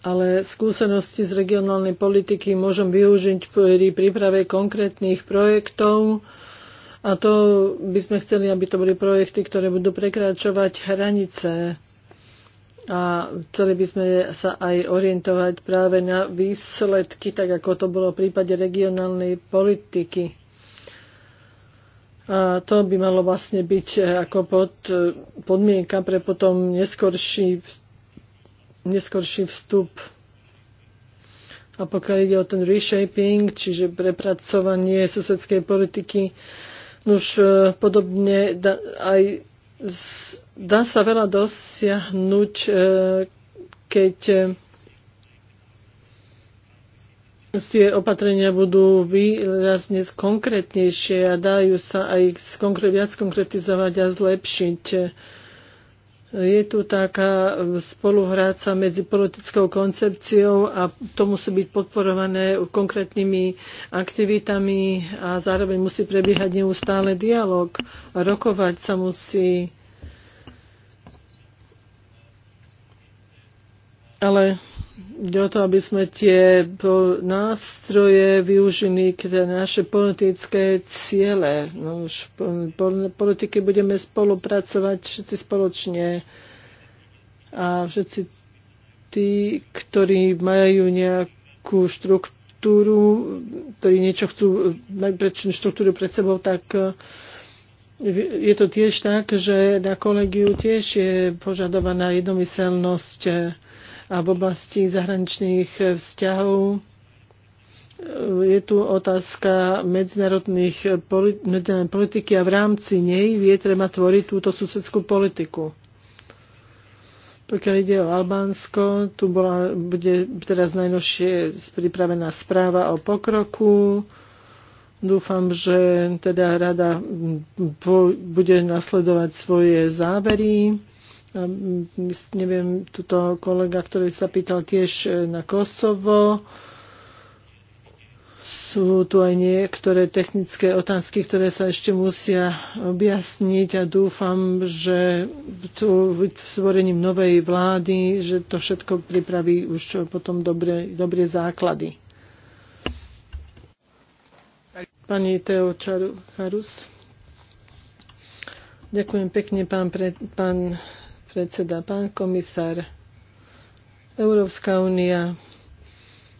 ale skúsenosti z regionálnej politiky môžem využiť pri príprave konkrétnych projektov a to by sme chceli, aby to boli projekty, ktoré budú prekračovať hranice a chceli by sme sa aj orientovať práve na výsledky, tak ako to bolo v prípade regionálnej politiky. A to by malo vlastne byť ako pod, podmienka pre potom neskorší neskorší vstup. A pokiaľ ide o ten reshaping, čiže prepracovanie susedskej politiky, no už e, podobne da, aj z, dá sa veľa dosiahnuť, e, keď e, tie opatrenia budú výrazne konkrétnejšie a dajú sa aj viac konkretizovať a zlepšiť je tu taká spoluhráca medzi politickou koncepciou a to musí byť podporované konkrétnymi aktivitami a zároveň musí prebiehať neustále dialog. Rokovať sa musí. Ale do to, aby sme tie nástroje využili k naše politické ciele. No už v politike budeme spolupracovať všetci spoločne a všetci tí, ktorí majú nejakú štruktúru, ktorí niečo chcú, najprv štruktúru pred sebou, tak eh, je to tiež tak, že na kolegiu tiež je požadovaná jednomyselnosť eh, a v oblasti zahraničných vzťahov je tu otázka medzinárodných politiky a v rámci nej je treba tvoriť túto susedskú politiku. Pokiaľ ide o Albánsko, tu bola, bude teraz najnovšie pripravená správa o pokroku. Dúfam, že teda rada bude nasledovať svoje závery neviem, tuto kolega, ktorý sa pýtal tiež e, na Kosovo, sú tu aj niektoré technické otázky, ktoré sa ešte musia objasniť a dúfam, že tu vytvorením novej vlády, že to všetko pripraví už potom dobré dobré základy. Pani Teo Charus. Ďakujem pekne, pán, pre, pán predseda, pán komisár. Európska únia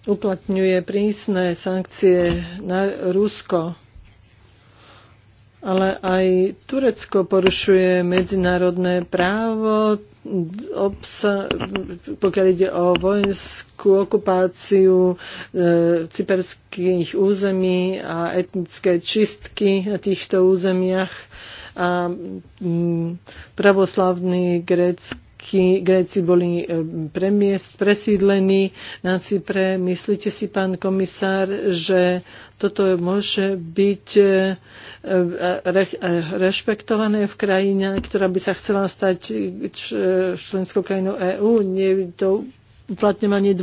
uplatňuje prísne sankcie na Rusko ale aj Turecko porušuje medzinárodné právo, obsa, pokiaľ ide o vojenskú okupáciu e, cyperských území a etnické čistky na týchto územiach a m, mm, pravoslavní grécky Gréci, Gréci boli e, premiest, presídlení na Cypre. Myslíte si, pán komisár, že toto môže byť e, e, rešpektované v krajine, ktorá by sa chcela stať členskou krajinou EÚ? Nie je to uplatňovanie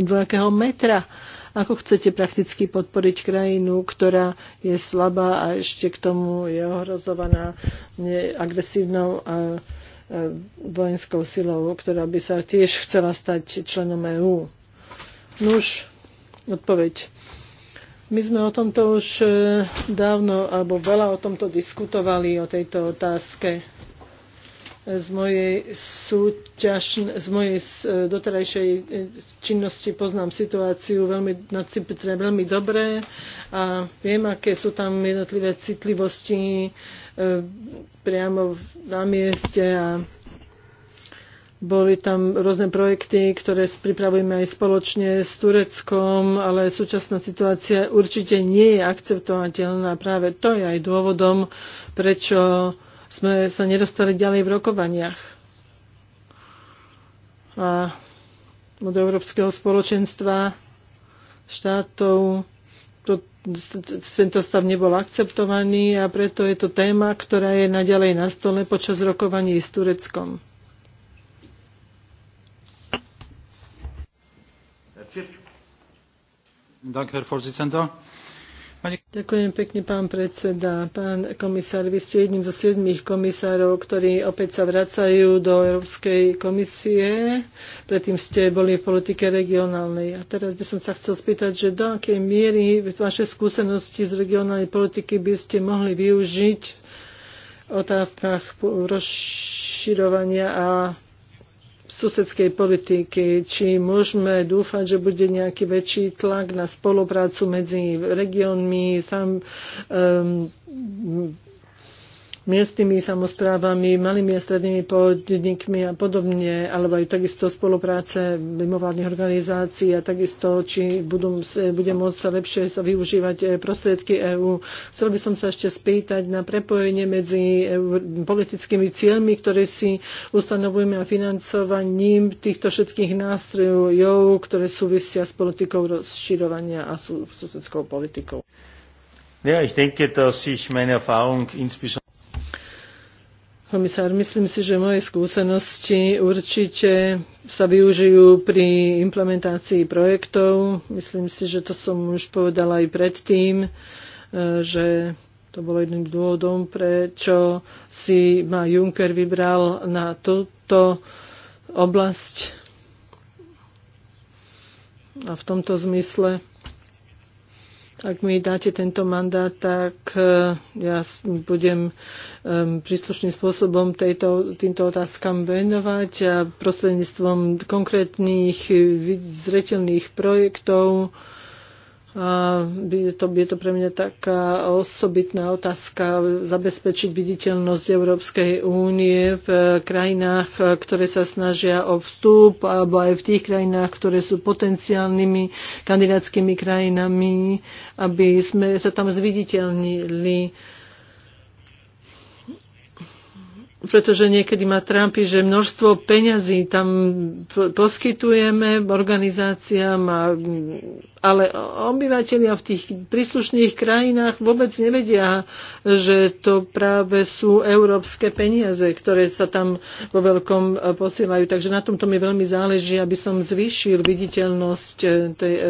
dvojakého metra ako chcete prakticky podporiť krajinu, ktorá je slabá a ešte k tomu je ohrozovaná agresívnou a E, vojenskou silou, ktorá by sa tiež chcela stať členom EÚ. Nuž, odpoveď. My sme o tomto už e, dávno alebo veľa o tomto diskutovali, o tejto otázke z mojej, súťaž, z mojej e, doterajšej e, činnosti poznám situáciu veľmi, na Cypre veľmi dobré a viem, aké sú tam jednotlivé citlivosti e, priamo na mieste a boli tam rôzne projekty, ktoré pripravujeme aj spoločne s Tureckom, ale súčasná situácia určite nie je akceptovateľná. Práve to je aj dôvodom, prečo sme sa nedostali ďalej v rokovaniach. A od Európskeho spoločenstva štátov to, tento stav nebol akceptovaný a preto je to téma, ktorá je naďalej na stole počas rokovaní s Tureckom. Dank, Herr Vorsitzender. Ďakujem pekne, pán predseda. Pán komisár, vy ste jedným zo siedmých komisárov, ktorí opäť sa vracajú do Európskej komisie. Predtým ste boli v politike regionálnej. A teraz by som sa chcel spýtať, že do akej miery vaše skúsenosti z regionálnej politiky by ste mohli využiť v otázkach rozširovania a susedskej politiky, či môžeme dúfať, že bude nejaký väčší tlak na spoluprácu medzi regiónmi, sám um, miestnymi samozprávami, malými a strednými podnikmi a podobne, alebo aj takisto spolupráce mimovládnych organizácií a takisto, či budú, bude môcť sa lepšie sa využívať eh, prostriedky EÚ. Chcel by som sa ešte spýtať na prepojenie medzi e politickými cieľmi, ktoré si ustanovujeme a financovaním týchto všetkých nástrojov, ktoré súvisia s politikou rozširovania a susedskou politikou. Ja, ich denke, dass ich meine Erfahrung insbesondere komisár, myslím si, že moje skúsenosti určite sa využijú pri implementácii projektov. Myslím si, že to som už povedala aj predtým, e, že to bolo jedným dôvodom, prečo si ma Juncker vybral na túto oblasť. A v tomto zmysle ak mi dáte tento mandát, tak eh, ja budem ehm, príslušným spôsobom tejto, týmto otázkam venovať a prostredníctvom konkrétnych eh, zretelných projektov a je to, je to pre mňa taká osobitná otázka zabezpečiť viditeľnosť Európskej únie v krajinách, ktoré sa snažia o vstup, alebo aj v tých krajinách, ktoré sú potenciálnymi kandidátskymi krajinami, aby sme sa tam zviditeľnili pretože niekedy ma trápi, že množstvo peňazí tam poskytujeme organizáciám a ale obyvateľia v tých príslušných krajinách vôbec nevedia, že to práve sú európske peniaze, ktoré sa tam vo veľkom e, posielajú. Takže na tomto mi veľmi záleží, aby som zvýšil viditeľnosť e, tej e,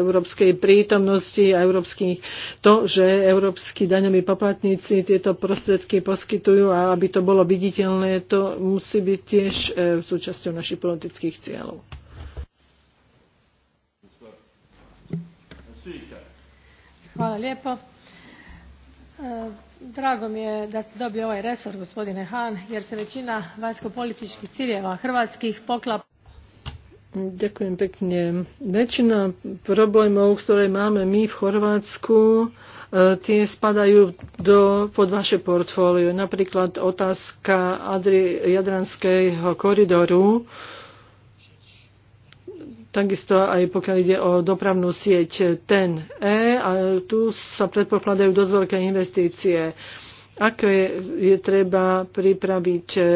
európskej prítomnosti a európskych, to, že európsky daňoví poplatníci tieto prostriedky poskytujú a aby to bolo viditeľné, to musí byť tiež súčasťou našich politických cieľov. Hvala lijepo. E, drago mi je da ste dobili ovaj resor, gospodine Hahn, jer se većina vanjskopolitičkih ciljeva hrvatskih poklapa Ďakujem pekne. Väčšina problémov, ktoré máme my v Chorvátsku, e, tie spadajú do, pod vaše portfólio. Napríklad otázka Adri, Jadranského koridoru, takisto aj pokiaľ ide o dopravnú sieť TEN-E, a tu sa predpokladajú dosť veľké investície. Ako je, je treba pripraviť e, e,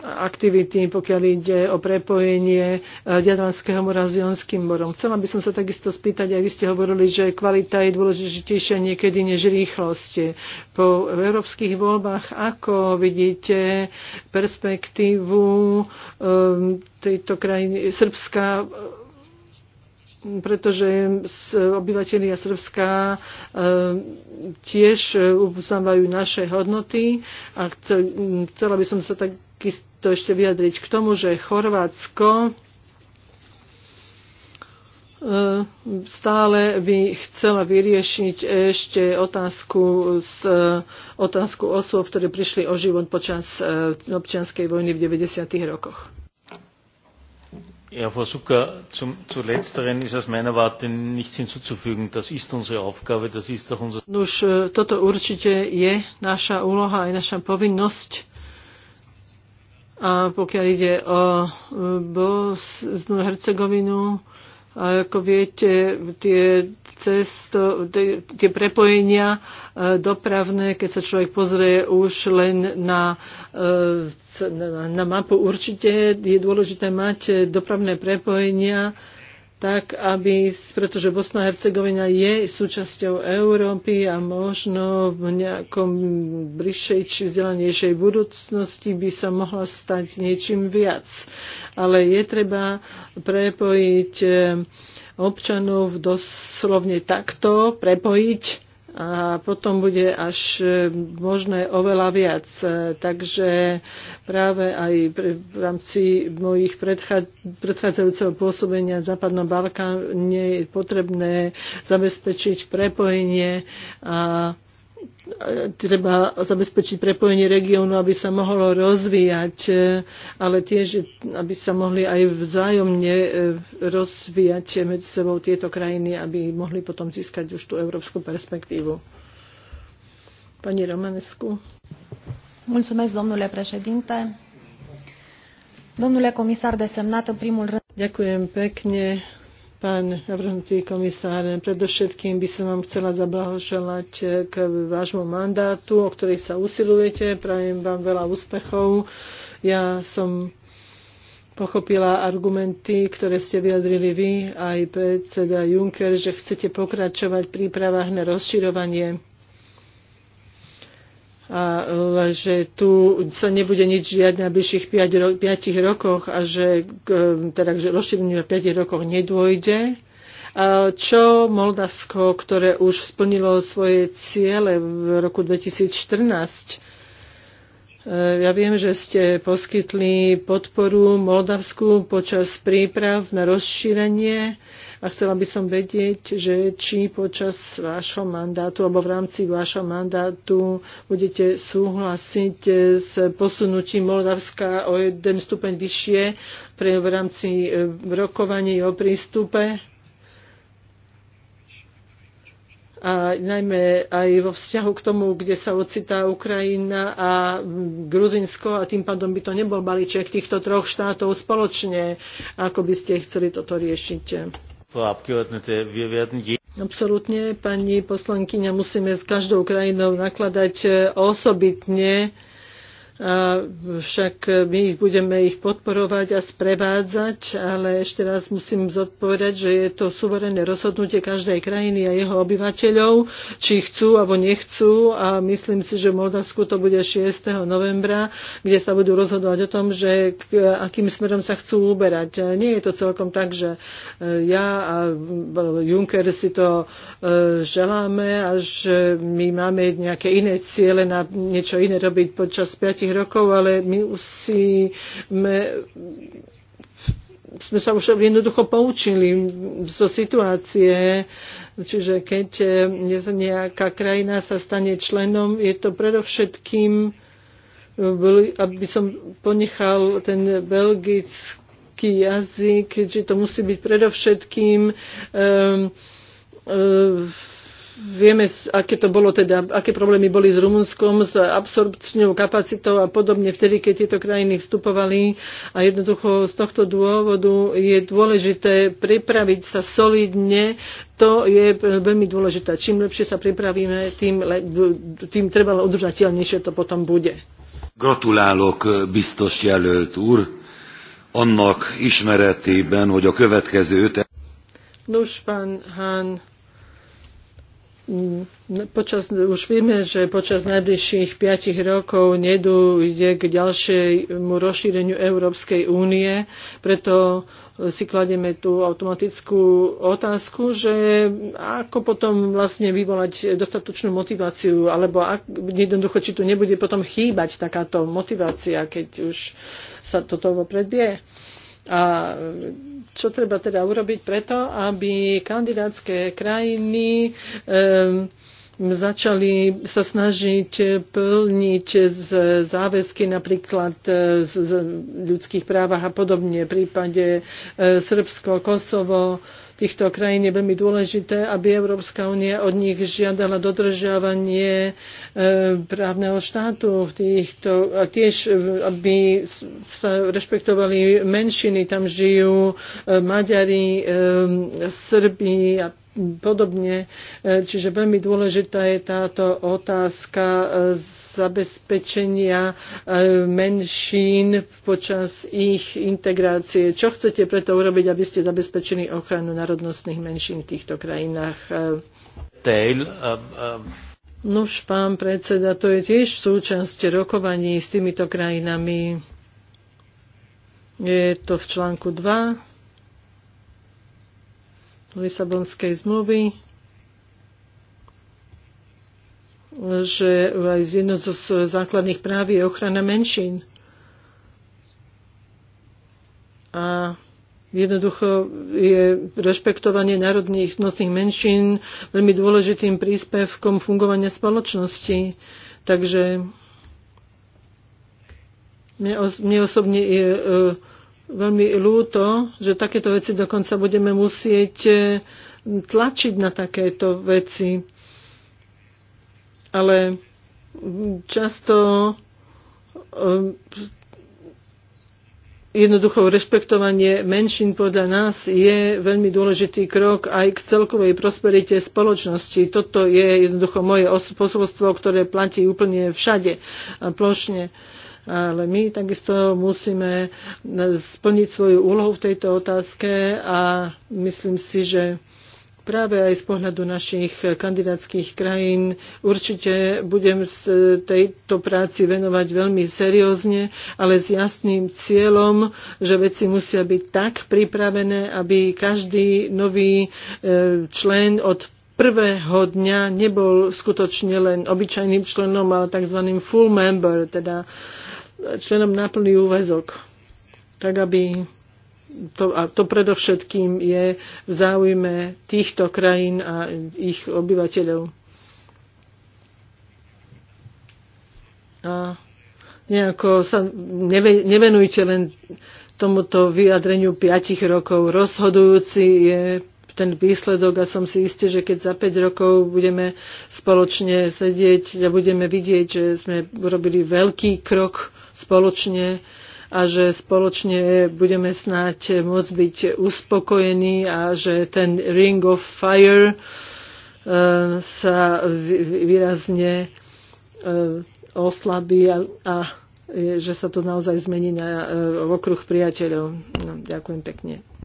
aktivity, pokiaľ ide o prepojenie e, Jadranského mora s Jonským morom. Chcela by som sa takisto spýtať, aj vy ste hovorili, že kvalita je dôležitejšia niekedy než rýchlosť. Po európskych voľbách ako vidíte perspektívu tejto krajiny, Srbska pretože obyvateľia Srbska eh, tiež eh, uznávajú naše hodnoty a hm, chcela by som sa takisto ešte vyjadriť k tomu, že Chorvátsko eh, stále by chcela vyriešiť ešte otázku, z, otázku osôb, ktoré prišli o život počas občianskej vojny v 90. rokoch. Ja, Frau Zucker, zum, zu letzteren ist aus meiner Warte nichts hinzuzufügen. Das ist unsere Aufgabe, das ist auch unser... Nuž, e, toto určite je naša úloha aj naša povinnosť. A pokiaľ ide o e, Bosnu Hercegovinu, a ako viete, tie, cesto, tie prepojenia e, dopravné, keď sa človek pozrie už len na, e, na mapu, určite je dôležité mať e, dopravné prepojenia tak aby, pretože Bosna a Hercegovina je súčasťou Európy a možno v nejakom bližšej či vzdelanejšej budúcnosti by sa mohla stať niečím viac. Ale je treba prepojiť eh, občanov doslovne takto, prepojiť a potom bude až e, možné oveľa viac. E, takže práve aj v rámci mojich predchádzajúceho pôsobenia v Západnom Balkáne je potrebné zabezpečiť prepojenie a treba zabezpečiť prepojenie regiónu, aby sa mohlo rozvíjať, e, ale tiež, aby sa mohli aj vzájomne e, rozvíjať medzi sebou tieto krajiny, aby mohli potom získať už tú európsku perspektívu. Pani Romanescu. Mulțumesc, domnule președinte. Domnule comisar desemnat, în primul rând... Ďakujem pekne, Pán navrhnutý komisár, predovšetkým by som vám chcela zablahoželať k vášmu mandátu, o ktorý sa usilujete. Prajem vám veľa úspechov. Ja som pochopila argumenty, ktoré ste vyjadrili vy, aj predseda Juncker, že chcete pokračovať v prípravách na rozširovanie a, že tu sa nebude nič žiadne na bližších 5, 5 rokoch a že teda že rozšíreniu na 5 rokoch nedôjde. Čo Moldavsko, ktoré už splnilo svoje ciele v roku 2014, e, ja viem, že ste poskytli podporu Moldavsku počas príprav na rozšírenie a chcela by som vedieť, že či počas vášho mandátu alebo v rámci vášho mandátu budete súhlasiť s posunutím Moldavska o jeden stupeň vyššie pre v rámci eh, rokovaní o prístupe a najmä aj vo vzťahu k tomu, kde sa ocitá Ukrajina a Gruzinsko a tým pádom by to nebol balíček týchto troch štátov spoločne, ako by ste chceli toto riešiť. Absolutne, pani poslankyňa, musíme s každou krajinou nakladať eh, osobitne však my ich budeme ich podporovať a sprevádzať, ale ešte raz musím zodpovedať, že je to suverénne rozhodnutie každej krajiny a jeho obyvateľov, či chcú alebo nechcú a myslím si, že v Moldavsku to bude 6. novembra, kde sa budú rozhodovať o tom, že k, akým smerom sa chcú uberať. Nie je to celkom tak, že e, ja a e, Juncker si to e, želáme a že my máme nejaké iné ciele na niečo iné robiť počas 5 rokov, ale my me, sme sa už jednoducho poučili zo situácie, čiže keď nejaká krajina sa stane členom, je to predovšetkým, aby som ponechal ten belgický jazyk, že to musí byť predovšetkým um, um, vieme, aké to bolo teda, aké problémy boli s Rumunskom, s absorpčnou kapacitou a podobne vtedy, keď tieto krajiny vstupovali. A jednoducho z tohto dôvodu je dôležité pripraviť sa solidne. To je veľmi dôležité. Čím lepšie sa pripravíme, tým, tým trvalo udržateľnejšie to potom bude. Gratulálok, biztos jelölt úr, annak ismeretében, hogy a következő öt... Nos, pán Hán, Mm, počas, už vieme, že počas najbližších 5 rokov nedôjde k ďalšiemu rozšíreniu Európskej únie, preto si kladieme tú automatickú otázku, že ako potom vlastne vyvolať dostatočnú motiváciu, alebo ak, jednoducho, či tu nebude potom chýbať takáto motivácia, keď už sa toto vopred vie. A čo treba teda urobiť preto, aby kandidátske krajiny um, začali sa snažiť plniť z záväzky napríklad e, z ľudských právach a podobne. V prípade e, Srbsko, Kosovo, týchto krajín je veľmi dôležité, aby Európska únia od nich žiadala dodržiavanie e, právneho štátu v týchto, a tiež, e, aby sa rešpektovali menšiny, tam žijú e, Maďari, Srbi a podobne. E, čiže veľmi dôležitá je táto otázka e, zabezpečenia e, menšín počas ich integrácie. Čo chcete preto urobiť, aby ste zabezpečili ochranu národnostných menšín v týchto krajinách? Tail, um, um. Nuž, pán predseda, to je tiež súčasť rokovaní s týmito krajinami. Je to v článku 2 Lisabonskej zmluvy, že aj jedno zo základných práv je ochrana menšín. A Jednoducho je rešpektovanie národných nosných menšín veľmi dôležitým príspevkom fungovania spoločnosti. Takže mne, osobne je e, veľmi ľúto, že takéto veci dokonca budeme musieť e, tlačiť na takéto veci. Ale často e, jednoducho rešpektovanie menšín podľa nás je veľmi dôležitý krok aj k celkovej prosperite spoločnosti. Toto je jednoducho moje posolstvo, ktoré platí úplne všade a plošne ale my takisto musíme splniť svoju úlohu v tejto otázke a myslím si, že práve aj z pohľadu našich kandidátskych krajín určite budem z tejto práci venovať veľmi seriózne, ale s jasným cieľom, že veci musia byť tak pripravené, aby každý nový e, člen od prvého dňa nebol skutočne len obyčajným členom, ale tzv. full member, teda uh, členom na plný úvezok, tak aby to, a to predovšetkým je v záujme týchto krajín a ich obyvateľov. A nejako sa nevenujte len tomuto vyjadreniu 5 rokov. Rozhodujúci je ten výsledok a som si istý, že keď za 5 rokov budeme spoločne sedieť a budeme vidieť, že sme robili veľký krok spoločne a že spoločne budeme snáď môcť byť uspokojení a že ten Ring of Fire e, sa výrazne e, oslabí a, a že sa to naozaj zmení na e, okruh priateľov. No, ďakujem pekne.